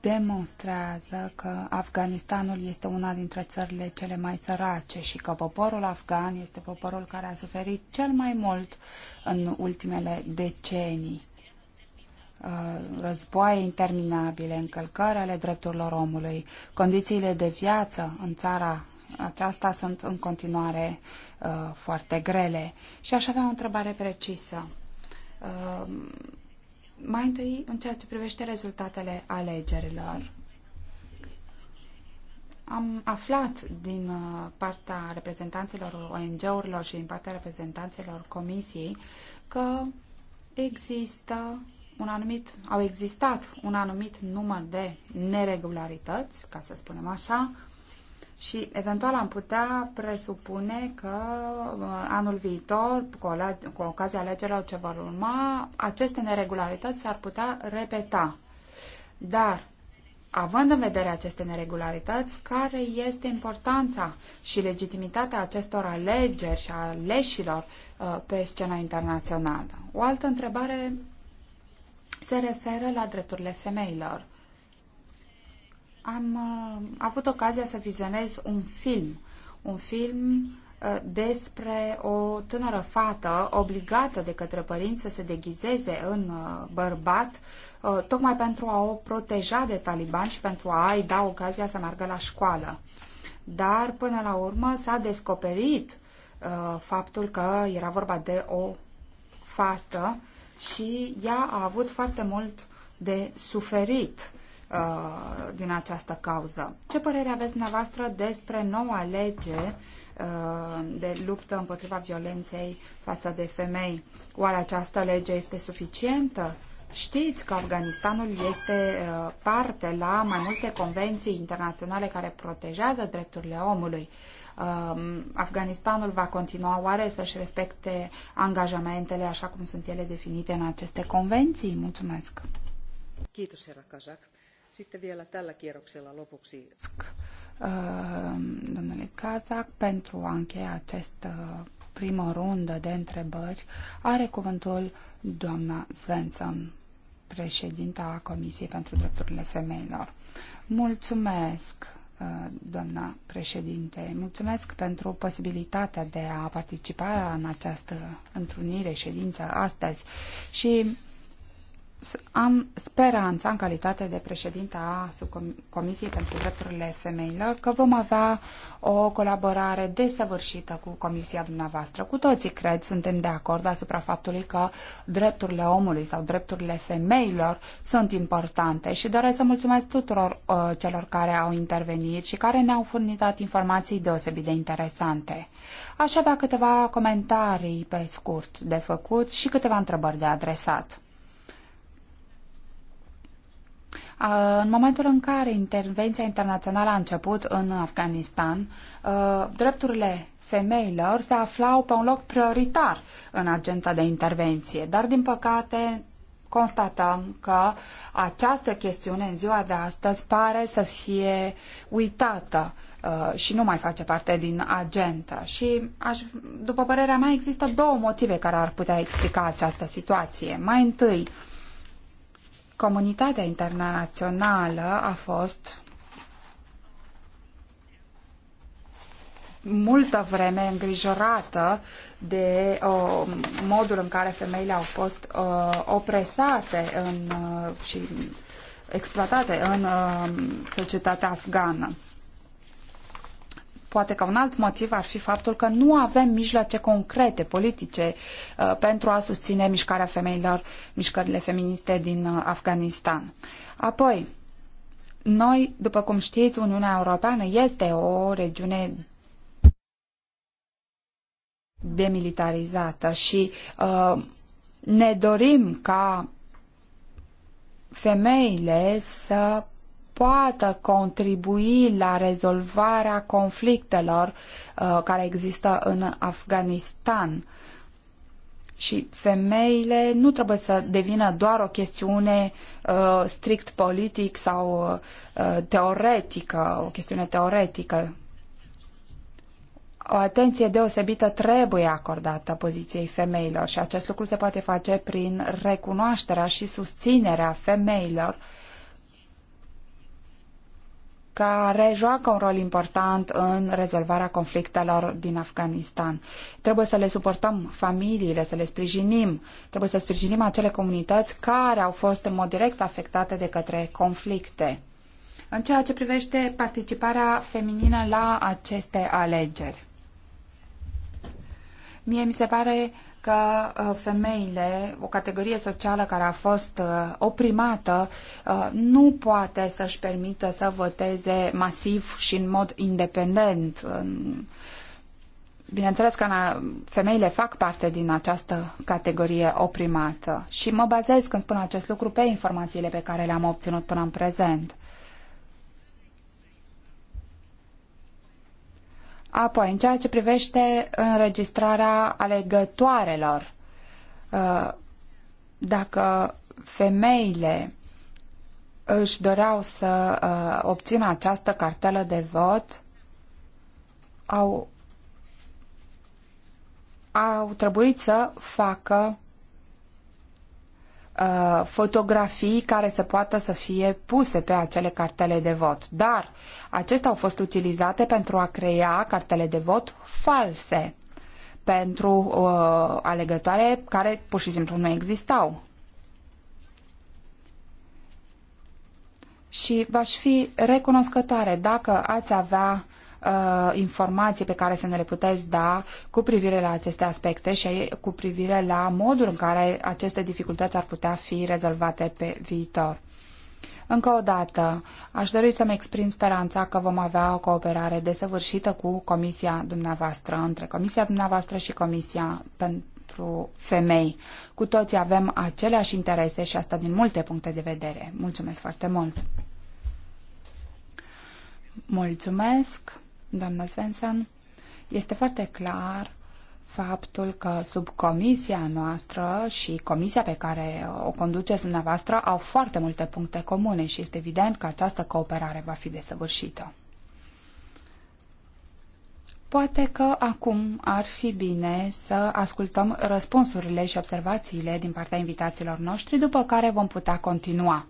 demonstrează că Afganistanul este una dintre țările cele mai sărace și că poporul afgan este poporul care a suferit cel mai mult în ultimele decenii. Uh, războaie interminabile, încălcări ale drepturilor omului, condițiile de viață în țara aceasta sunt în continuare uh, foarte grele. Și aș avea o întrebare precisă uh, mai întâi, în ceea ce privește rezultatele alegerilor. Am aflat din uh, partea reprezentanților ONG-urilor și din partea reprezentanților comisiei că există un anumit, au existat un anumit număr de neregularități, ca să spunem așa, și eventual am putea presupune că uh, anul viitor, cu, cu ocazia alegerilor ce vor urma, aceste neregularități s-ar putea repeta. Dar, având în vedere aceste neregularități, care este importanța și legitimitatea acestor alegeri și aleșilor uh, pe scena internațională? O altă întrebare se referă la drepturile femeilor am uh, avut ocazia să vizionez un film, un film uh, despre o tânără fată obligată de către părinți să se deghizeze în uh, bărbat, uh, tocmai pentru a o proteja de taliban și pentru a-i da ocazia să meargă la școală. Dar, până la urmă, s-a descoperit uh, faptul că era vorba de o fată și ea a avut foarte mult de suferit Uh, din această cauză. Ce părere aveți dumneavoastră despre noua lege uh, de luptă împotriva violenței față de femei? Oare această lege este suficientă? Știți că Afganistanul este uh, parte la mai multe convenții internaționale care protejează drepturile omului. Um, Afganistanul va continua oare să-și respecte angajamentele așa cum sunt ele definite în aceste convenții? Mulțumesc! Kiitos, herra Kazak. Sitten vielä tällä kierroksella lopuksi. Ehm, domnule Kazak, pentru a încheia această uh, primă rundă de întrebări, are cuvântul doamna Svensson, președinta Comisiei pentru Drepturile Femeilor. Mulțumesc! Uh, doamna președinte. Mulțumesc pentru posibilitatea de a participa în această întrunire, ședință astăzi și am speranța, în calitate de președinte a Comisiei pentru Drepturile Femeilor, că vom avea o colaborare desăvârșită cu Comisia dumneavoastră. Cu toții, cred, suntem de acord asupra faptului că drepturile omului sau drepturile femeilor sunt importante și doresc să mulțumesc tuturor uh, celor care au intervenit și care ne-au furnizat informații deosebit de interesante. Aș avea câteva comentarii pe scurt de făcut și câteva întrebări de adresat. În momentul în care intervenția internațională a început în Afganistan, drepturile femeilor se aflau pe un loc prioritar în agenda de intervenție, dar din păcate constatăm că această chestiune în ziua de astăzi pare să fie uitată și nu mai face parte din agenda. Și, aș, după părerea mea, există două motive care ar putea explica această situație. Mai întâi, uh, comunitatea internațională a fost multă vreme îngrijorată de uh, modul în care femeile au fost uh, opresate în, uh, și exploatate în um, societatea afgană. Poate că un alt motiv ar fi faptul că nu avem mijloace concrete, politice, uh, pentru a susține mișcarea femeilor, mișcările feministe din uh, Afganistan. Apoi, noi, după cum știți, Uniunea Europeană este o regiune demilitarizată și uh, ne dorim ca femeile să poată contribui la rezolvarea conflictelor uh, care există în Afganistan. Și femeile nu trebuie să devină doar o chestiune uh, strict politic sau uh, teoretică, o chestiune teoretică. O atenție deosebită trebuie acordată poziției femeilor și acest lucru se poate face prin recunoașterea și susținerea femeilor uh, care joacă un rol important în rezolvarea conflictelor din Afganistan. Trebuie să le suportăm familiile, să le sprijinim, trebuie să sprijinim acele comunități care au fost în mod direct afectate de către conflicte. În ceea ce privește participarea feminină la aceste alegeri. Mie mi se pare uh, că uh, femeile, o categorie socială care a fost uh, oprimată, uh, nu poate să-și permită să voteze masiv și în mod independent. Bineînțeles că femeile fac parte din această categorie oprimată și mă bazez când spun acest lucru pe informațiile pe care le-am obținut până în prezent. Apoi, în ceea ce privește înregistrarea alegătoarelor, uh, dacă femeile își doreau să uh, obțină această cartelă de vot, au, au trebuit să facă Uh, fotografii care să poată să fie puse pe acele cartele de vot. Dar acestea au fost utilizate pentru a crea cartele de vot false pentru uh, alegătoare care pur și simplu nu existau. și v-aș fi recunoscătoare dacă ați avea uh, informații pe care să ne le puteți da cu privire la aceste aspecte și cu privire la modul în care aceste dificultăți ar putea fi rezolvate pe viitor. Încă o dată, aș dori să-mi exprim speranța că vom avea o cooperare desăvârșită cu comisia dumneavoastră, între comisia dumneavoastră și comisia pentru femei. Cu toții avem aceleași interese și asta din multe puncte de vedere. Mulțumesc foarte mult! Mulțumesc! doamnă Svensson, este foarte clar faptul că sub comisia noastră și comisia pe care o conduceți dumneavoastră au foarte multe puncte comune și este evident că această cooperare va fi desăvârșită. Poate că acum ar fi bine să ascultăm răspunsurile și observațiile din partea invitaților noștri, după care vom putea continua.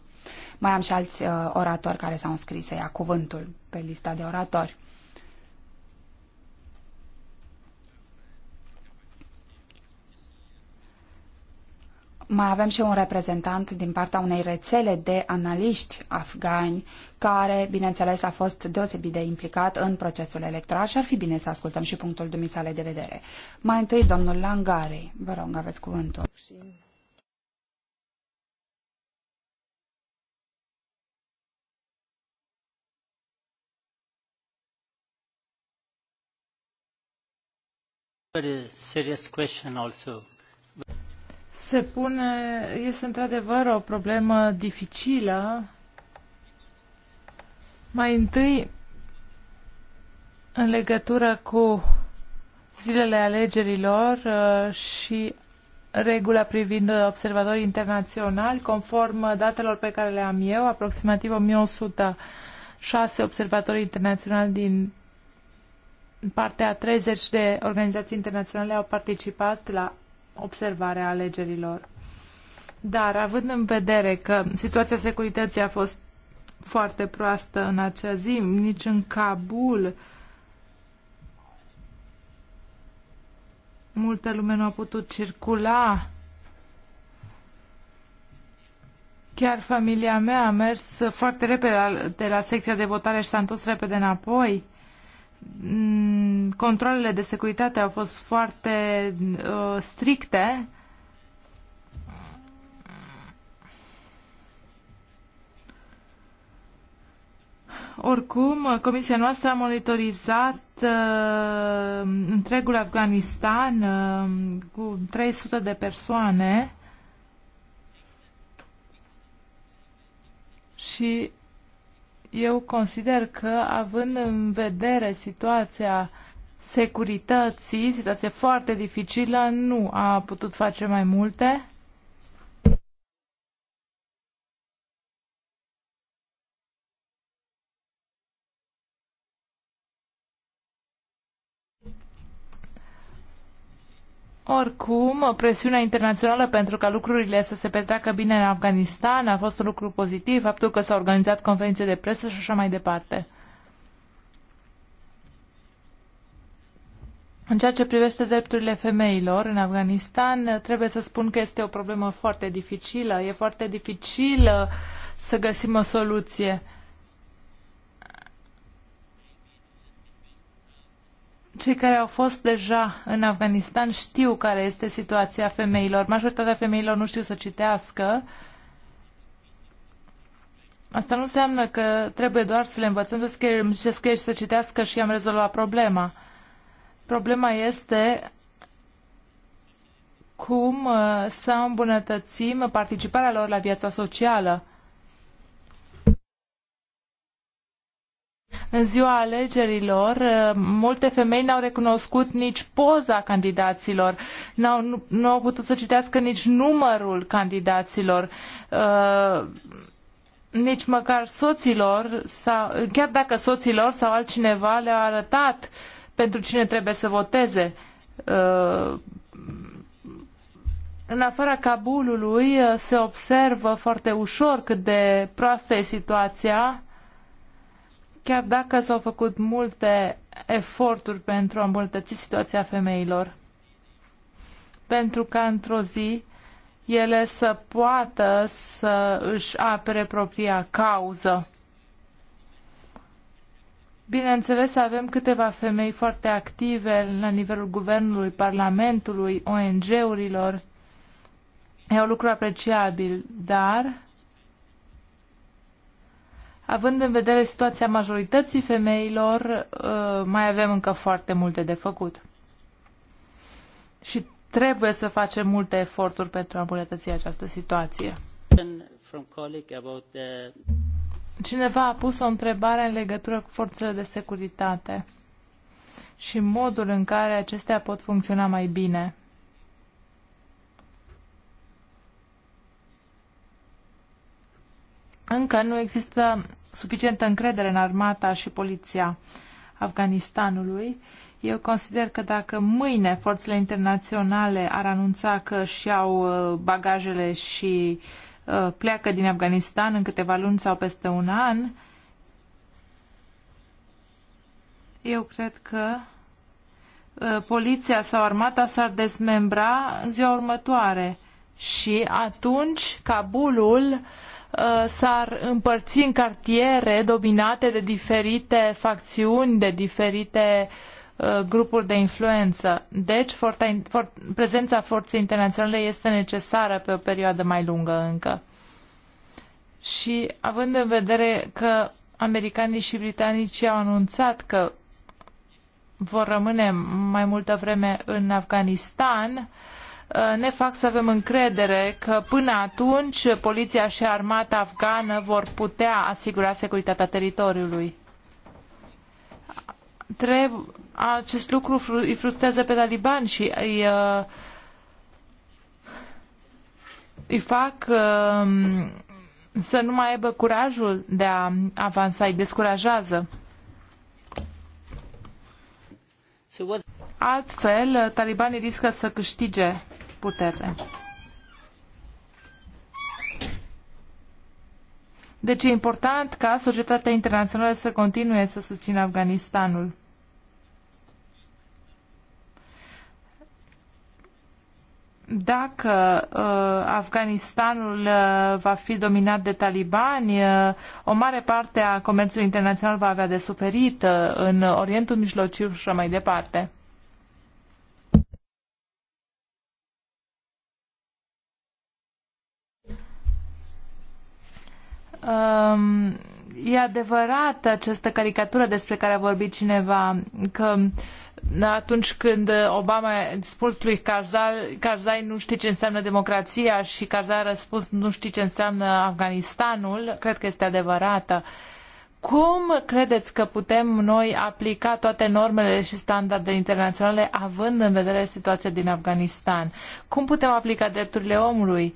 Mai am și alți uh, oratori care s-au înscris să ia cuvântul pe lista de oratori. mai avem și un reprezentant din partea unei rețele de analiști afgani, care, bineînțeles, a fost deosebit de implicat în procesul electoral și ar fi bine să ascultăm și punctul dumisale de vedere. Mai întâi, domnul Langari, vă rog, aveți cuvântul. Very serious question also se pune, este într-adevăr o problemă dificilă. Mai întâi, în legătură cu zilele alegerilor uh, și regula privind observatorii internaționali, conform datelor pe care le am eu, aproximativ 1106 observatori internaționali din partea 30 de organizații internaționale au participat la observare a alegerilor. Dar, având în vedere că situația securității a fost foarte proastă în acea zi, nici în Kabul, multă lume nu a putut circula. Chiar familia mea a mers foarte repede de la secția de votare și s-a întors repede înapoi. Mm, controlele de securitate au fost foarte uh, stricte. Oricum, comisia noastră a monitorizat uh, întregul Afganistan uh, cu 300 de persoane și eu consider că, având în vedere situația securității, situație foarte dificilă, nu a putut face mai multe Oricum, presiunea internațională pentru ca lucrurile să se petreacă bine în Afganistan a fost un lucru pozitiv, faptul că s-au organizat conferințe de presă și așa mai departe. În ceea ce privește drepturile femeilor în Afganistan, trebuie să spun că este o problemă foarte dificilă. E foarte dificil uh, să găsim o soluție. cei care au fost deja în Afganistan știu care este situația femeilor. Majoritatea femeilor nu știu să citească. Asta nu înseamnă că trebuie doar să le învățăm să scrie, să scrie și să citească și am rezolvat problema. Problema este cum uh, să îmbunătățim participarea lor la viața socială. În ziua alegerilor, uh, multe femei n-au recunoscut nici poza candidaților, n-au, nu, nu au putut să citească nici numărul candidaților. Uh, nici măcar soților, sau, chiar dacă soților sau altcineva le-a arătat pentru cine trebuie să voteze. Uh, în afara Kabulului uh, se observă foarte ușor cât de proastă e situația chiar dacă s-au făcut multe eforturi pentru a îmbunătăți situația femeilor, pentru ca într-o zi ele să poată să își apere propria cauză. Bineînțeles, avem câteva femei foarte active la nivelul guvernului, parlamentului, ONG-urilor. E un lucru apreciabil, dar Având în vedere situația majorității femeilor, uh, mai avem încă foarte multe de făcut. Și trebuie să facem multe eforturi pentru a îmbunătăți această situație. Cineva a pus o întrebare în legătură cu forțele de securitate și modul în care acestea pot funcționa mai bine. Încă nu există suficientă încredere în armata și poliția Afganistanului. Eu consider că dacă mâine forțele internaționale ar anunța că își au uh, bagajele și uh, pleacă din Afganistan în câteva luni sau peste un an, eu cred că uh, poliția sau armata s-ar dezmembra în ziua următoare și atunci Kabulul uh, Uh, s-ar împărți în cartiere dominate de diferite facțiuni, de diferite uh, grupuri de influență. Deci, forta, for, prezența forței internaționale este necesară pe o perioadă mai lungă încă. Și având în vedere că americanii și britanicii au anunțat că vor rămâne mai multă vreme în Afganistan, uh, Uh, ne fac să avem încredere că până atunci poliția și armata afgană vor putea asigura securitatea teritoriului. Treb- acest lucru îi frustrează pe talibani și îi, uh, îi fac um, să nu mai aibă curajul de a avansa, îi descurajează. Altfel, uh, talibanii riscă să câștige putere. Deci e important ca societatea internațională să continue să susțină Afganistanul. dacă uh, Afganistanul uh, va fi dominat de talibani, uh, o mare parte a comerțului internațional va avea de suferit uh, în Orientul Mijlociu și așa mai departe. um, e adevărat această caricatură despre care a vorbit cineva, că atunci când Obama a spus lui Karzai, Karzai nu știi ce înseamnă democrația și Karzai a răspuns nu știi ce înseamnă Afganistanul, cred că este adevărată. Cum credeți că putem noi aplica toate normele și standardele internaționale având în vedere situația din Afganistan? Cum putem aplica drepturile omului,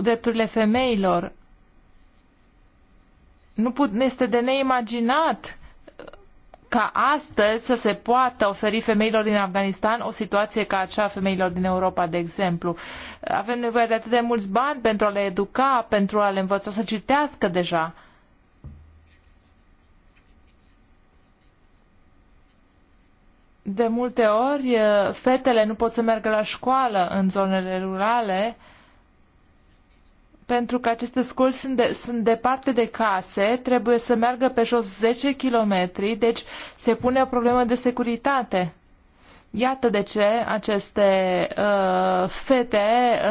drepturile femeilor, nu put, este de neimaginat ca astăzi să se poată oferi femeilor din Afganistan o situație ca acea a femeilor din Europa, de exemplu. Avem nevoie de atât de mulți bani pentru a le educa, pentru a le învăța să citească deja. De multe ori, fetele nu pot să meargă la școală în zonele rurale, uh, pentru că aceste școli sunt, de, sunt departe de case, trebuie să meargă pe jos 10 kilometri, deci se pune o problemă de securitate. Iată de ce aceste uh, fete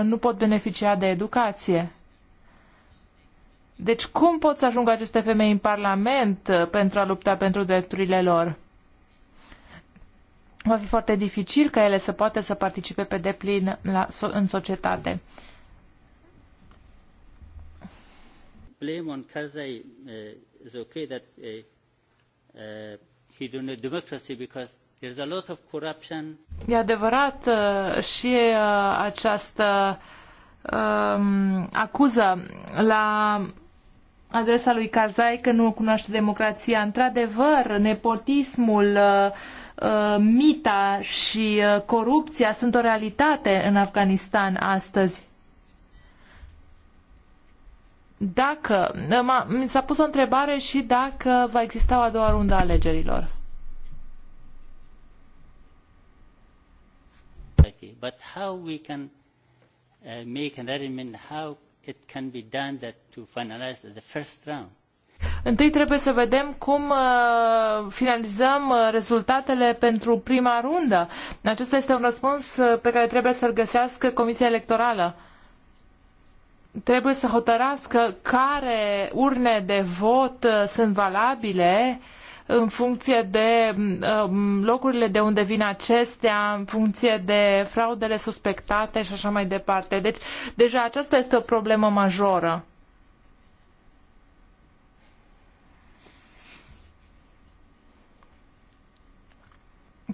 nu pot beneficia de educație. Deci cum pot să ajungă aceste femei în Parlament uh, pentru a lupta pentru drepturile lor? Va fi foarte dificil ca ele să poată să participe pe deplin la, în societate. blame on Karzai uh, is okay that uh, uh, he don't know democracy because there's a lot of corruption. E adevărat uh, și uh, această uh, acuză la adresa lui Karzai că nu cunoaște democrația. Într-adevăr, nepotismul, uh, uh, mita și uh, corupția sunt o realitate în Afganistan astăzi dacă, da, mi s-a pus o întrebare și dacă va exista o a doua rundă a alegerilor. But how we can uh, make an arrangement, how it can be done that to finalize the first round. Întâi trebuie să vedem cum uh, finalizăm uh, rezultatele pentru prima rundă. Acesta este un răspuns uh, pe care trebuie să-l găsească Comisia Electorală. Uh, trebuie să hotărască care urne de vot uh, sunt valabile în funcție de um, locurile de unde vin acestea, în funcție de fraudele suspectate și așa mai departe. Deci, deja aceasta este o problemă majoră.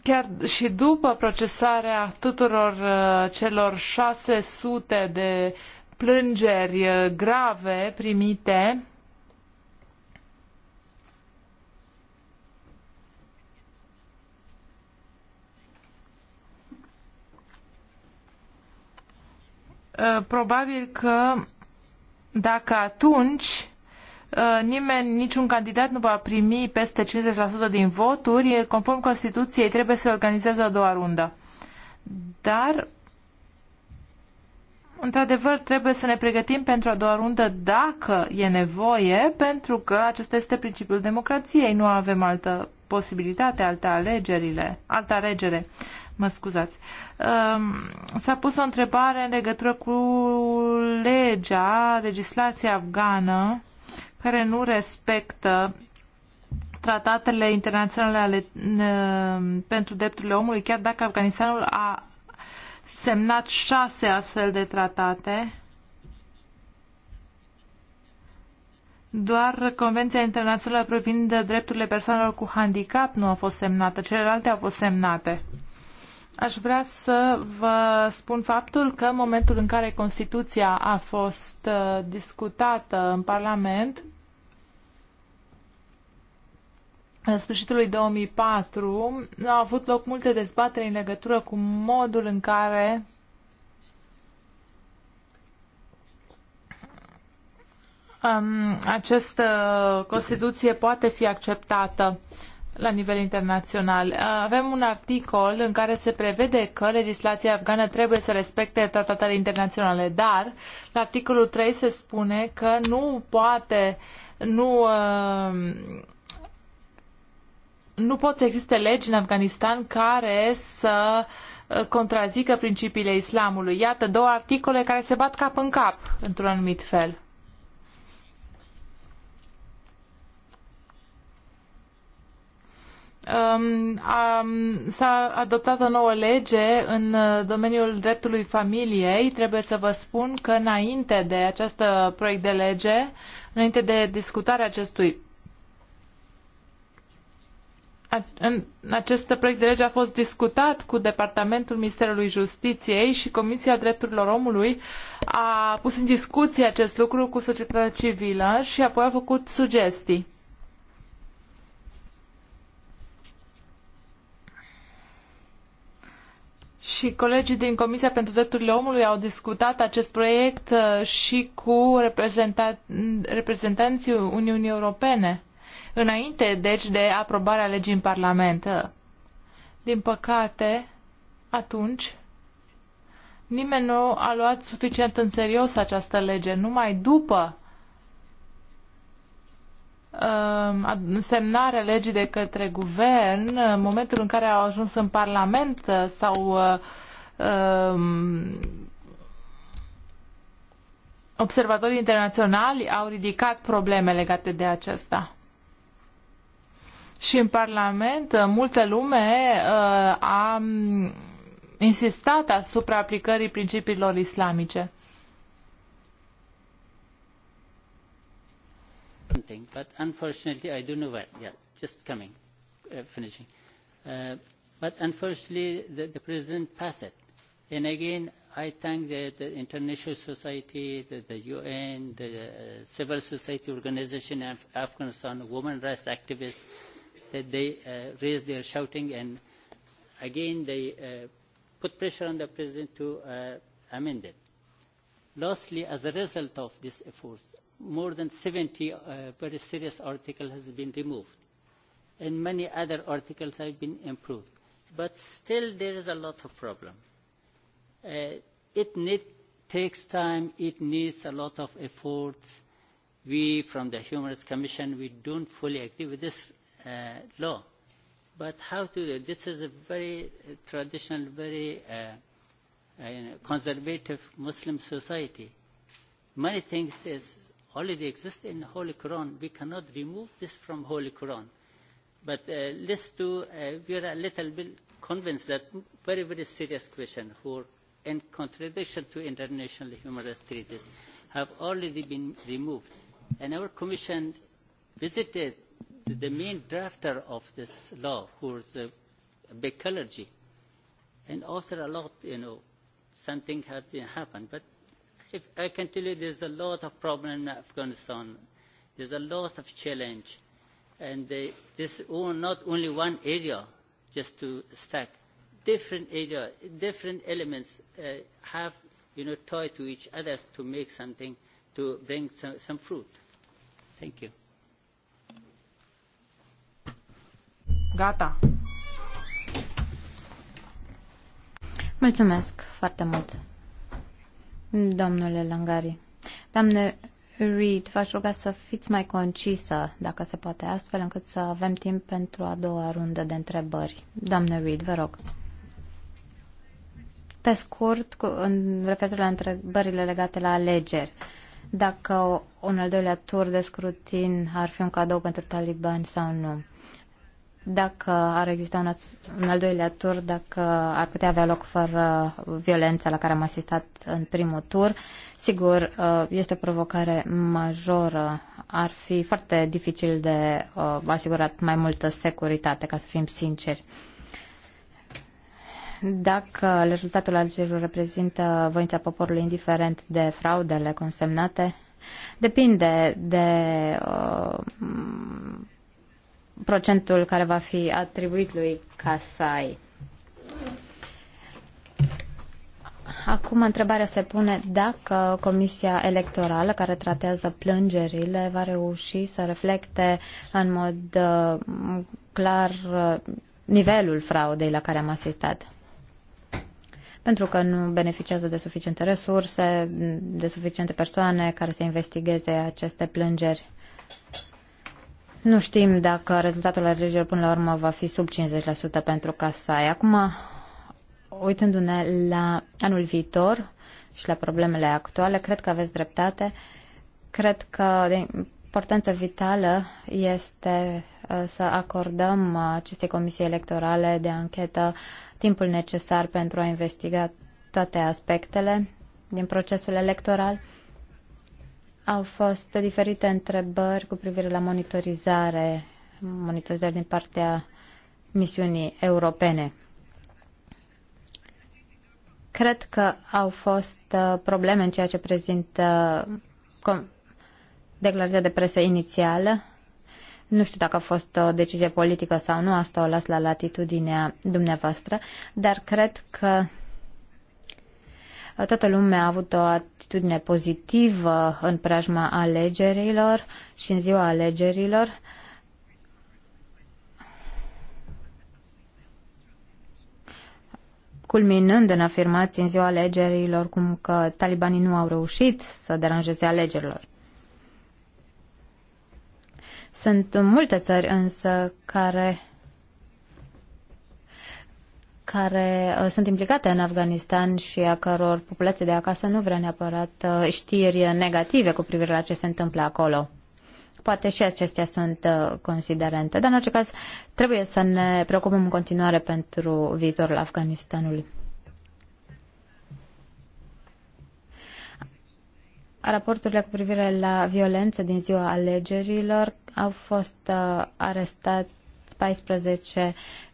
chiar și după procesarea tuturor uh, celor 600 de plângeri uh, grave primite uh, probabil că dacă atunci uh, nimeni, niciun candidat nu va primi peste 50% din voturi, conform Constituției trebuie să organizeze a doua rundă. Dar Într-adevăr, trebuie să ne pregătim pentru a doua rundă dacă e nevoie, pentru că acesta este principiul democrației. Nu avem altă posibilitate, alta alegerile, alta alegere. Mă scuzați. Um, s-a pus o întrebare în legătură cu legea, legislația afgană, care nu respectă tratatele internaționale ale, um, pentru drepturile omului, chiar dacă Afganistanul a semnat șase astfel de tratate. Doar Convenția Internațională privind drepturile persoanelor cu handicap nu a fost semnată, celelalte au fost semnate. Aș vrea să vă spun faptul că în momentul în care Constituția a fost uh, discutată în Parlament, în lui 2004 au avut loc multe dezbatere în legătură cu modul în care um, această Constituție poate fi acceptată la nivel internațional. Uh, avem un articol în care se prevede că legislația afgană trebuie să respecte tratatele internaționale, dar la articolul 3 se spune că nu poate, nu uh, nu pot să existe legi în Afganistan care să uh, contrazică principiile islamului. Iată două articole care se bat cap în cap, într-un anumit fel. Um, um, s-a adoptat o nouă lege în uh, domeniul dreptului familiei. Trebuie să vă spun că înainte de acest proiect de lege, înainte de discutarea acestui acest proiect de lege a fost discutat cu Departamentul Ministerului Justiției și Comisia Drepturilor Omului a pus în discuție acest lucru cu societatea civilă și apoi a făcut sugestii. Și colegii din Comisia pentru Drepturile Omului au discutat acest proiect uh, și cu reprezentanții Uniunii Europene înainte deci de aprobarea legii în Parlament. Din păcate, atunci nimeni nu a luat suficient în serios această lege. Numai după um, semnarea legii de către guvern, în momentul în care au ajuns în Parlament sau um, observatorii internaționali au ridicat probleme legate de acesta. Și în Parlament uh, multă lume uh, a mm, insistat asupra aplicării principiilor islamice. but unfortunately, I don't know where. Yeah, just coming, uh, finishing. Uh, but unfortunately, the, the president passed it. And again, I thank the, the international society, the, the UN, the uh, civil society organization in Af Afghanistan, women rights activists, that they uh, raise their shouting and again they uh, put pressure on the president to uh, amend it. Lastly, as a result of this effort, more than 70 uh, very serious articles has been removed and many other articles have been improved. But still there is a lot of problem. Uh, it need, takes time, it needs a lot of efforts. We from the Human Rights Commission, we don't fully agree with this uh, law. But how to do this is a very traditional, very uh, uh, conservative Muslim society. Many things is already exist in Holy Quran. We cannot remove this from Holy Quran. But uh, let's do, uh, we are a little bit convinced that very, very serious question for in contradiction to international human rights treaties have already been removed. And our commission visited the, main drafter of this law, who a big clergy, and after a lot, you know, something had been happened. But if I can tell you, there's a lot of problem in Afghanistan. There's a lot of challenge, and they, this not only one area just to stack. Different area, different elements uh, have, you know, tied to each other to make something, to bring some, some fruit. Thank you. Gata. Mulțumesc foarte mult, domnule Langari. Doamne Reed, v-aș ruga să fiți mai concisă, dacă se poate, astfel încât să avem timp pentru a doua rundă de întrebări. Doamne Reed, vă rog. Pe scurt, cu, în referitor la întrebările legate la alegeri, dacă un al doilea tur de scrutin ar fi un cadou pentru talibani sau nu dacă ar exista un, un al doilea tur, dacă ar putea avea loc fără violența la care am asistat în primul tur. Sigur, uh, este o provocare majoră. Ar fi foarte dificil de uh, asigurat mai multă securitate, ca să fim sinceri. Dacă rezultatul alegerilor reprezintă voința poporului indiferent de fraudele consemnate, Depinde de uh, procentul care va fi atribuit lui Casai. Acum întrebarea se pune dacă Comisia Electorală care tratează plângerile va reuși să reflecte în mod uh, clar uh, nivelul fraudei la care am asistat. Pentru că nu beneficiază de suficiente resurse, de suficiente persoane care să investigeze aceste plângeri. Nu știm dacă rezultatul alegerilor până la urmă va fi sub 50% pentru Casai. Acum, uitându-ne la anul viitor și la problemele actuale, cred că aveți dreptate. Cred că de importanță vitală este uh, să acordăm acestei comisii electorale de anchetă timpul necesar pentru a investiga toate aspectele din procesul electoral. Au fost diferite întrebări cu privire la monitorizare, monitorizare din partea misiunii europene. Cred că au fost uh, probleme în ceea ce prezintă uh, declarația de presă inițială. Nu știu dacă a fost o decizie politică sau nu, asta o las la latitudinea dumneavoastră, dar cred că Toată lumea a avut o atitudine pozitivă în preajma alegerilor și în ziua alegerilor. culminând în afirmații în ziua alegerilor cum că talibanii nu au reușit să deranjeze alegerilor. Sunt multe țări însă care care uh, sunt implicate în Afganistan și a căror populație de acasă nu vrea neapărat uh, știri negative cu privire la ce se întâmplă acolo. Poate și acestea sunt uh, considerente, dar în orice caz trebuie să ne preocupăm în continuare pentru viitorul Afganistanului. Raporturile cu privire la violență din ziua alegerilor au fost uh, arestat 14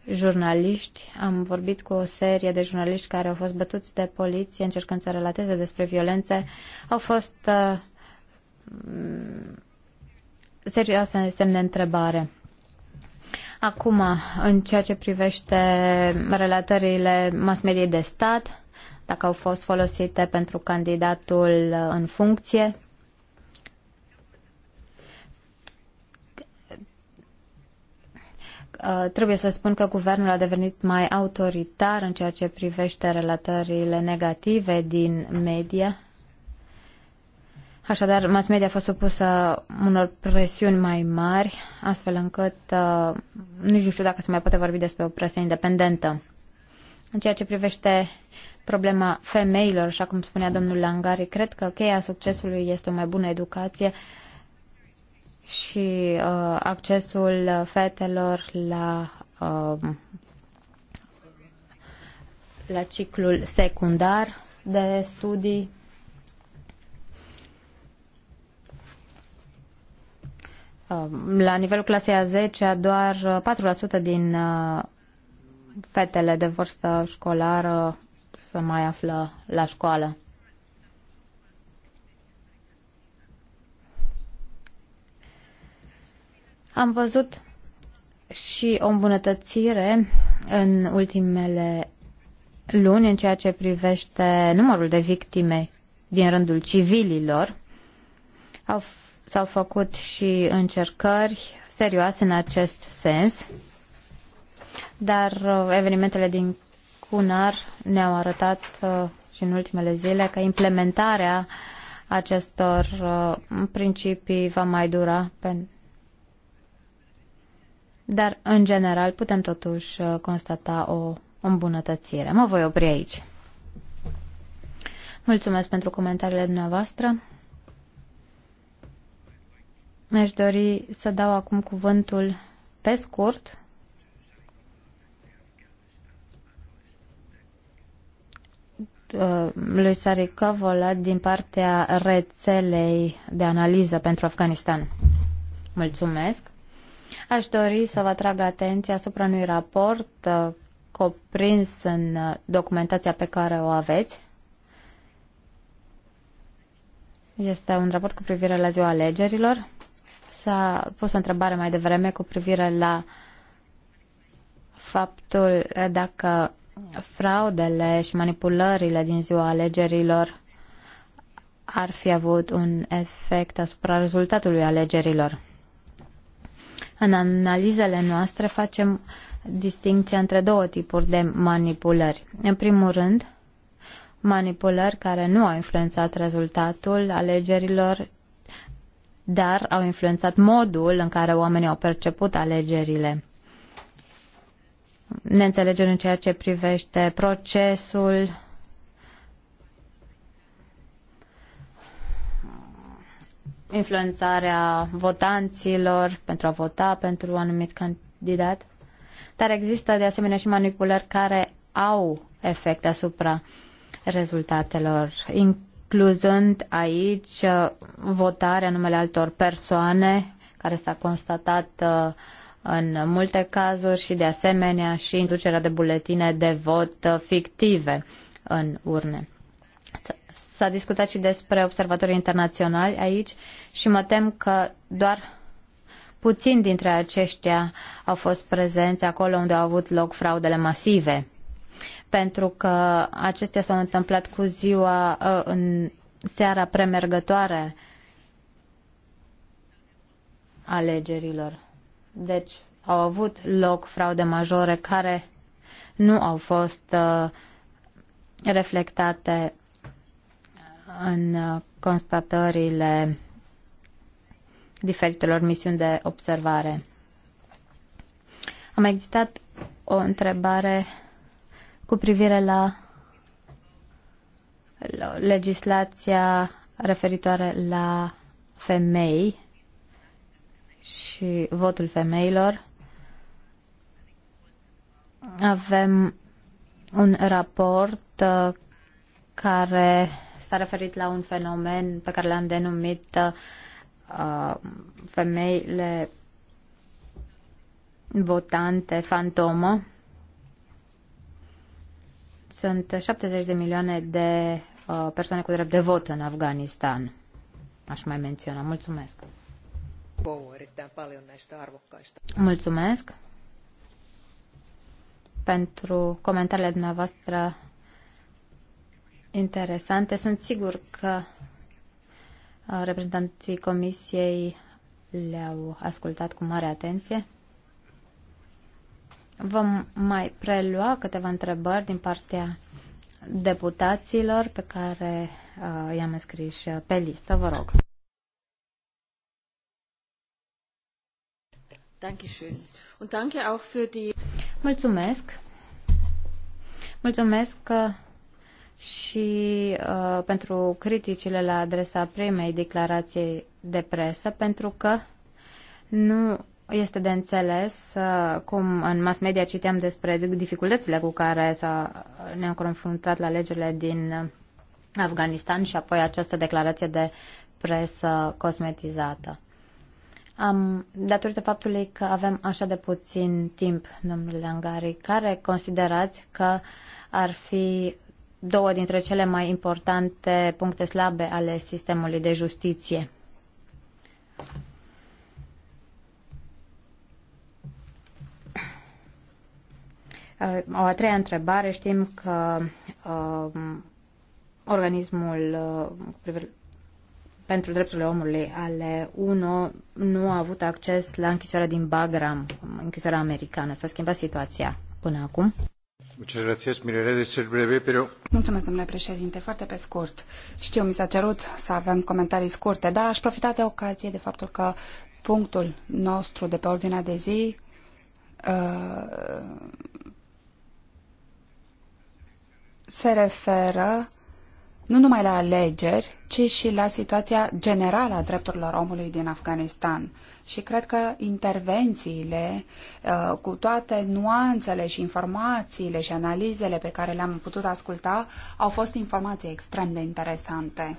jurnaliști. Am vorbit cu o serie de jurnaliști care au fost bătuți de poliție încercând să relateze despre violențe. Au fost uh, mm, serioase semne întrebare. Acum, în ceea ce privește relatările mass media de stat, dacă au fost folosite pentru candidatul în funcție, Uh, trebuie să spun că guvernul a devenit mai autoritar în ceea ce privește relatările negative din media. Așadar, mass media a fost supusă unor presiuni mai mari, astfel încât uh, nici nu știu dacă se mai poate vorbi despre o presă independentă. În ceea ce privește problema femeilor, așa cum spunea domnul Langari, cred că cheia succesului este o mai bună educație uh, și uh, accesul fetelor la uh, la ciclul secundar de studii. Uh, la nivelul clasei a 10 doar 4% uh, din uh, fetele de vârstă școlară se mai află la școală. Am văzut și o îmbunătățire în ultimele luni în ceea ce privește numărul de victime din rândul civililor. Au, s-au făcut și încercări serioase în acest sens, dar uh, evenimentele din Cunar ne-au arătat uh, și în ultimele zile că implementarea acestor uh, principii va mai dura pentru dar în general putem totuși uh, constata o îmbunătățire. Mă voi opri aici. Mulțumesc pentru comentariile dumneavoastră. Aș dori să dau acum cuvântul pe scurt uh, lui Kavola din partea rețelei de analiză pentru Afganistan. Mulțumesc! Aș dori să vă atrag atenția asupra unui raport uh, coprins în uh, documentația pe care o aveți. Este un raport cu privire la ziua alegerilor. S-a pus o întrebare mai devreme cu privire la faptul uh, dacă fraudele și manipulările din ziua alegerilor ar fi avut un efect asupra rezultatului alegerilor. În analizele noastre facem distinția între două tipuri de manipulări. În primul rând, manipulări care nu au influențat rezultatul alegerilor, dar au influențat modul în care oamenii au perceput alegerile. Ne înțelegem în ceea ce privește procesul influențarea votanților pentru a vota pentru un anumit candidat, dar există de asemenea și manipulări care au efect asupra rezultatelor, incluzând aici uh, votarea numele altor persoane, care s-a constatat uh, în multe cazuri și de asemenea și inducerea de buletine de vot uh, fictive în urne. S-a discutat și despre observatorii internaționali aici și mă tem că doar puțin dintre aceștia au fost prezenți acolo unde au avut loc fraudele masive. Pentru că acestea s-au întâmplat cu ziua ă, în seara premergătoare alegerilor. Deci au avut loc fraude majore care nu au fost ă, reflectate în constatările diferitelor misiuni de observare. A mai existat o întrebare cu privire la legislația referitoare la femei și votul femeilor. Avem un raport uh, care s-a referit la un fenomen pe care l-am denumit uh, femeile votante fantomă. Sunt 70 de milioane de uh, persoane cu drept de vot în Afganistan. Aș mai menționa. Mulțumesc. Mulțumesc pentru comentariile dumneavoastră interesante. Sunt sigur că uh, reprezentanții Comisiei le-au ascultat cu mare atenție. Vom mai prelua câteva întrebări din partea deputaților pe care uh, i-am scris uh, pe listă. Vă rog. Mulțumesc. Mulțumesc și uh, pentru criticile la adresa primei declarații de presă, pentru că nu este de înțeles uh, cum în mass media citeam despre dificultățile cu care s-a, ne-am confruntat la legile din uh, Afganistan și apoi această declarație de presă cosmetizată. Am, datorită faptului că avem așa de puțin timp, domnule Angari, care considerați că ar fi două dintre cele mai importante puncte slabe ale sistemului de justiție. Uh, o a treia întrebare, știm că uh, organismul uh, pentru drepturile omului ale UNO nu a avut acces la închisoarea din Bagram, închisoarea americană. S-a schimbat situația până acum? Mulțumesc, Foarte pe scurt. Știu, mi s-a cerut să avem comentarii scurte, dar aș profita de ocazie de faptul că punctul nostru de pe ordinea de zi uh, se referă nu numai la alegeri, ci și la situația generală a drepturilor omului din Afganistan. Și cred că intervențiile, uh, cu toate nuanțele și informațiile și analizele pe care le-am putut asculta, au fost informații extrem de interesante.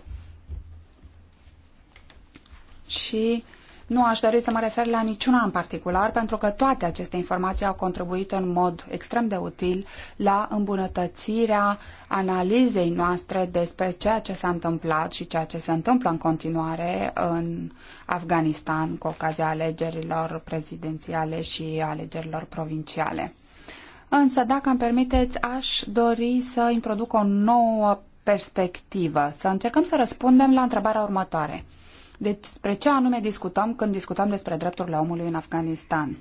Și nu aș dori să mă refer la niciuna în particular, pentru că toate aceste informații au contribuit în mod extrem de util la îmbunătățirea analizei noastre despre ceea ce s-a întâmplat și ceea ce se întâmplă în continuare în Afganistan cu ocazia alegerilor prezidențiale și alegerilor provinciale. Însă, dacă îmi permiteți, aș dori să introduc o nouă perspectivă, să încercăm să răspundem la întrebarea următoare despre deci, ce anume discutăm când discutăm despre drepturile omului în Afganistan.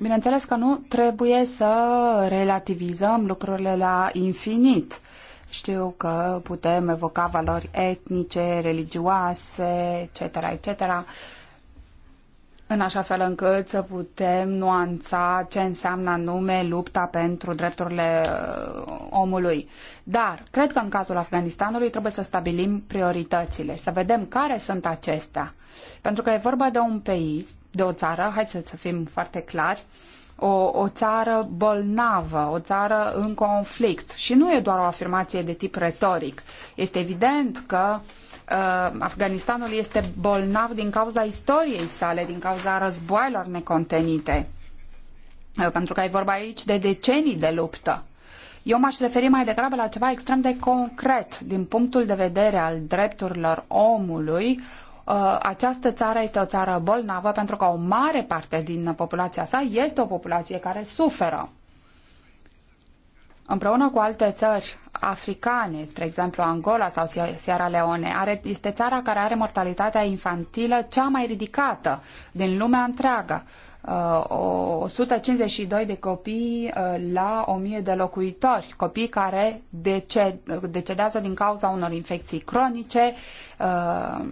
Bineînțeles că nu trebuie să relativizăm lucrurile la infinit. Știu că putem evoca valori etnice, religioase, etc., etc., în așa fel încât să putem nuanța ce înseamnă anume lupta pentru drepturile uh, omului. Dar cred că în cazul Afganistanului trebuie să stabilim prioritățile, să vedem care sunt acestea. Pentru că e vorba de un país, de o țară, hai să, să fim foarte clari, o, o țară bolnavă, o țară în conflict. Și nu e doar o afirmație de tip retoric. Este evident că uh, uh, Afganistanul este bolnav din cauza istoriei sale, din cauza războaielor necontenite. Uh, pentru că e vorba aici de decenii de luptă. Eu m-aș referi mai degrabă la ceva extrem de concret din punctul de vedere al drepturilor omului. Uh, această țară este o țară bolnavă pentru că o mare parte din populația sa este o populație care suferă împreună cu alte țări africane, spre exemplu Angola sau Sierra Leone, are, este țara care are mortalitatea infantilă cea mai ridicată din lumea întreagă. Uh, 152 de copii uh, la 1000 de locuitori, copii care deced, decedează din cauza unor infecții cronice, uh,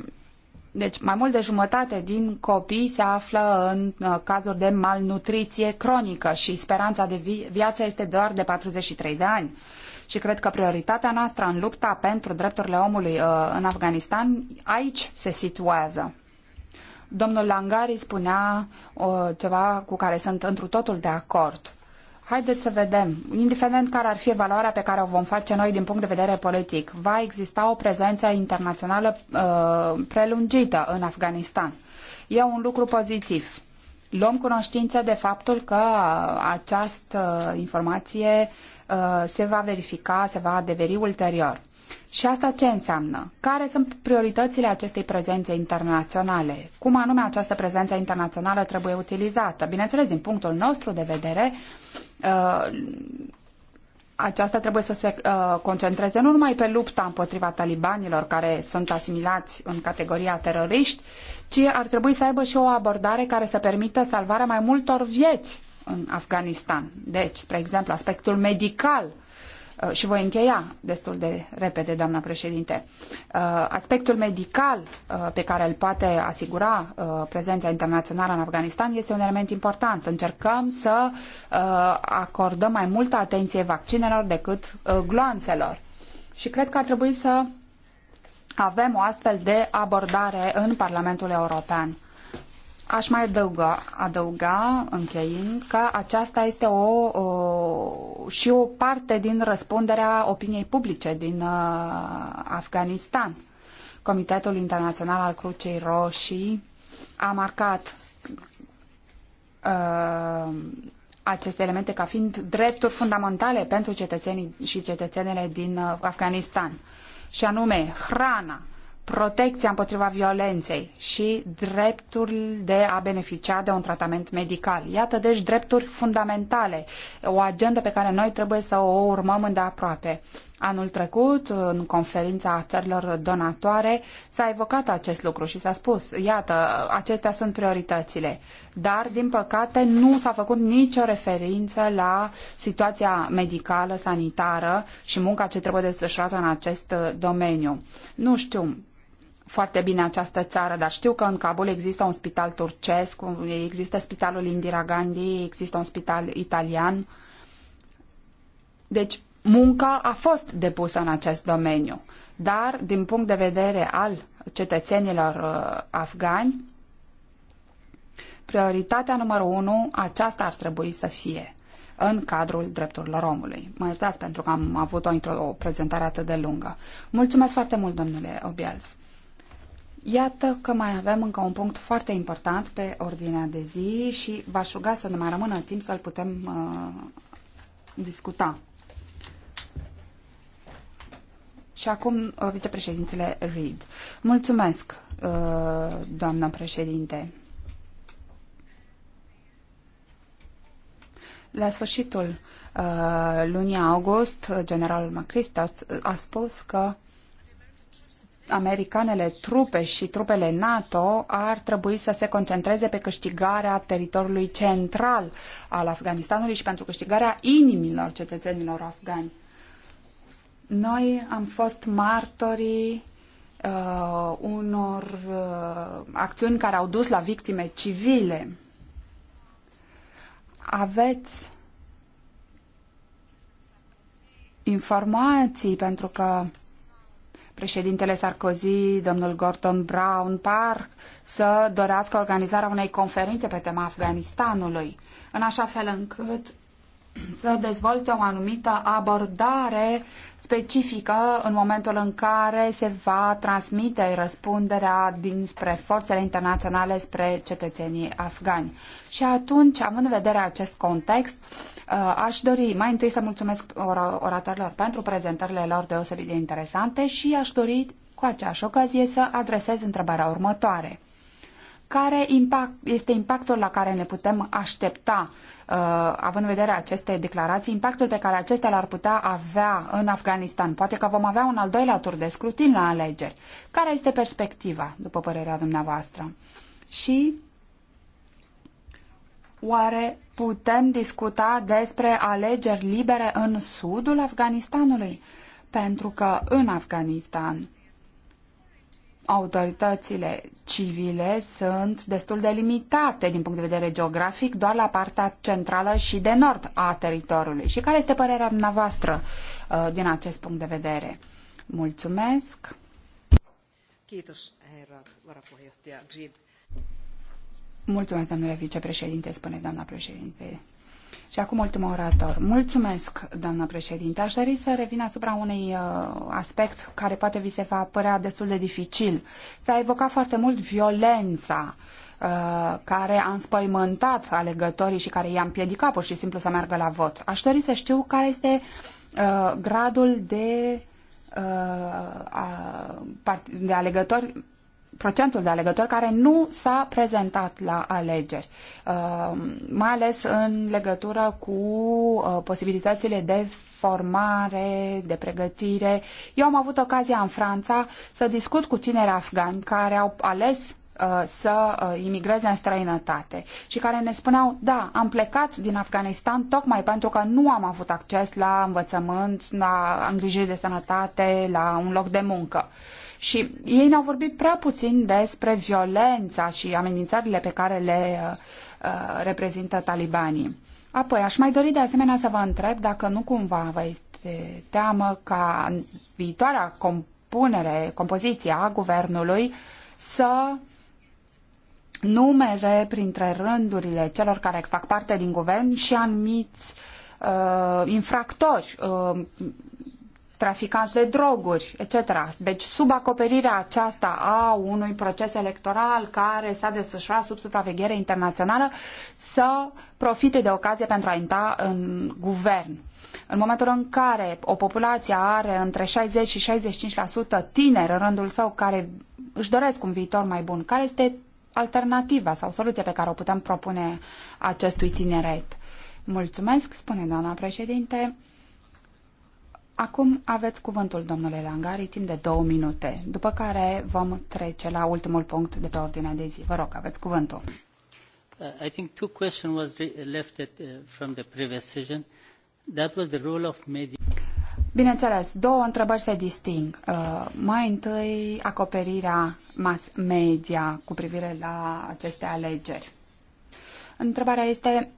deci, mai mult de jumătate din copii se află în uh, cazuri de malnutriție cronică și speranța de vi- viață este doar de 43 de ani. Și cred că prioritatea noastră în lupta pentru drepturile omului uh, în Afganistan aici se situează. Domnul Langari spunea uh, ceva cu care sunt întru totul de acord. Haideți să vedem, indiferent care ar fi valoarea pe care o vom face noi din punct de vedere politic, va exista o prezență internațională uh, prelungită în Afganistan. E un lucru pozitiv. Luăm cunoștință de faptul că uh, această uh, informație uh, se va verifica, se va adeveri ulterior. Și asta ce înseamnă? Care sunt prioritățile acestei prezențe internaționale? Cum anume această prezență internațională trebuie utilizată? Bineînțeles, din punctul nostru de vedere, Uh, aceasta trebuie să se uh, concentreze nu numai pe lupta împotriva talibanilor care sunt asimilați în categoria teroriști, ci ar trebui să aibă și o abordare care să permită salvarea mai multor vieți în Afganistan. Deci, spre exemplu, aspectul medical uh, Uh, și voi încheia destul de repede, doamna președinte. Uh, aspectul medical uh, pe care îl poate asigura prezența internațională în Afganistan este un element important. Încercăm să acordăm mai multă atenție vaccinelor decât gloanțelor. Și cred că ar trebui să avem o astfel de abordare în Parlamentul European. Aș mai adăuga, adăuga încheiind, că aceasta este o, o, și o parte din răspunderea opiniei publice din uh, Afganistan. Comitetul Internațional al Crucei Roșii a marcat uh, aceste elemente ca fiind drepturi fundamentale pentru cetățenii și cetățenele din uh, Afganistan, și anume hrana, protecția împotriva violenței și dreptul de a beneficia de un tratament medical. Iată deci drepturi fundamentale, o agendă pe care noi trebuie să o urmăm îndeaproape. Anul trecut, în conferința țărilor donatoare, s-a evocat acest lucru și s-a spus, iată, acestea sunt prioritățile. Dar, din păcate, nu s-a făcut nicio referință la situația medicală, sanitară și munca ce trebuie desfășurată în acest domeniu. Nu știu, foarte bine această țară, dar știu că în Kabul există un spital turcesc, există spitalul Indira Gandhi, există un spital italian. Deci, munca a fost depusă în acest domeniu, dar din punct de vedere al cetățenilor uh, afgani, prioritatea numărul unu, aceasta ar trebui să fie în cadrul drepturilor omului. Mă iertați pentru că am avut o, o prezentare atât de lungă. Mulțumesc foarte mult, domnule Obiels. Iată că mai avem încă un punct foarte important pe ordinea de zi și v-aș ruga să ne mai rămână timp să-l putem uh, discuta. Și acum uh, vicepreședintele Reid. Mulțumesc, uh, doamnă președinte. La sfârșitul uh, lunii august, generalul Macristas a spus că americanele trupe și trupele NATO ar trebui să se concentreze pe câștigarea teritoriului central al Afganistanului și pentru câștigarea inimilor cetățenilor afgani. Noi am fost martorii uh, unor uh, acțiuni care au dus la victime civile. Aveți informații pentru că președintele Sarkozy, domnul Gordon Brown, par să dorească organizarea unei conferințe pe tema Afganistanului, în așa fel încât să dezvolte o anumită abordare specifică în momentul în care se va transmite răspunderea dinspre forțele internaționale spre cetățenii afgani. Și atunci, având în vedere acest context, Uh, aș dori mai întâi să mulțumesc or oratorilor pentru prezentările lor deosebit de interesante și aș dori cu aceeași ocazie să adresez întrebarea următoare. Care impact, este impactul la care ne putem aștepta, uh, având în vedere aceste declarații, impactul pe care acestea l-ar putea avea în Afganistan? Poate că vom avea un al doilea tur de scrutin la alegeri. Care este perspectiva, după părerea dumneavoastră? Și Oare putem discuta despre alegeri libere în sudul Afganistanului? Pentru că în Afganistan autoritățile civile sunt destul de limitate din punct de vedere geografic doar la partea centrală și de nord a teritoriului. Și care este părerea dumneavoastră uh, din acest punct de vedere? Mulțumesc! Kiitos, herra varapuheenjohtaja Gzib. Mulțumesc, domnule vicepreședinte, spune doamna președinte. Și acum ultimul orator. Mulțumesc, doamna președinte. Aș dori să revin asupra unui uh, aspect care poate vi se va părea destul de dificil. S-a evocat foarte mult violența uh, care a înspăimântat alegătorii și care i-a împiedicat pur și simplu să meargă la vot. Aș dori să știu care este uh, gradul de, uh, a, de alegători procentul de alegători care nu s-a prezentat la alegeri, uh, mai ales în legătură cu uh, posibilitățile de formare, de pregătire. Eu am avut ocazia în Franța să discut cu tineri afgani care au ales uh, să imigreze în străinătate și care ne spuneau, da, am plecat din Afganistan tocmai pentru că nu am avut acces la învățământ, la îngrijiri de sănătate, la un loc de muncă și ei ne-au vorbit prea puțin despre violența și amenințările pe care le uh, uh, reprezintă talibanii. Apoi, aș mai dori de asemenea să vă întreb dacă nu cumva vă este teamă ca viitoarea compunere, compoziția a guvernului să numere printre rândurile celor care fac parte din guvern și anumiți uh, infractori, uh, traficanți de droguri, etc. Deci sub acoperirea aceasta a unui proces electoral care s-a desfășurat sub supraveghere internațională să profite de ocazie pentru a intra în guvern. În momentul în care o populație are între 60 și 65% tineri în rândul său care își doresc un viitor mai bun, care este alternativa sau soluția pe care o putem propune acestui tineret? Mulțumesc, spune doamna președinte. Acum aveți cuvântul, domnule Langari, timp de două minute, după care vom trece la ultimul punct de pe ordinea de zi. Vă rog, aveți cuvântul. Uh, I think two questions was left at, uh, from the previous session. That was the role of media. Bineînțeles, două întrebări se disting. Uh, mai întâi, acoperirea mass media cu privire la aceste alegeri. Întrebarea este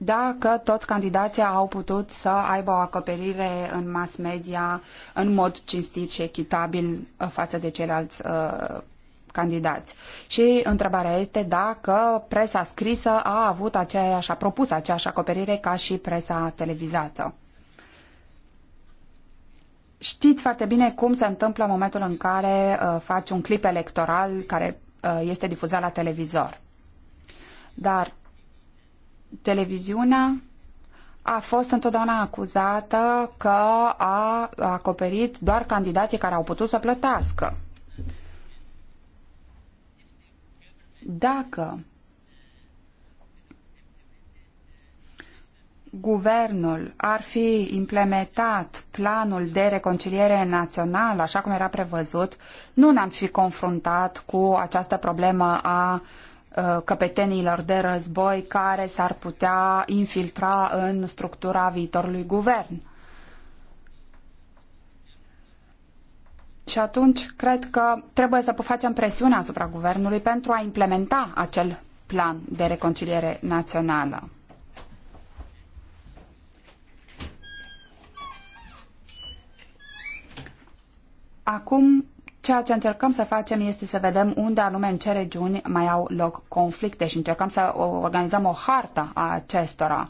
dacă toți candidații au putut să aibă o acoperire în mass media în mod cinstit și echitabil uh, față de ceilalți uh, candidați. Și întrebarea este dacă presa scrisă a avut aceeași, a propus aceeași acoperire ca și presa televizată. Știți foarte bine cum se întâmplă în momentul în care uh, faci un clip electoral care uh, este difuzat la televizor. Dar televiziunea a fost întotdeauna acuzată că a acoperit doar candidații care au putut să plătească. Dacă guvernul ar fi implementat planul de reconciliere națională așa cum era prevăzut, nu ne-am fi confruntat cu această problemă a Uh, căpetenilor de război care s-ar putea infiltra în structura viitorului guvern. Și atunci cred că trebuie să facem presiune asupra guvernului pentru a implementa acel plan de reconciliere națională. Acum Ceea ce încercăm să facem este să vedem unde anume în ce regiuni mai au loc conflicte și încercăm să organizăm o hartă a acestora.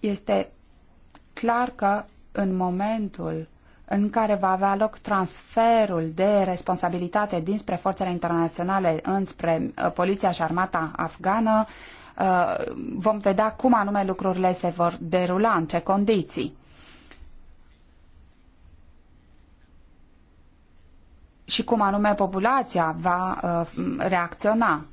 Este clar că în momentul în care va avea loc transferul de responsabilitate dinspre forțele internaționale înspre uh, poliția și armata afgană, uh, Uh, vom vedea cum anume lucrurile se vor derula, în ce condiții. și cum anume populația va uh, reacționa.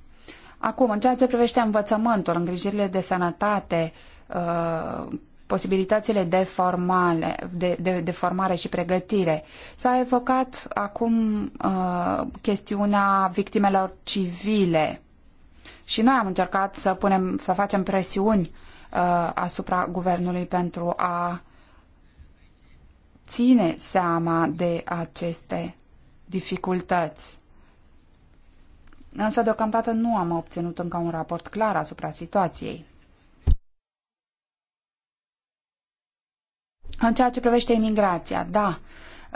Acum, în ceea ce privește învățământul, îngrijirile de sănătate, uh, posibilitățile de, formale, de, de, de formare și pregătire. S-a evocat acum uh, chestiunea victimelor civile. Și noi am încercat să, punem, să facem presiuni uh, asupra guvernului pentru a ține seama de aceste dificultăți. Însă deocamdată nu am obținut încă un raport clar asupra situației. În ceea ce privește imigrația, da,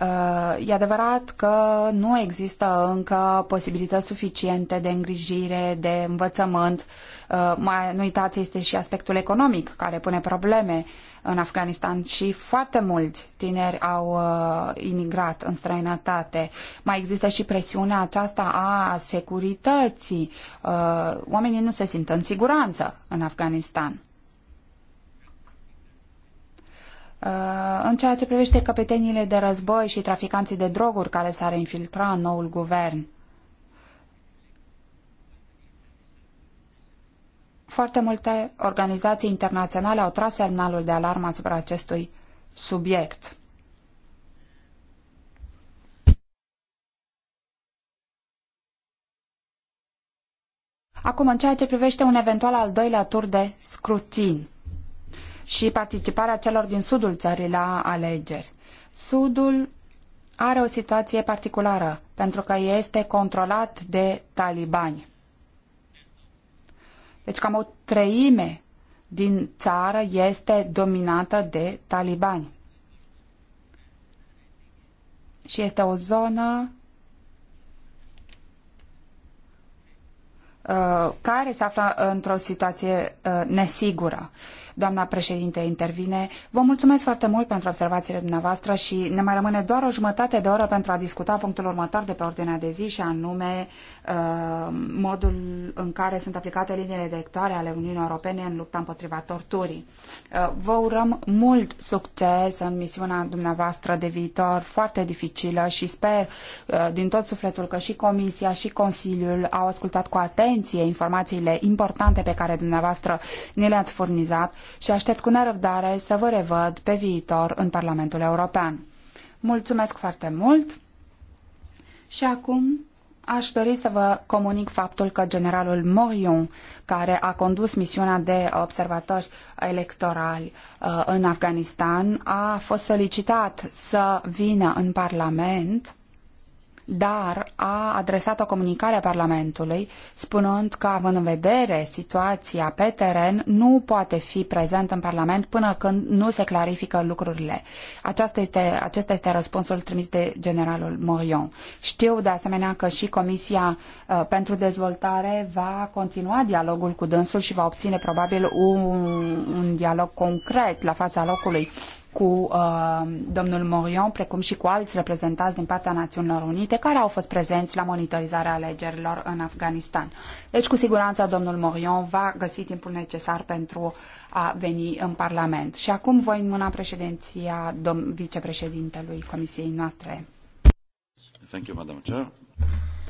Uh, e adevărat că nu există încă posibilități suficiente de îngrijire, de învățământ. Uh, mai nu uitați, este și aspectul economic care pune probleme în Afganistan și foarte mulți tineri au uh, imigrat în străinătate. Mai există și presiunea aceasta a securității. Oamenii nu se simt în siguranță în Afganistan. Uh, în ceea ce privește căpeteniile de război și traficanții de droguri care s-ar infiltra în noul guvern, foarte multe organizații internaționale au tras semnalul de alarmă asupra acestui subiect. Acum, în ceea ce privește un eventual al doilea tur de scrutin, și participarea celor din sudul țării la alegeri. Sudul are o situație particulară, pentru că este controlat de talibani. Deci cam o treime din țară este dominată de talibani. Și este o zonă uh, care se află într-o situație uh, nesigură. Doamna președinte intervine. Vă mulțumesc foarte mult pentru observațiile dumneavoastră și ne mai rămâne doar o jumătate de oră pentru a discuta punctul următor de pe ordinea de zi și anume uh, modul în care sunt aplicate liniile directoare ale Uniunii Europene în lupta împotriva torturii. Uh, vă urăm mult succes în misiunea dumneavoastră de viitor, foarte dificilă și sper uh, din tot sufletul că și Comisia și Consiliul au ascultat cu atenție informațiile importante pe care dumneavoastră ne le-ați furnizat și aștept cu nerăbdare să vă revăd pe viitor în Parlamentul European. Mulțumesc foarte mult și acum aș dori să vă comunic faptul că generalul Morion, care a condus misiunea de observatori electorali uh, în Afganistan, a fost solicitat să vină în Parlament dar a adresat o comunicare Parlamentului spunând că, având în vedere situația pe teren, nu poate fi prezent în Parlament până când nu se clarifică lucrurile. Aceasta este, acesta este răspunsul trimis de generalul Morion. Știu de asemenea că și Comisia uh, pentru Dezvoltare va continua dialogul cu dânsul și va obține probabil un, un dialog concret la fața locului cu uh, domnul Morion, precum și cu alți reprezentanți din partea Națiunilor Unite care au fost prezenți la monitorizarea alegerilor în Afganistan. Deci, cu siguranță, domnul Morion va găsi timpul necesar pentru a veni în Parlament. Și acum voi mâna președinția dom- vicepreședintelui Comisiei noastre. Thank you, Madam Chair.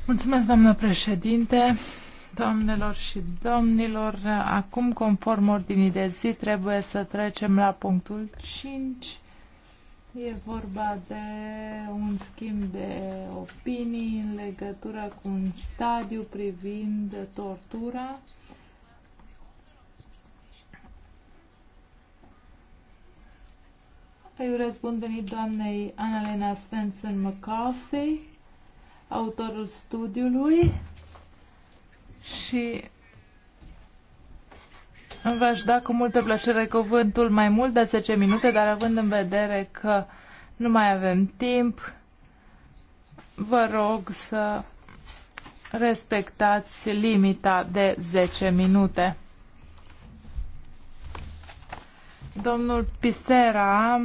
Mulțumesc, doamnă președinte. Domnilor și domnilor, acum, conform ordinii de zi, trebuie să trecem la punctul 5. E vorba de un schimb de opinii în legătură cu un stadiu privind tortura. Îi urez bun venit doamnei Annalena Svensson McCarthy, autorul studiului și v-aș da cu multă plăcere cuvântul mai mult de 10 minute, dar având în vedere că nu mai avem timp, vă rog să respectați limita de 10 minute. Domnul Pisera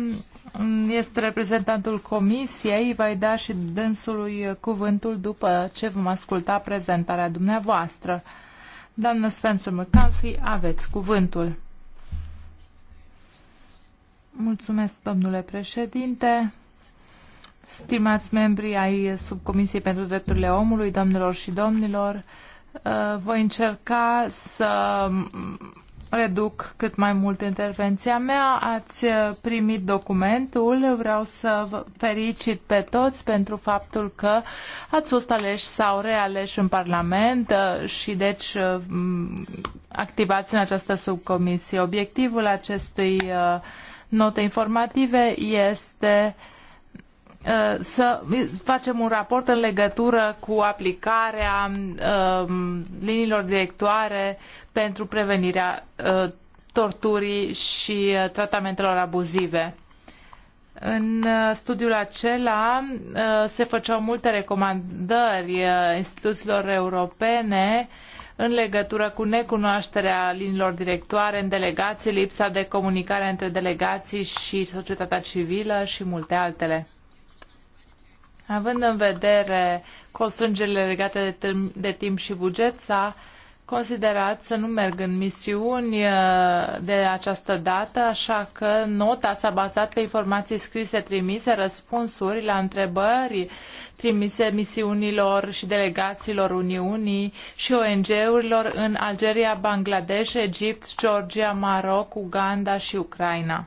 este reprezentantul comisiei, va da și dânsului cuvântul după ce vom asculta prezentarea dumneavoastră. Doamnă Svensson McCarthy, aveți cuvântul. Mulțumesc, domnule președinte. Stimați membri ai Subcomisiei pentru Drepturile Omului, doamnelor și domnilor, uh, voi încerca să reduc cât mai mult intervenția mea. Ați uh, primit documentul. Vreau să vă fericit pe toți pentru faptul că ați fost aleși sau realeși în Parlament uh, și deci uh, activați în această subcomisie. Obiectivul acestui note informative este să facem un raport în legătură cu aplicarea um, liniilor directoare pentru prevenirea uh, torturii și uh, tratamentelor abuzive. În uh, studiul acela se făceau multe recomandări instituțiilor europene în legătură cu necunoașterea linilor directoare în delegații, lipsa de comunicare între delegații și societatea civilă și multe altele. Având în vedere constrângerile legate de, timp și buget, s-a uh, considerat să nu merg în misiuni uh, de această dată, așa că nota s-a bazat pe informații scrise trimise, răspunsuri la întrebări trimise misiunilor și delegațiilor Uniunii și ONG-urilor în Algeria, Bangladesh, Egipt, Georgia, Maroc, Uganda și Ucraina.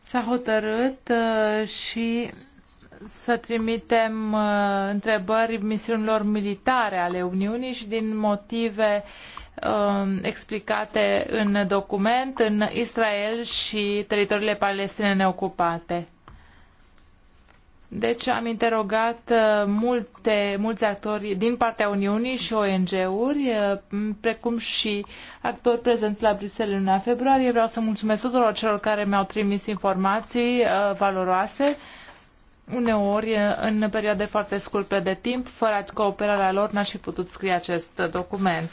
S-a hotărât uh, și să trimitem uh, întrebări misiunilor militare ale Uniunii și din motive um, explicate în document în Israel și teritoriile palestine neocupate. Deci am interogat uh, multe, mulți actori din partea Uniunii și ONG-uri, uh, precum și actori prezenți la Bruxelles în februarie. Vreau să mulțumesc tuturor celor care mi-au trimis informații valoroase uneori în perioade foarte scurte de timp, fără cooperarea lor n-aș fi putut scrie acest document.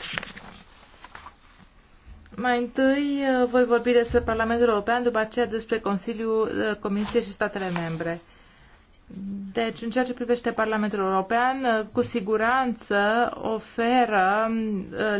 Mai întâi voi vorbi despre Parlamentul European, după aceea despre Consiliul, Comisie și statele membre. Deci, în ceea ce privește Parlamentul European, cu siguranță oferă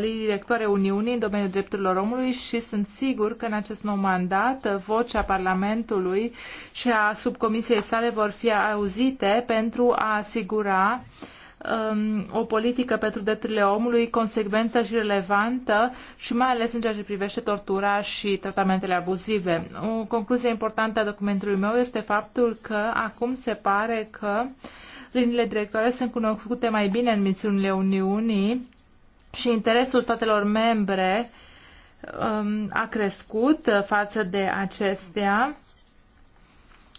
linii uh, directoare Uniunii în domeniul drepturilor omului și sunt sigur că în acest nou mandat uh, vocea Parlamentului și a subcomisiei sale vor fi auzite pentru a asigura uh, um, o politică pentru drepturile omului consecventă și relevantă și mai ales în ceea ce privește tortura și tratamentele abuzive. O concluzie importantă a documentului meu este faptul că acum se pare că liniile directoare sunt cunoscute mai bine în misiunile Uniunii și interesul statelor membre um, a crescut față de acestea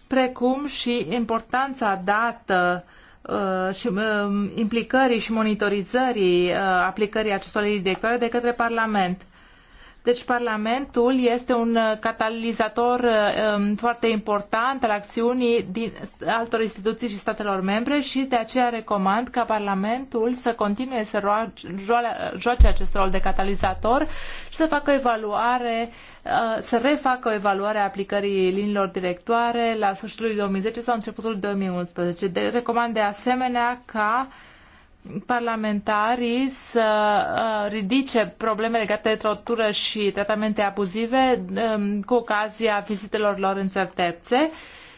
precum și importanța dată uh, Uh, și um, implicării și monitorizării uh, aplicării acestor legi directoare de către Parlament. Deci Parlamentul este un catalizator uh, um, foarte important al acțiunii din altor instituții și statelor membre și de aceea recomand ca Parlamentul să continue să joace acest rol de catalizator și să facă evaluare uh, Uh, să refacă o evaluare a aplicării linilor directoare la sfârșitul lui 2010 sau începutul 2011. De, recomand de asemenea ca parlamentarii să uh, ridice probleme legate de trotură și tratamente abuzive um, cu ocazia vizitelor lor în țări terțe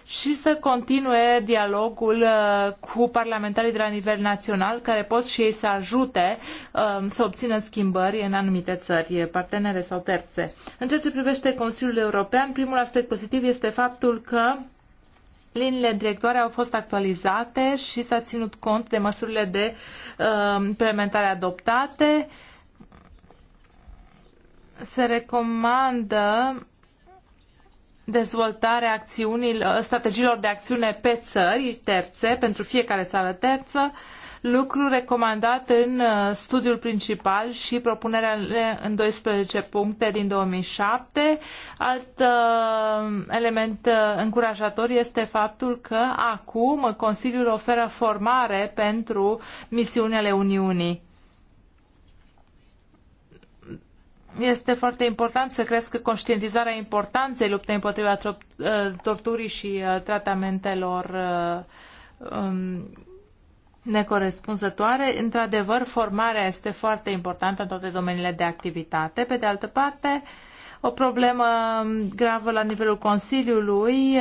și să continue dialogul uh, cu parlamentarii de la nivel național, care pot și ei să ajute um, să obțină schimbări în anumite țări, partenere sau terțe. În ceea ce privește Consiliul European, primul aspect pozitiv este faptul că Liniile directoare au fost actualizate și s-a ținut cont de măsurile de um, implementare adoptate. Se recomandă dezvoltare acțiunilor, uh, strategiilor de acțiune pe țări terțe, pentru fiecare țară terță, lucru recomandat în uh, studiul principal și propunerea în 12 puncte din 2007. Alt uh, element încurajator este faptul că acum Consiliul oferă formare pentru misiunile Uniunii este foarte important să crească conștientizarea importanței luptei împotriva uh, torturii și uh, tratamentelor uh, um, necorespunzătoare. Într-adevăr, formarea este foarte importantă în toate domeniile de activitate. Pe de altă parte, o problemă gravă la nivelul Consiliului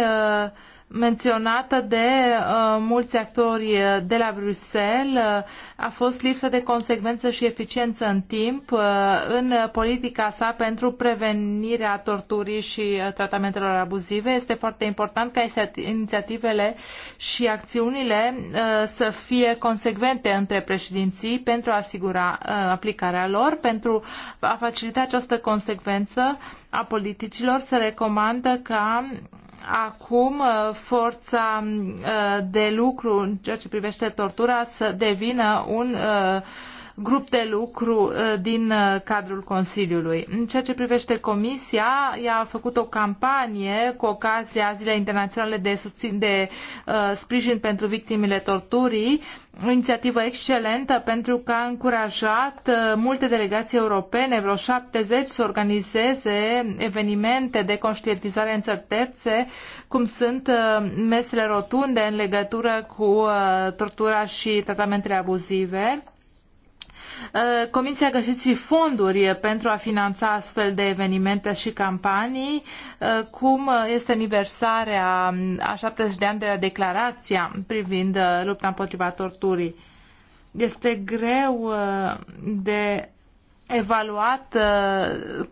menționată de uh, mulți actori uh, de la Bruxelles uh, a fost lipsă de consecvență și eficiență în timp uh, în politica sa pentru prevenirea torturii și uh, tratamentelor abuzive. Este foarte important ca inițiativele și acțiunile uh, să fie consecvente între președinții pentru a asigura uh, aplicarea lor, pentru a facilita această consecvență a politicilor. Se recomandă ca acum uh, forța uh, de lucru în ceea ce privește tortura să devină un uh, grup de lucru uh, din uh, cadrul Consiliului. În ceea ce privește Comisia, ea a făcut o campanie cu ocazia Zilei Internaționale de, susțin, de uh, sprijin pentru victimile torturii, o inițiativă excelentă pentru că a încurajat uh, multe delegații europene, vreo 70, să organizeze evenimente de conștientizare în țări terțe, cum sunt mesele rotunde în legătură cu tortura și tratamentele abuzive Uh, Comisia găsiți fonduri pentru a finanța astfel de evenimente și campanii, uh, cum este aniversarea a 70 de ani de la declarația privind uh, lupta împotriva torturii. Este greu de evaluat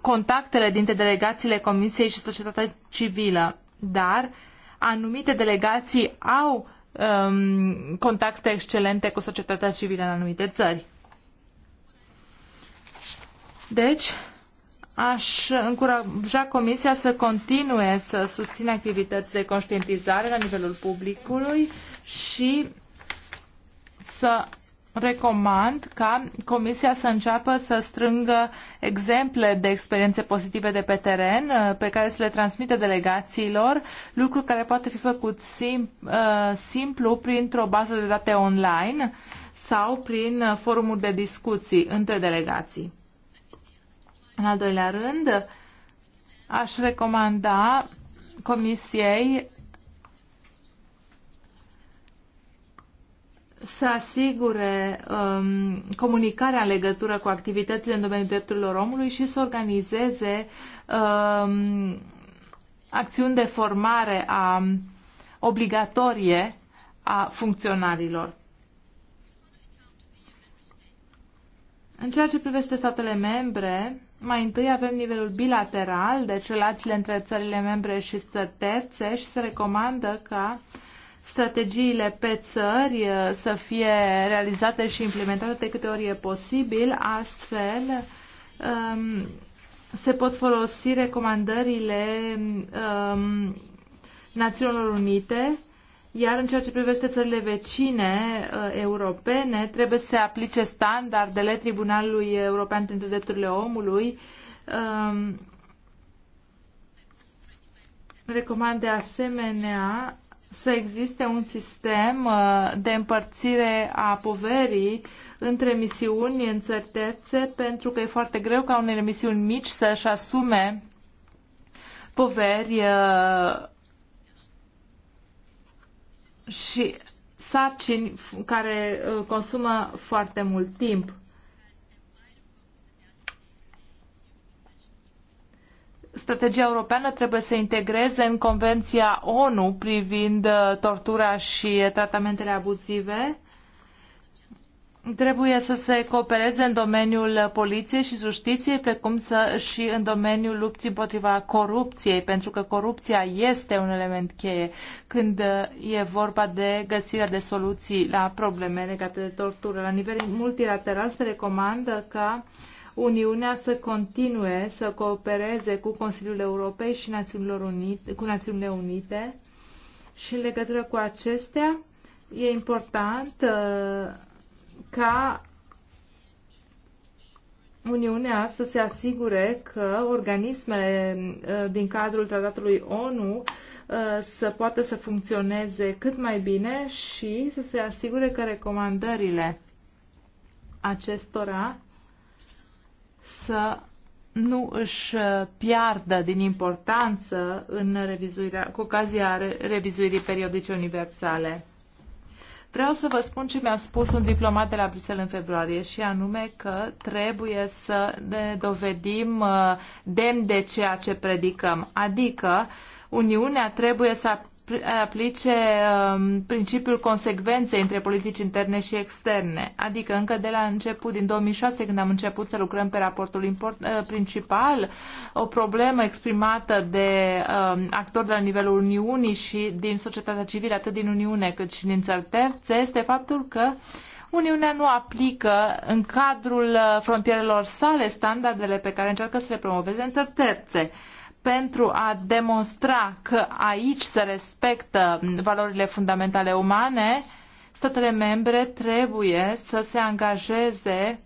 contactele dintre delegațiile Comisiei și societatea civilă, dar anumite delegații au um, contacte excelente cu societatea civilă în anumite țări. Deci, aș încuraja Comisia să continue să susțină activități de conștientizare la nivelul publicului și să recomand ca Comisia să înceapă să strângă exemple de experiențe pozitive de pe teren uh, pe care să le transmită delegațiilor, lucru care poate fi făcut sim, uh, simplu printr-o bază de date online sau prin uh, forumuri de discuții între delegații. În al doilea rând, aș recomanda Comisiei să asigure um, comunicarea în legătură cu activitățile în domeniul drepturilor omului și să organizeze um, acțiuni de formare a, obligatorie a funcționarilor. În ceea ce privește statele membre, mai întâi avem nivelul bilateral, deci relațiile între țările membre și stări terțe și se recomandă ca strategiile pe țări uh, să fie realizate și implementate de câte ori e posibil, astfel um, se pot folosi recomandările um, Națiunilor Unite iar în ceea ce privește țările vecine uh, europene, trebuie să se aplice standardele Tribunalului European pentru Drepturile Omului. Um, recomand de asemenea să existe un sistem uh, de împărțire a poverii între misiuni în țări terțe, pentru că e foarte greu ca unele misiuni mici să-și asume poveri uh, și sarcini care uh, consumă foarte mult timp. Strategia europeană trebuie să integreze în Convenția ONU privind uh, tortura și tratamentele abuzive trebuie să se coopereze în domeniul poliției și justiției, precum să și în domeniul lupții împotriva corupției, pentru că corupția este un element cheie când e vorba de găsirea de soluții la probleme legate de tortură. La nivel multilateral se recomandă ca Uniunea să continue să coopereze cu Consiliul Europei și Națiunilor Unite, cu Națiunile Unite și în legătură cu acestea e important uh, ca Uniunea să se asigure că organismele uh, din cadrul tratatului ONU uh, să poată să funcționeze cât mai bine și să se asigure că recomandările acestora să nu își piardă din importanță în revizuirea, cu ocazia revizuirii periodice universale. Vreau să vă spun ce mi-a spus un diplomat de la Bruxelles în februarie și anume că trebuie să ne dovedim uh, demn de ceea ce predicăm. Adică Uniunea trebuie să aplice um, principiul consecvenței între politici interne și externe. Adică încă de la început, din 2006, când am început să lucrăm pe raportul import, uh, principal, o problemă exprimată de um, actori de la nivelul Uniunii și din societatea civilă, atât din Uniune cât și din țări terțe, este faptul că Uniunea nu aplică în cadrul uh, frontierelor sale standardele pe care încearcă să le promoveze în țări terțe pentru a demonstra că aici se respectă valorile fundamentale umane, statele membre trebuie să se angajeze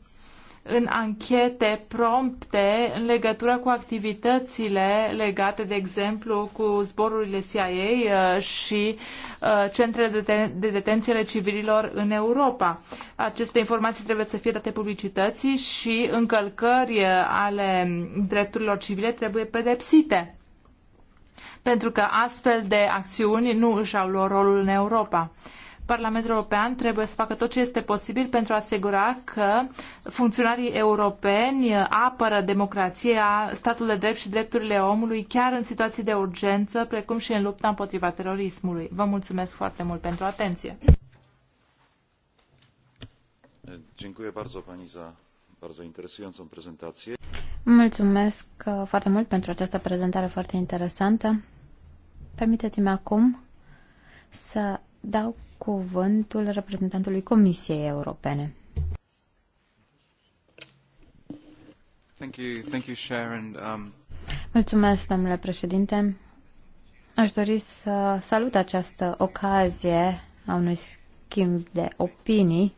în anchete prompte în legătură cu activitățile legate, de exemplu, cu zborurile CIA uh, și uh, centrele de, deten de detenție ale civililor în Europa. Aceste informații trebuie să fie date publicității și încălcări uh, ale drepturilor civile trebuie pedepsite pentru că astfel de acțiuni nu își au lor rolul în Europa. Parlamentul European trebuie să facă tot ce este posibil pentru a asigura că funcționarii europeni apără democrația, statul de drept și drepturile omului chiar în situații de urgență, precum și în lupta împotriva terorismului. Vă mulțumesc foarte mult pentru atenție. Mulțumesc uh, foarte mult pentru această prezentare foarte interesantă. Permiteți-mi acum să dau cuvântul reprezentantului Comisiei Europene. Thank you, thank you, Sharon. Um... Mulțumesc, domnule președinte. Aș dori să salut această ocazie a unui schimb de opinii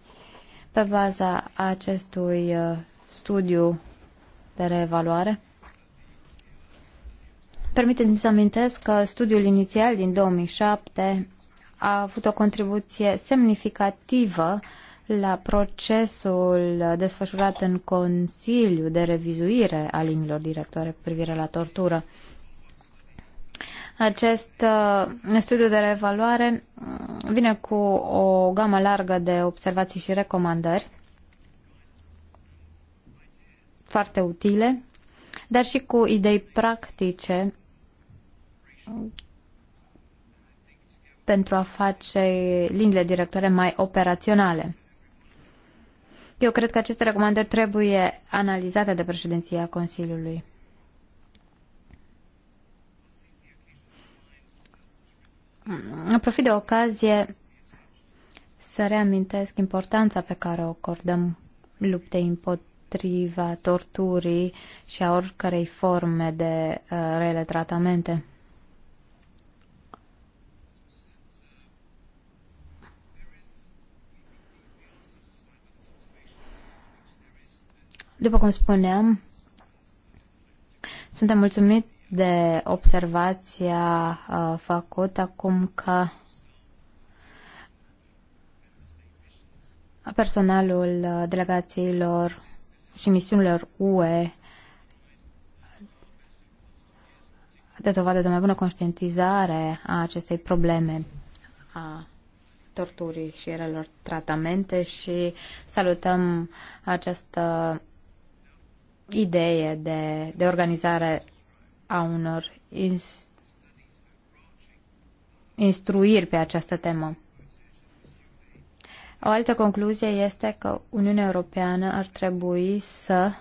pe baza acestui uh, studiu de reevaluare. Permiteți-mi să amintesc că studiul inițial din 2007 a avut o contribuție semnificativă la procesul desfășurat în Consiliu de revizuire a liniilor directoare cu privire la tortură. Acest uh, studiu de reevaluare mm, vine cu o gamă largă de observații și recomandări foarte utile, dar și cu idei practice pentru a face liniile directoare mai operaționale. Eu cred că aceste recomandări trebuie analizate de președinția Consiliului. Profit de ocazie să reamintesc importanța pe care o acordăm luptei împotriva torturii și a oricărei forme de uh, rele tratamente. După cum spuneam, suntem mulțumit de observația uh, făcută acum că personalul uh, delegațiilor și misiunilor UE de dovadă de mai bună conștientizare a acestei probleme a torturii și relor tratamente și salutăm această idee de, de organizare a unor ins, instruiri pe această temă. O altă concluzie este că Uniunea Europeană ar trebui să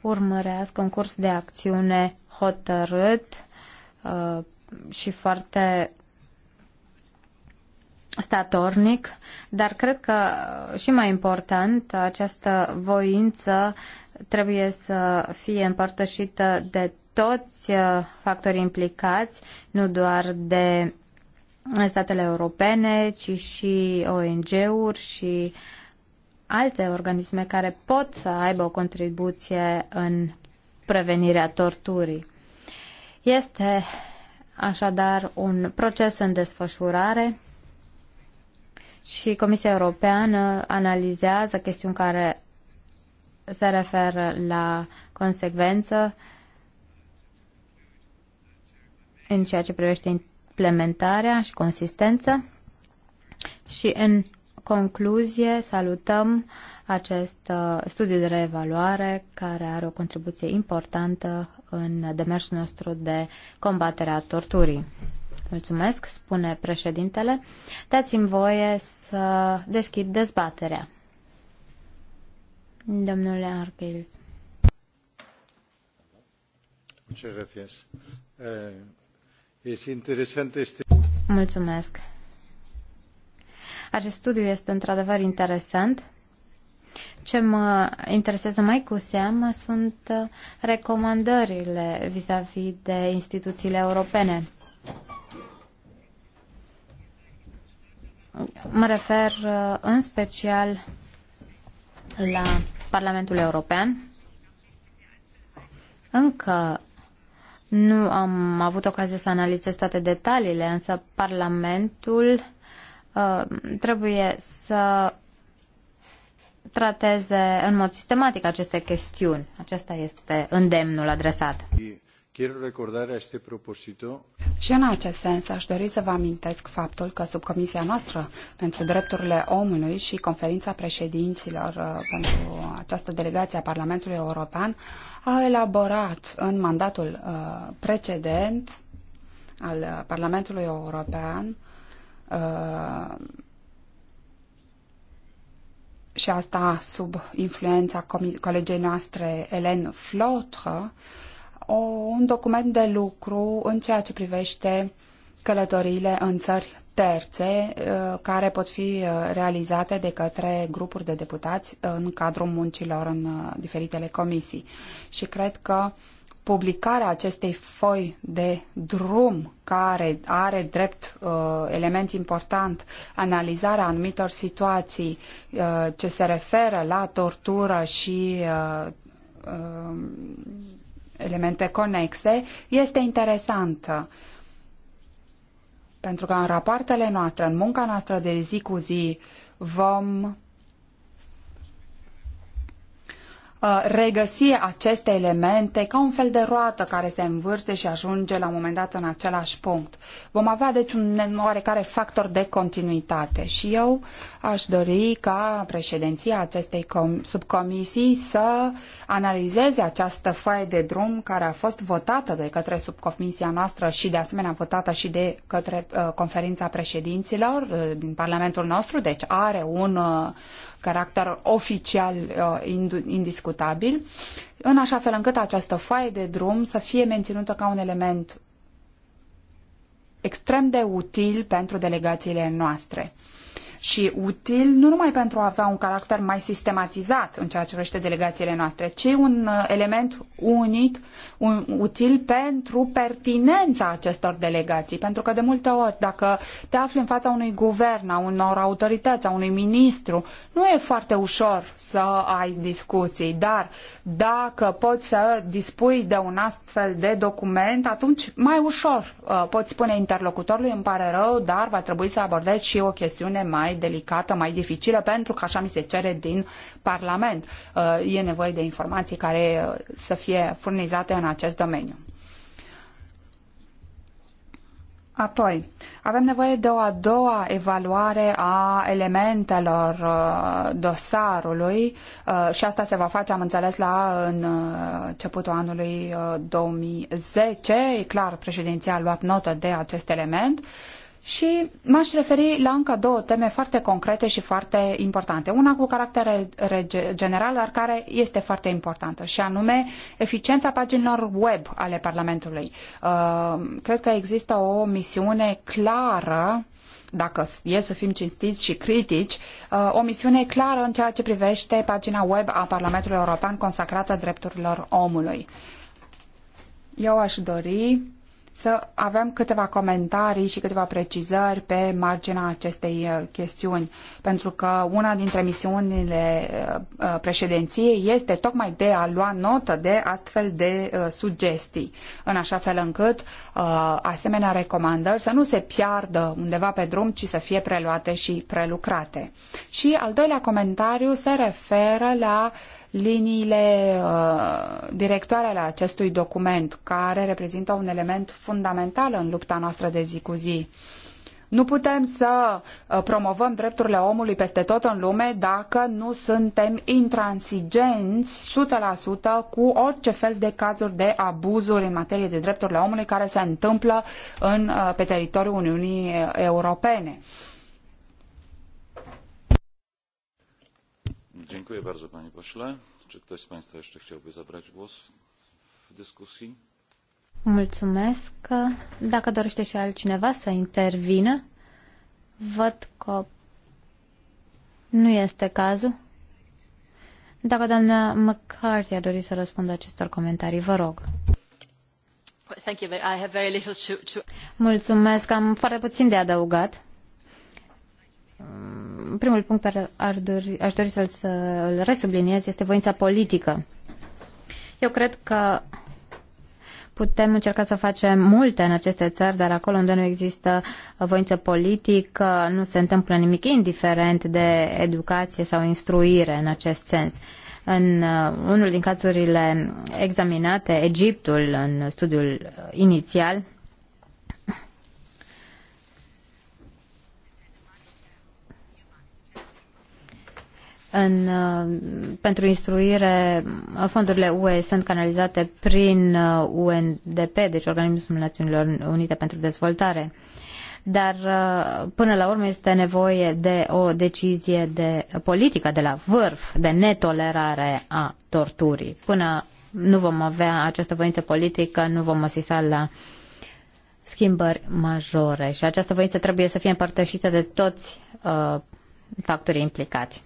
urmărească un curs de acțiune hotărât uh, și foarte statornic, dar cred că și mai important, această voință trebuie să fie împărtășită de toți uh, factorii implicați, nu doar de statele europene, ci și ONG-uri și alte organisme care pot să aibă o contribuție în prevenirea torturii. Este așadar un proces în desfășurare și Comisia Europeană analizează chestiuni care se referă la consecvență în ceea ce privește implementarea și consistență și în concluzie salutăm acest uh, studiu de reevaluare care are o contribuție importantă în demersul nostru de combatere a torturii. Mulțumesc, spune președintele. Dați-mi voie să deschid dezbaterea. Domnule Arpils. Eh, Mulțumesc. Acest studiu este într-adevăr interesant. Ce mă interesează mai cu seamă sunt recomandările vis-a-vis -vis de instituțiile europene. Mă refer uh, în special la Parlamentul European. Încă nu am avut ocazia să analizez toate detaliile, însă Parlamentul uh, trebuie să trateze în mod sistematic aceste chestiuni. Acesta este îndemnul adresat. Și în acest sens aș dori să vă amintesc faptul că subcomisia noastră pentru drepturile omului și conferința președinților uh, pentru această delegație a Parlamentului European a elaborat în mandatul uh, precedent al Parlamentului European uh, și asta sub influența colegei noastre Hélène Flotre, o, un document de lucru în ceea ce privește călătoriile în țări terțe uh, care pot fi uh, realizate de către grupuri de deputați uh, în cadrul muncilor în diferitele comisii. Și cred că publicarea acestei foi de drum care are drept uh, element important analizarea anumitor situații uh, ce se referă la tortură și uh, elemente conexe, este interesantă. Pentru că în rapoartele noastre, în munca noastră de zi cu zi, vom Uh, regăsi aceste elemente ca un fel de roată care se învârte și ajunge la un moment dat în același punct. Vom avea deci un oarecare factor de continuitate și eu aș dori ca președinția acestei subcomisii să analizeze această foaie de drum care a fost votată de către subcomisia noastră și de asemenea votată și de către uh, conferința președinților uh, din Parlamentul nostru, deci are un, caracter oficial uh, indiscutabil, în așa fel încât această foaie de drum să fie menținută ca un element extrem de util pentru delegațiile noastre și util, nu numai pentru a avea un caracter mai sistematizat în ceea ce privește delegațiile noastre, ci un uh, element unit, un, util pentru pertinența acestor delegații. Pentru că de multe ori, dacă te afli în fața unui guvern, a unor autorități, a unui ministru, nu e foarte ușor să ai discuții, dar dacă poți să dispui de un astfel de document, atunci mai ușor uh, poți spune interlocutorului, îmi pare rău, dar va trebui să abordezi și o chestiune mai mai delicată, mai dificilă, pentru că așa mi se cere din Parlament. Uh, e nevoie de informații care uh, să fie furnizate în acest domeniu. Apoi, avem nevoie de o a doua evaluare a elementelor uh, dosarului și asta se va face, am înțeles, la începutul anului 2010. E clar, președinția a luat notă de acest element și m-aș referi la încă două teme foarte concrete și foarte importante. Una cu caracter general, dar care este foarte importantă, și anume eficiența paginilor web ale Parlamentului. Uh, cred că există o misiune clară dacă e să fim cinstiți și critici, uh, o misiune clară în ceea ce privește pagina web a Parlamentului European consacrată drepturilor omului. Eu aș dori să avem câteva comentarii și câteva precizări pe marginea acestei uh, chestiuni, pentru că una dintre misiunile uh, uh, președinției este tocmai de a lua notă de astfel de sugestii, în așa fel încât asemenea recomandări să nu se piardă undeva pe drum, ci să fie preluate și prelucrate. Și al doilea comentariu se referă la uh, liniile uh, directoare ale acestui document, care reprezintă un element fundamental în lupta noastră de zi cu zi. Nu putem să uh, promovăm drepturile omului peste tot în lume dacă nu suntem intransigenți 100% cu orice fel de cazuri de abuzuri în materie de drepturile omului care se întâmplă în, uh, pe teritoriul Uniunii Europene. Dziękuję bardzo panie pośle. Czy ktoś z państwa jeszcze chciałby zabrać głos w dyskusji? Mulțumesc. Dacă dorește și altcineva să intervină, văd că nu este cazul. Dacă doamna McCarthy a dorit să răspundă acestor comentarii, vă rog. Mulțumesc, am foarte puțin de adăugat. Mm, primul punct care ar dori, aș dori să-l, să resubliniez este voința politică. Eu cred că putem încerca să facem multe în aceste țări, dar acolo unde nu există voință politică, nu se întâmplă nimic indiferent de educație sau instruire în acest sens. În uh, unul din cazurile examinate, Egiptul, în studiul uh, inițial, în, uh, pentru instruire, uh, fondurile UE sunt canalizate prin UNDP, uh, deci Organismul Națiunilor Unite pentru Dezvoltare. Dar până la urmă este nevoie de o decizie de politică de la vârf, de netolerare a torturii. Până nu vom avea această voință politică, nu vom asista la schimbări majore și această voință trebuie să fie împărtășită de toți uh, factorii implicați.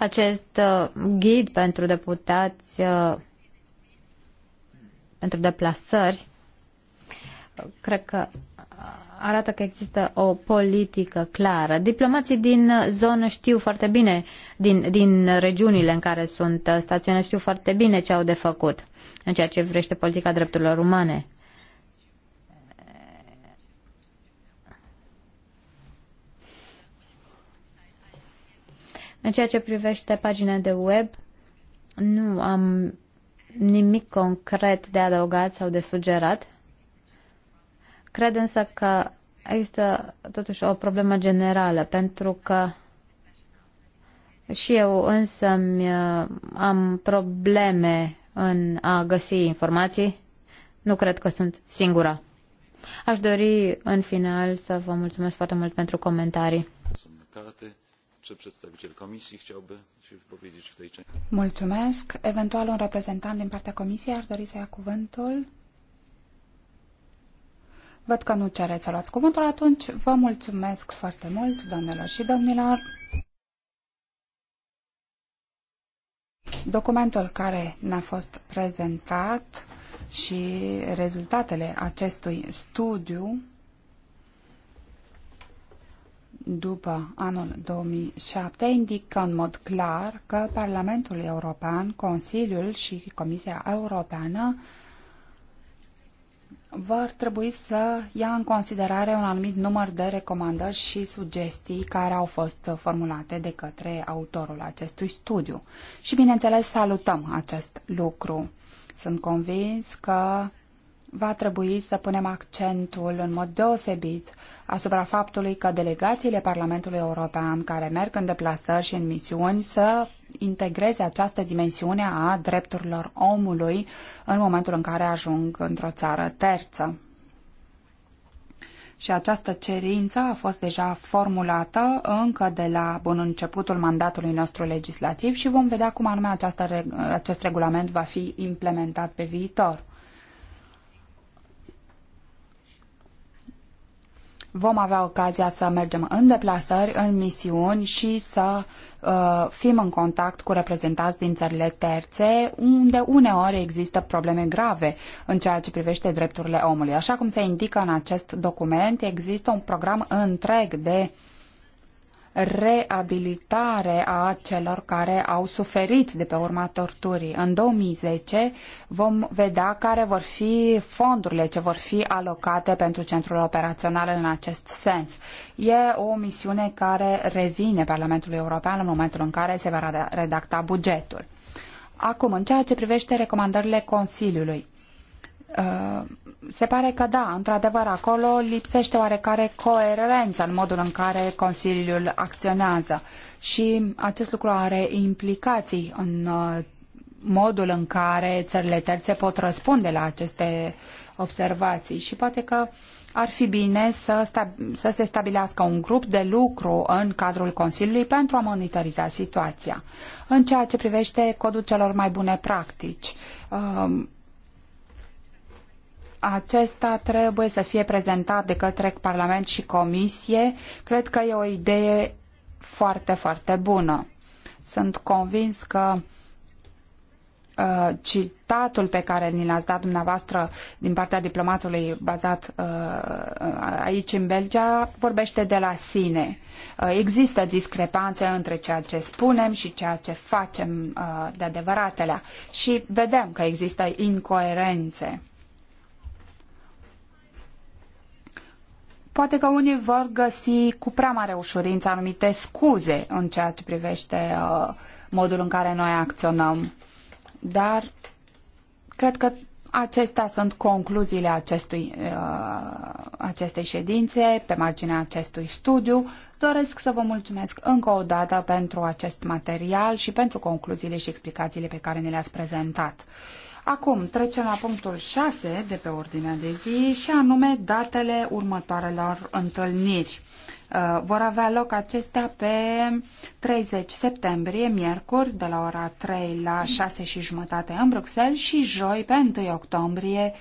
acest uh, ghid pentru deputați uh, pentru deplasări cred că arată că există o politică clară. Diplomații din zonă știu foarte bine, din, din regiunile în care sunt staționați, știu foarte bine ce au de făcut în ceea ce vrește politica drepturilor umane. În ceea ce privește pagina de web, nu am nimic concret de adăugat sau de sugerat. Cred însă că există totuși o problemă generală, pentru că și eu însă uh, am probleme în a găsi informații. Nu cred că sunt singura. Aș dori în final să vă mulțumesc foarte mult pentru comentarii. Czy przedstawiciel komisji chciałby się wypowiedzieć w tej części? Mulțumesc. Eventual un reprezentant din partea comisiei ar dori să ia cuvântul. Văd că nu cereți să luați cuvântul, atunci vă mulțumesc foarte mult, doamnelor și domnilor. Documentul care ne-a fost prezentat și rezultatele acestui studiu după anul 2007 indică în mod clar că Parlamentul European, Consiliul și Comisia Europeană vor trebui să ia în considerare un anumit număr de recomandări și sugestii care au fost formulate de către autorul acestui studiu. Și, bineînțeles, salutăm acest lucru. Sunt convins că va trebui să punem accentul în mod deosebit asupra faptului că delegațiile Parlamentului European care merg în deplasări și în misiuni să integreze această dimensiune a drepturilor omului în momentul în care ajung într-o țară terță. Și această cerință a fost deja formulată încă de la bun începutul mandatului nostru legislativ și vom vedea cum anume această, acest regulament va fi implementat pe viitor. vom avea ocazia să mergem în deplasări, în misiuni și să uh, fim în contact cu reprezentanți din țările terțe, unde uneori există probleme grave în ceea ce privește drepturile omului. Așa cum se indică în acest document, există un program întreg de uh, reabilitare a celor care au suferit de pe urma torturii. În 2010 vom vedea care vor fi fondurile ce vor fi alocate pentru centrul operațional în acest sens. E o misiune care revine Parlamentului European în momentul în care se va redacta bugetul. Acum, în ceea ce privește recomandările Consiliului, uh, se pare că da, într-adevăr, acolo lipsește oarecare coerență în modul în care Consiliul acționează și acest lucru are implicații în uh, modul în care țările terțe pot răspunde la aceste observații și poate că ar fi bine să, să se stabilească un grup de lucru în cadrul Consiliului pentru a monitoriza situația. În ceea ce privește codul celor mai bune practici, um, acesta trebuie să fie prezentat de către Parlament și Comisie. Cred că e o idee foarte, foarte bună. Sunt convins că uh, citatul pe care ni l-ați dat dumneavoastră din partea diplomatului bazat uh, aici în Belgia vorbește de la sine. Uh, există discrepanțe între ceea ce spunem și ceea ce facem uh, de adevăratele. și vedem că există incoerențe. Poate că unii vor găsi cu prea mare ușurință anumite scuze în ceea ce privește uh, modul în care noi acționăm, dar cred că acestea sunt concluziile acestui, uh, acestei ședințe pe marginea acestui studiu. Doresc să vă mulțumesc încă o dată pentru acest material și pentru concluziile și explicațiile pe care ne le-ați prezentat. Uh, Acum trecem la punctul 6 de pe ordinea de zi și anume datele următoarelor întâlniri. Uh, vor avea loc acestea pe 30 septembrie, miercuri, de la ora 3 la 6 și jumătate în Bruxelles și joi pe 1 octombrie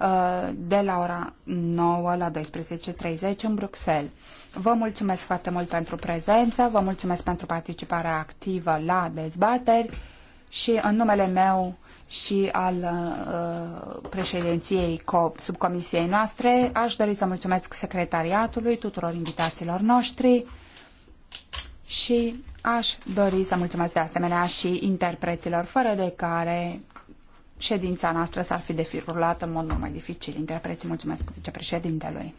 uh, de la ora 9 la 12.30 în Bruxelles. Vă mulțumesc foarte mult pentru prezență, vă mulțumesc pentru participarea activă la dezbateri și în numele meu și al uh, președinției subcomisiei noastre. Aș dori să mulțumesc secretariatului, tuturor invitațiilor noștri și aș dori să mulțumesc de asemenea și interpreților, fără de care ședința noastră s-ar fi defirulat în mod mult mai dificil. Interpreții mulțumesc vicepreședintelui.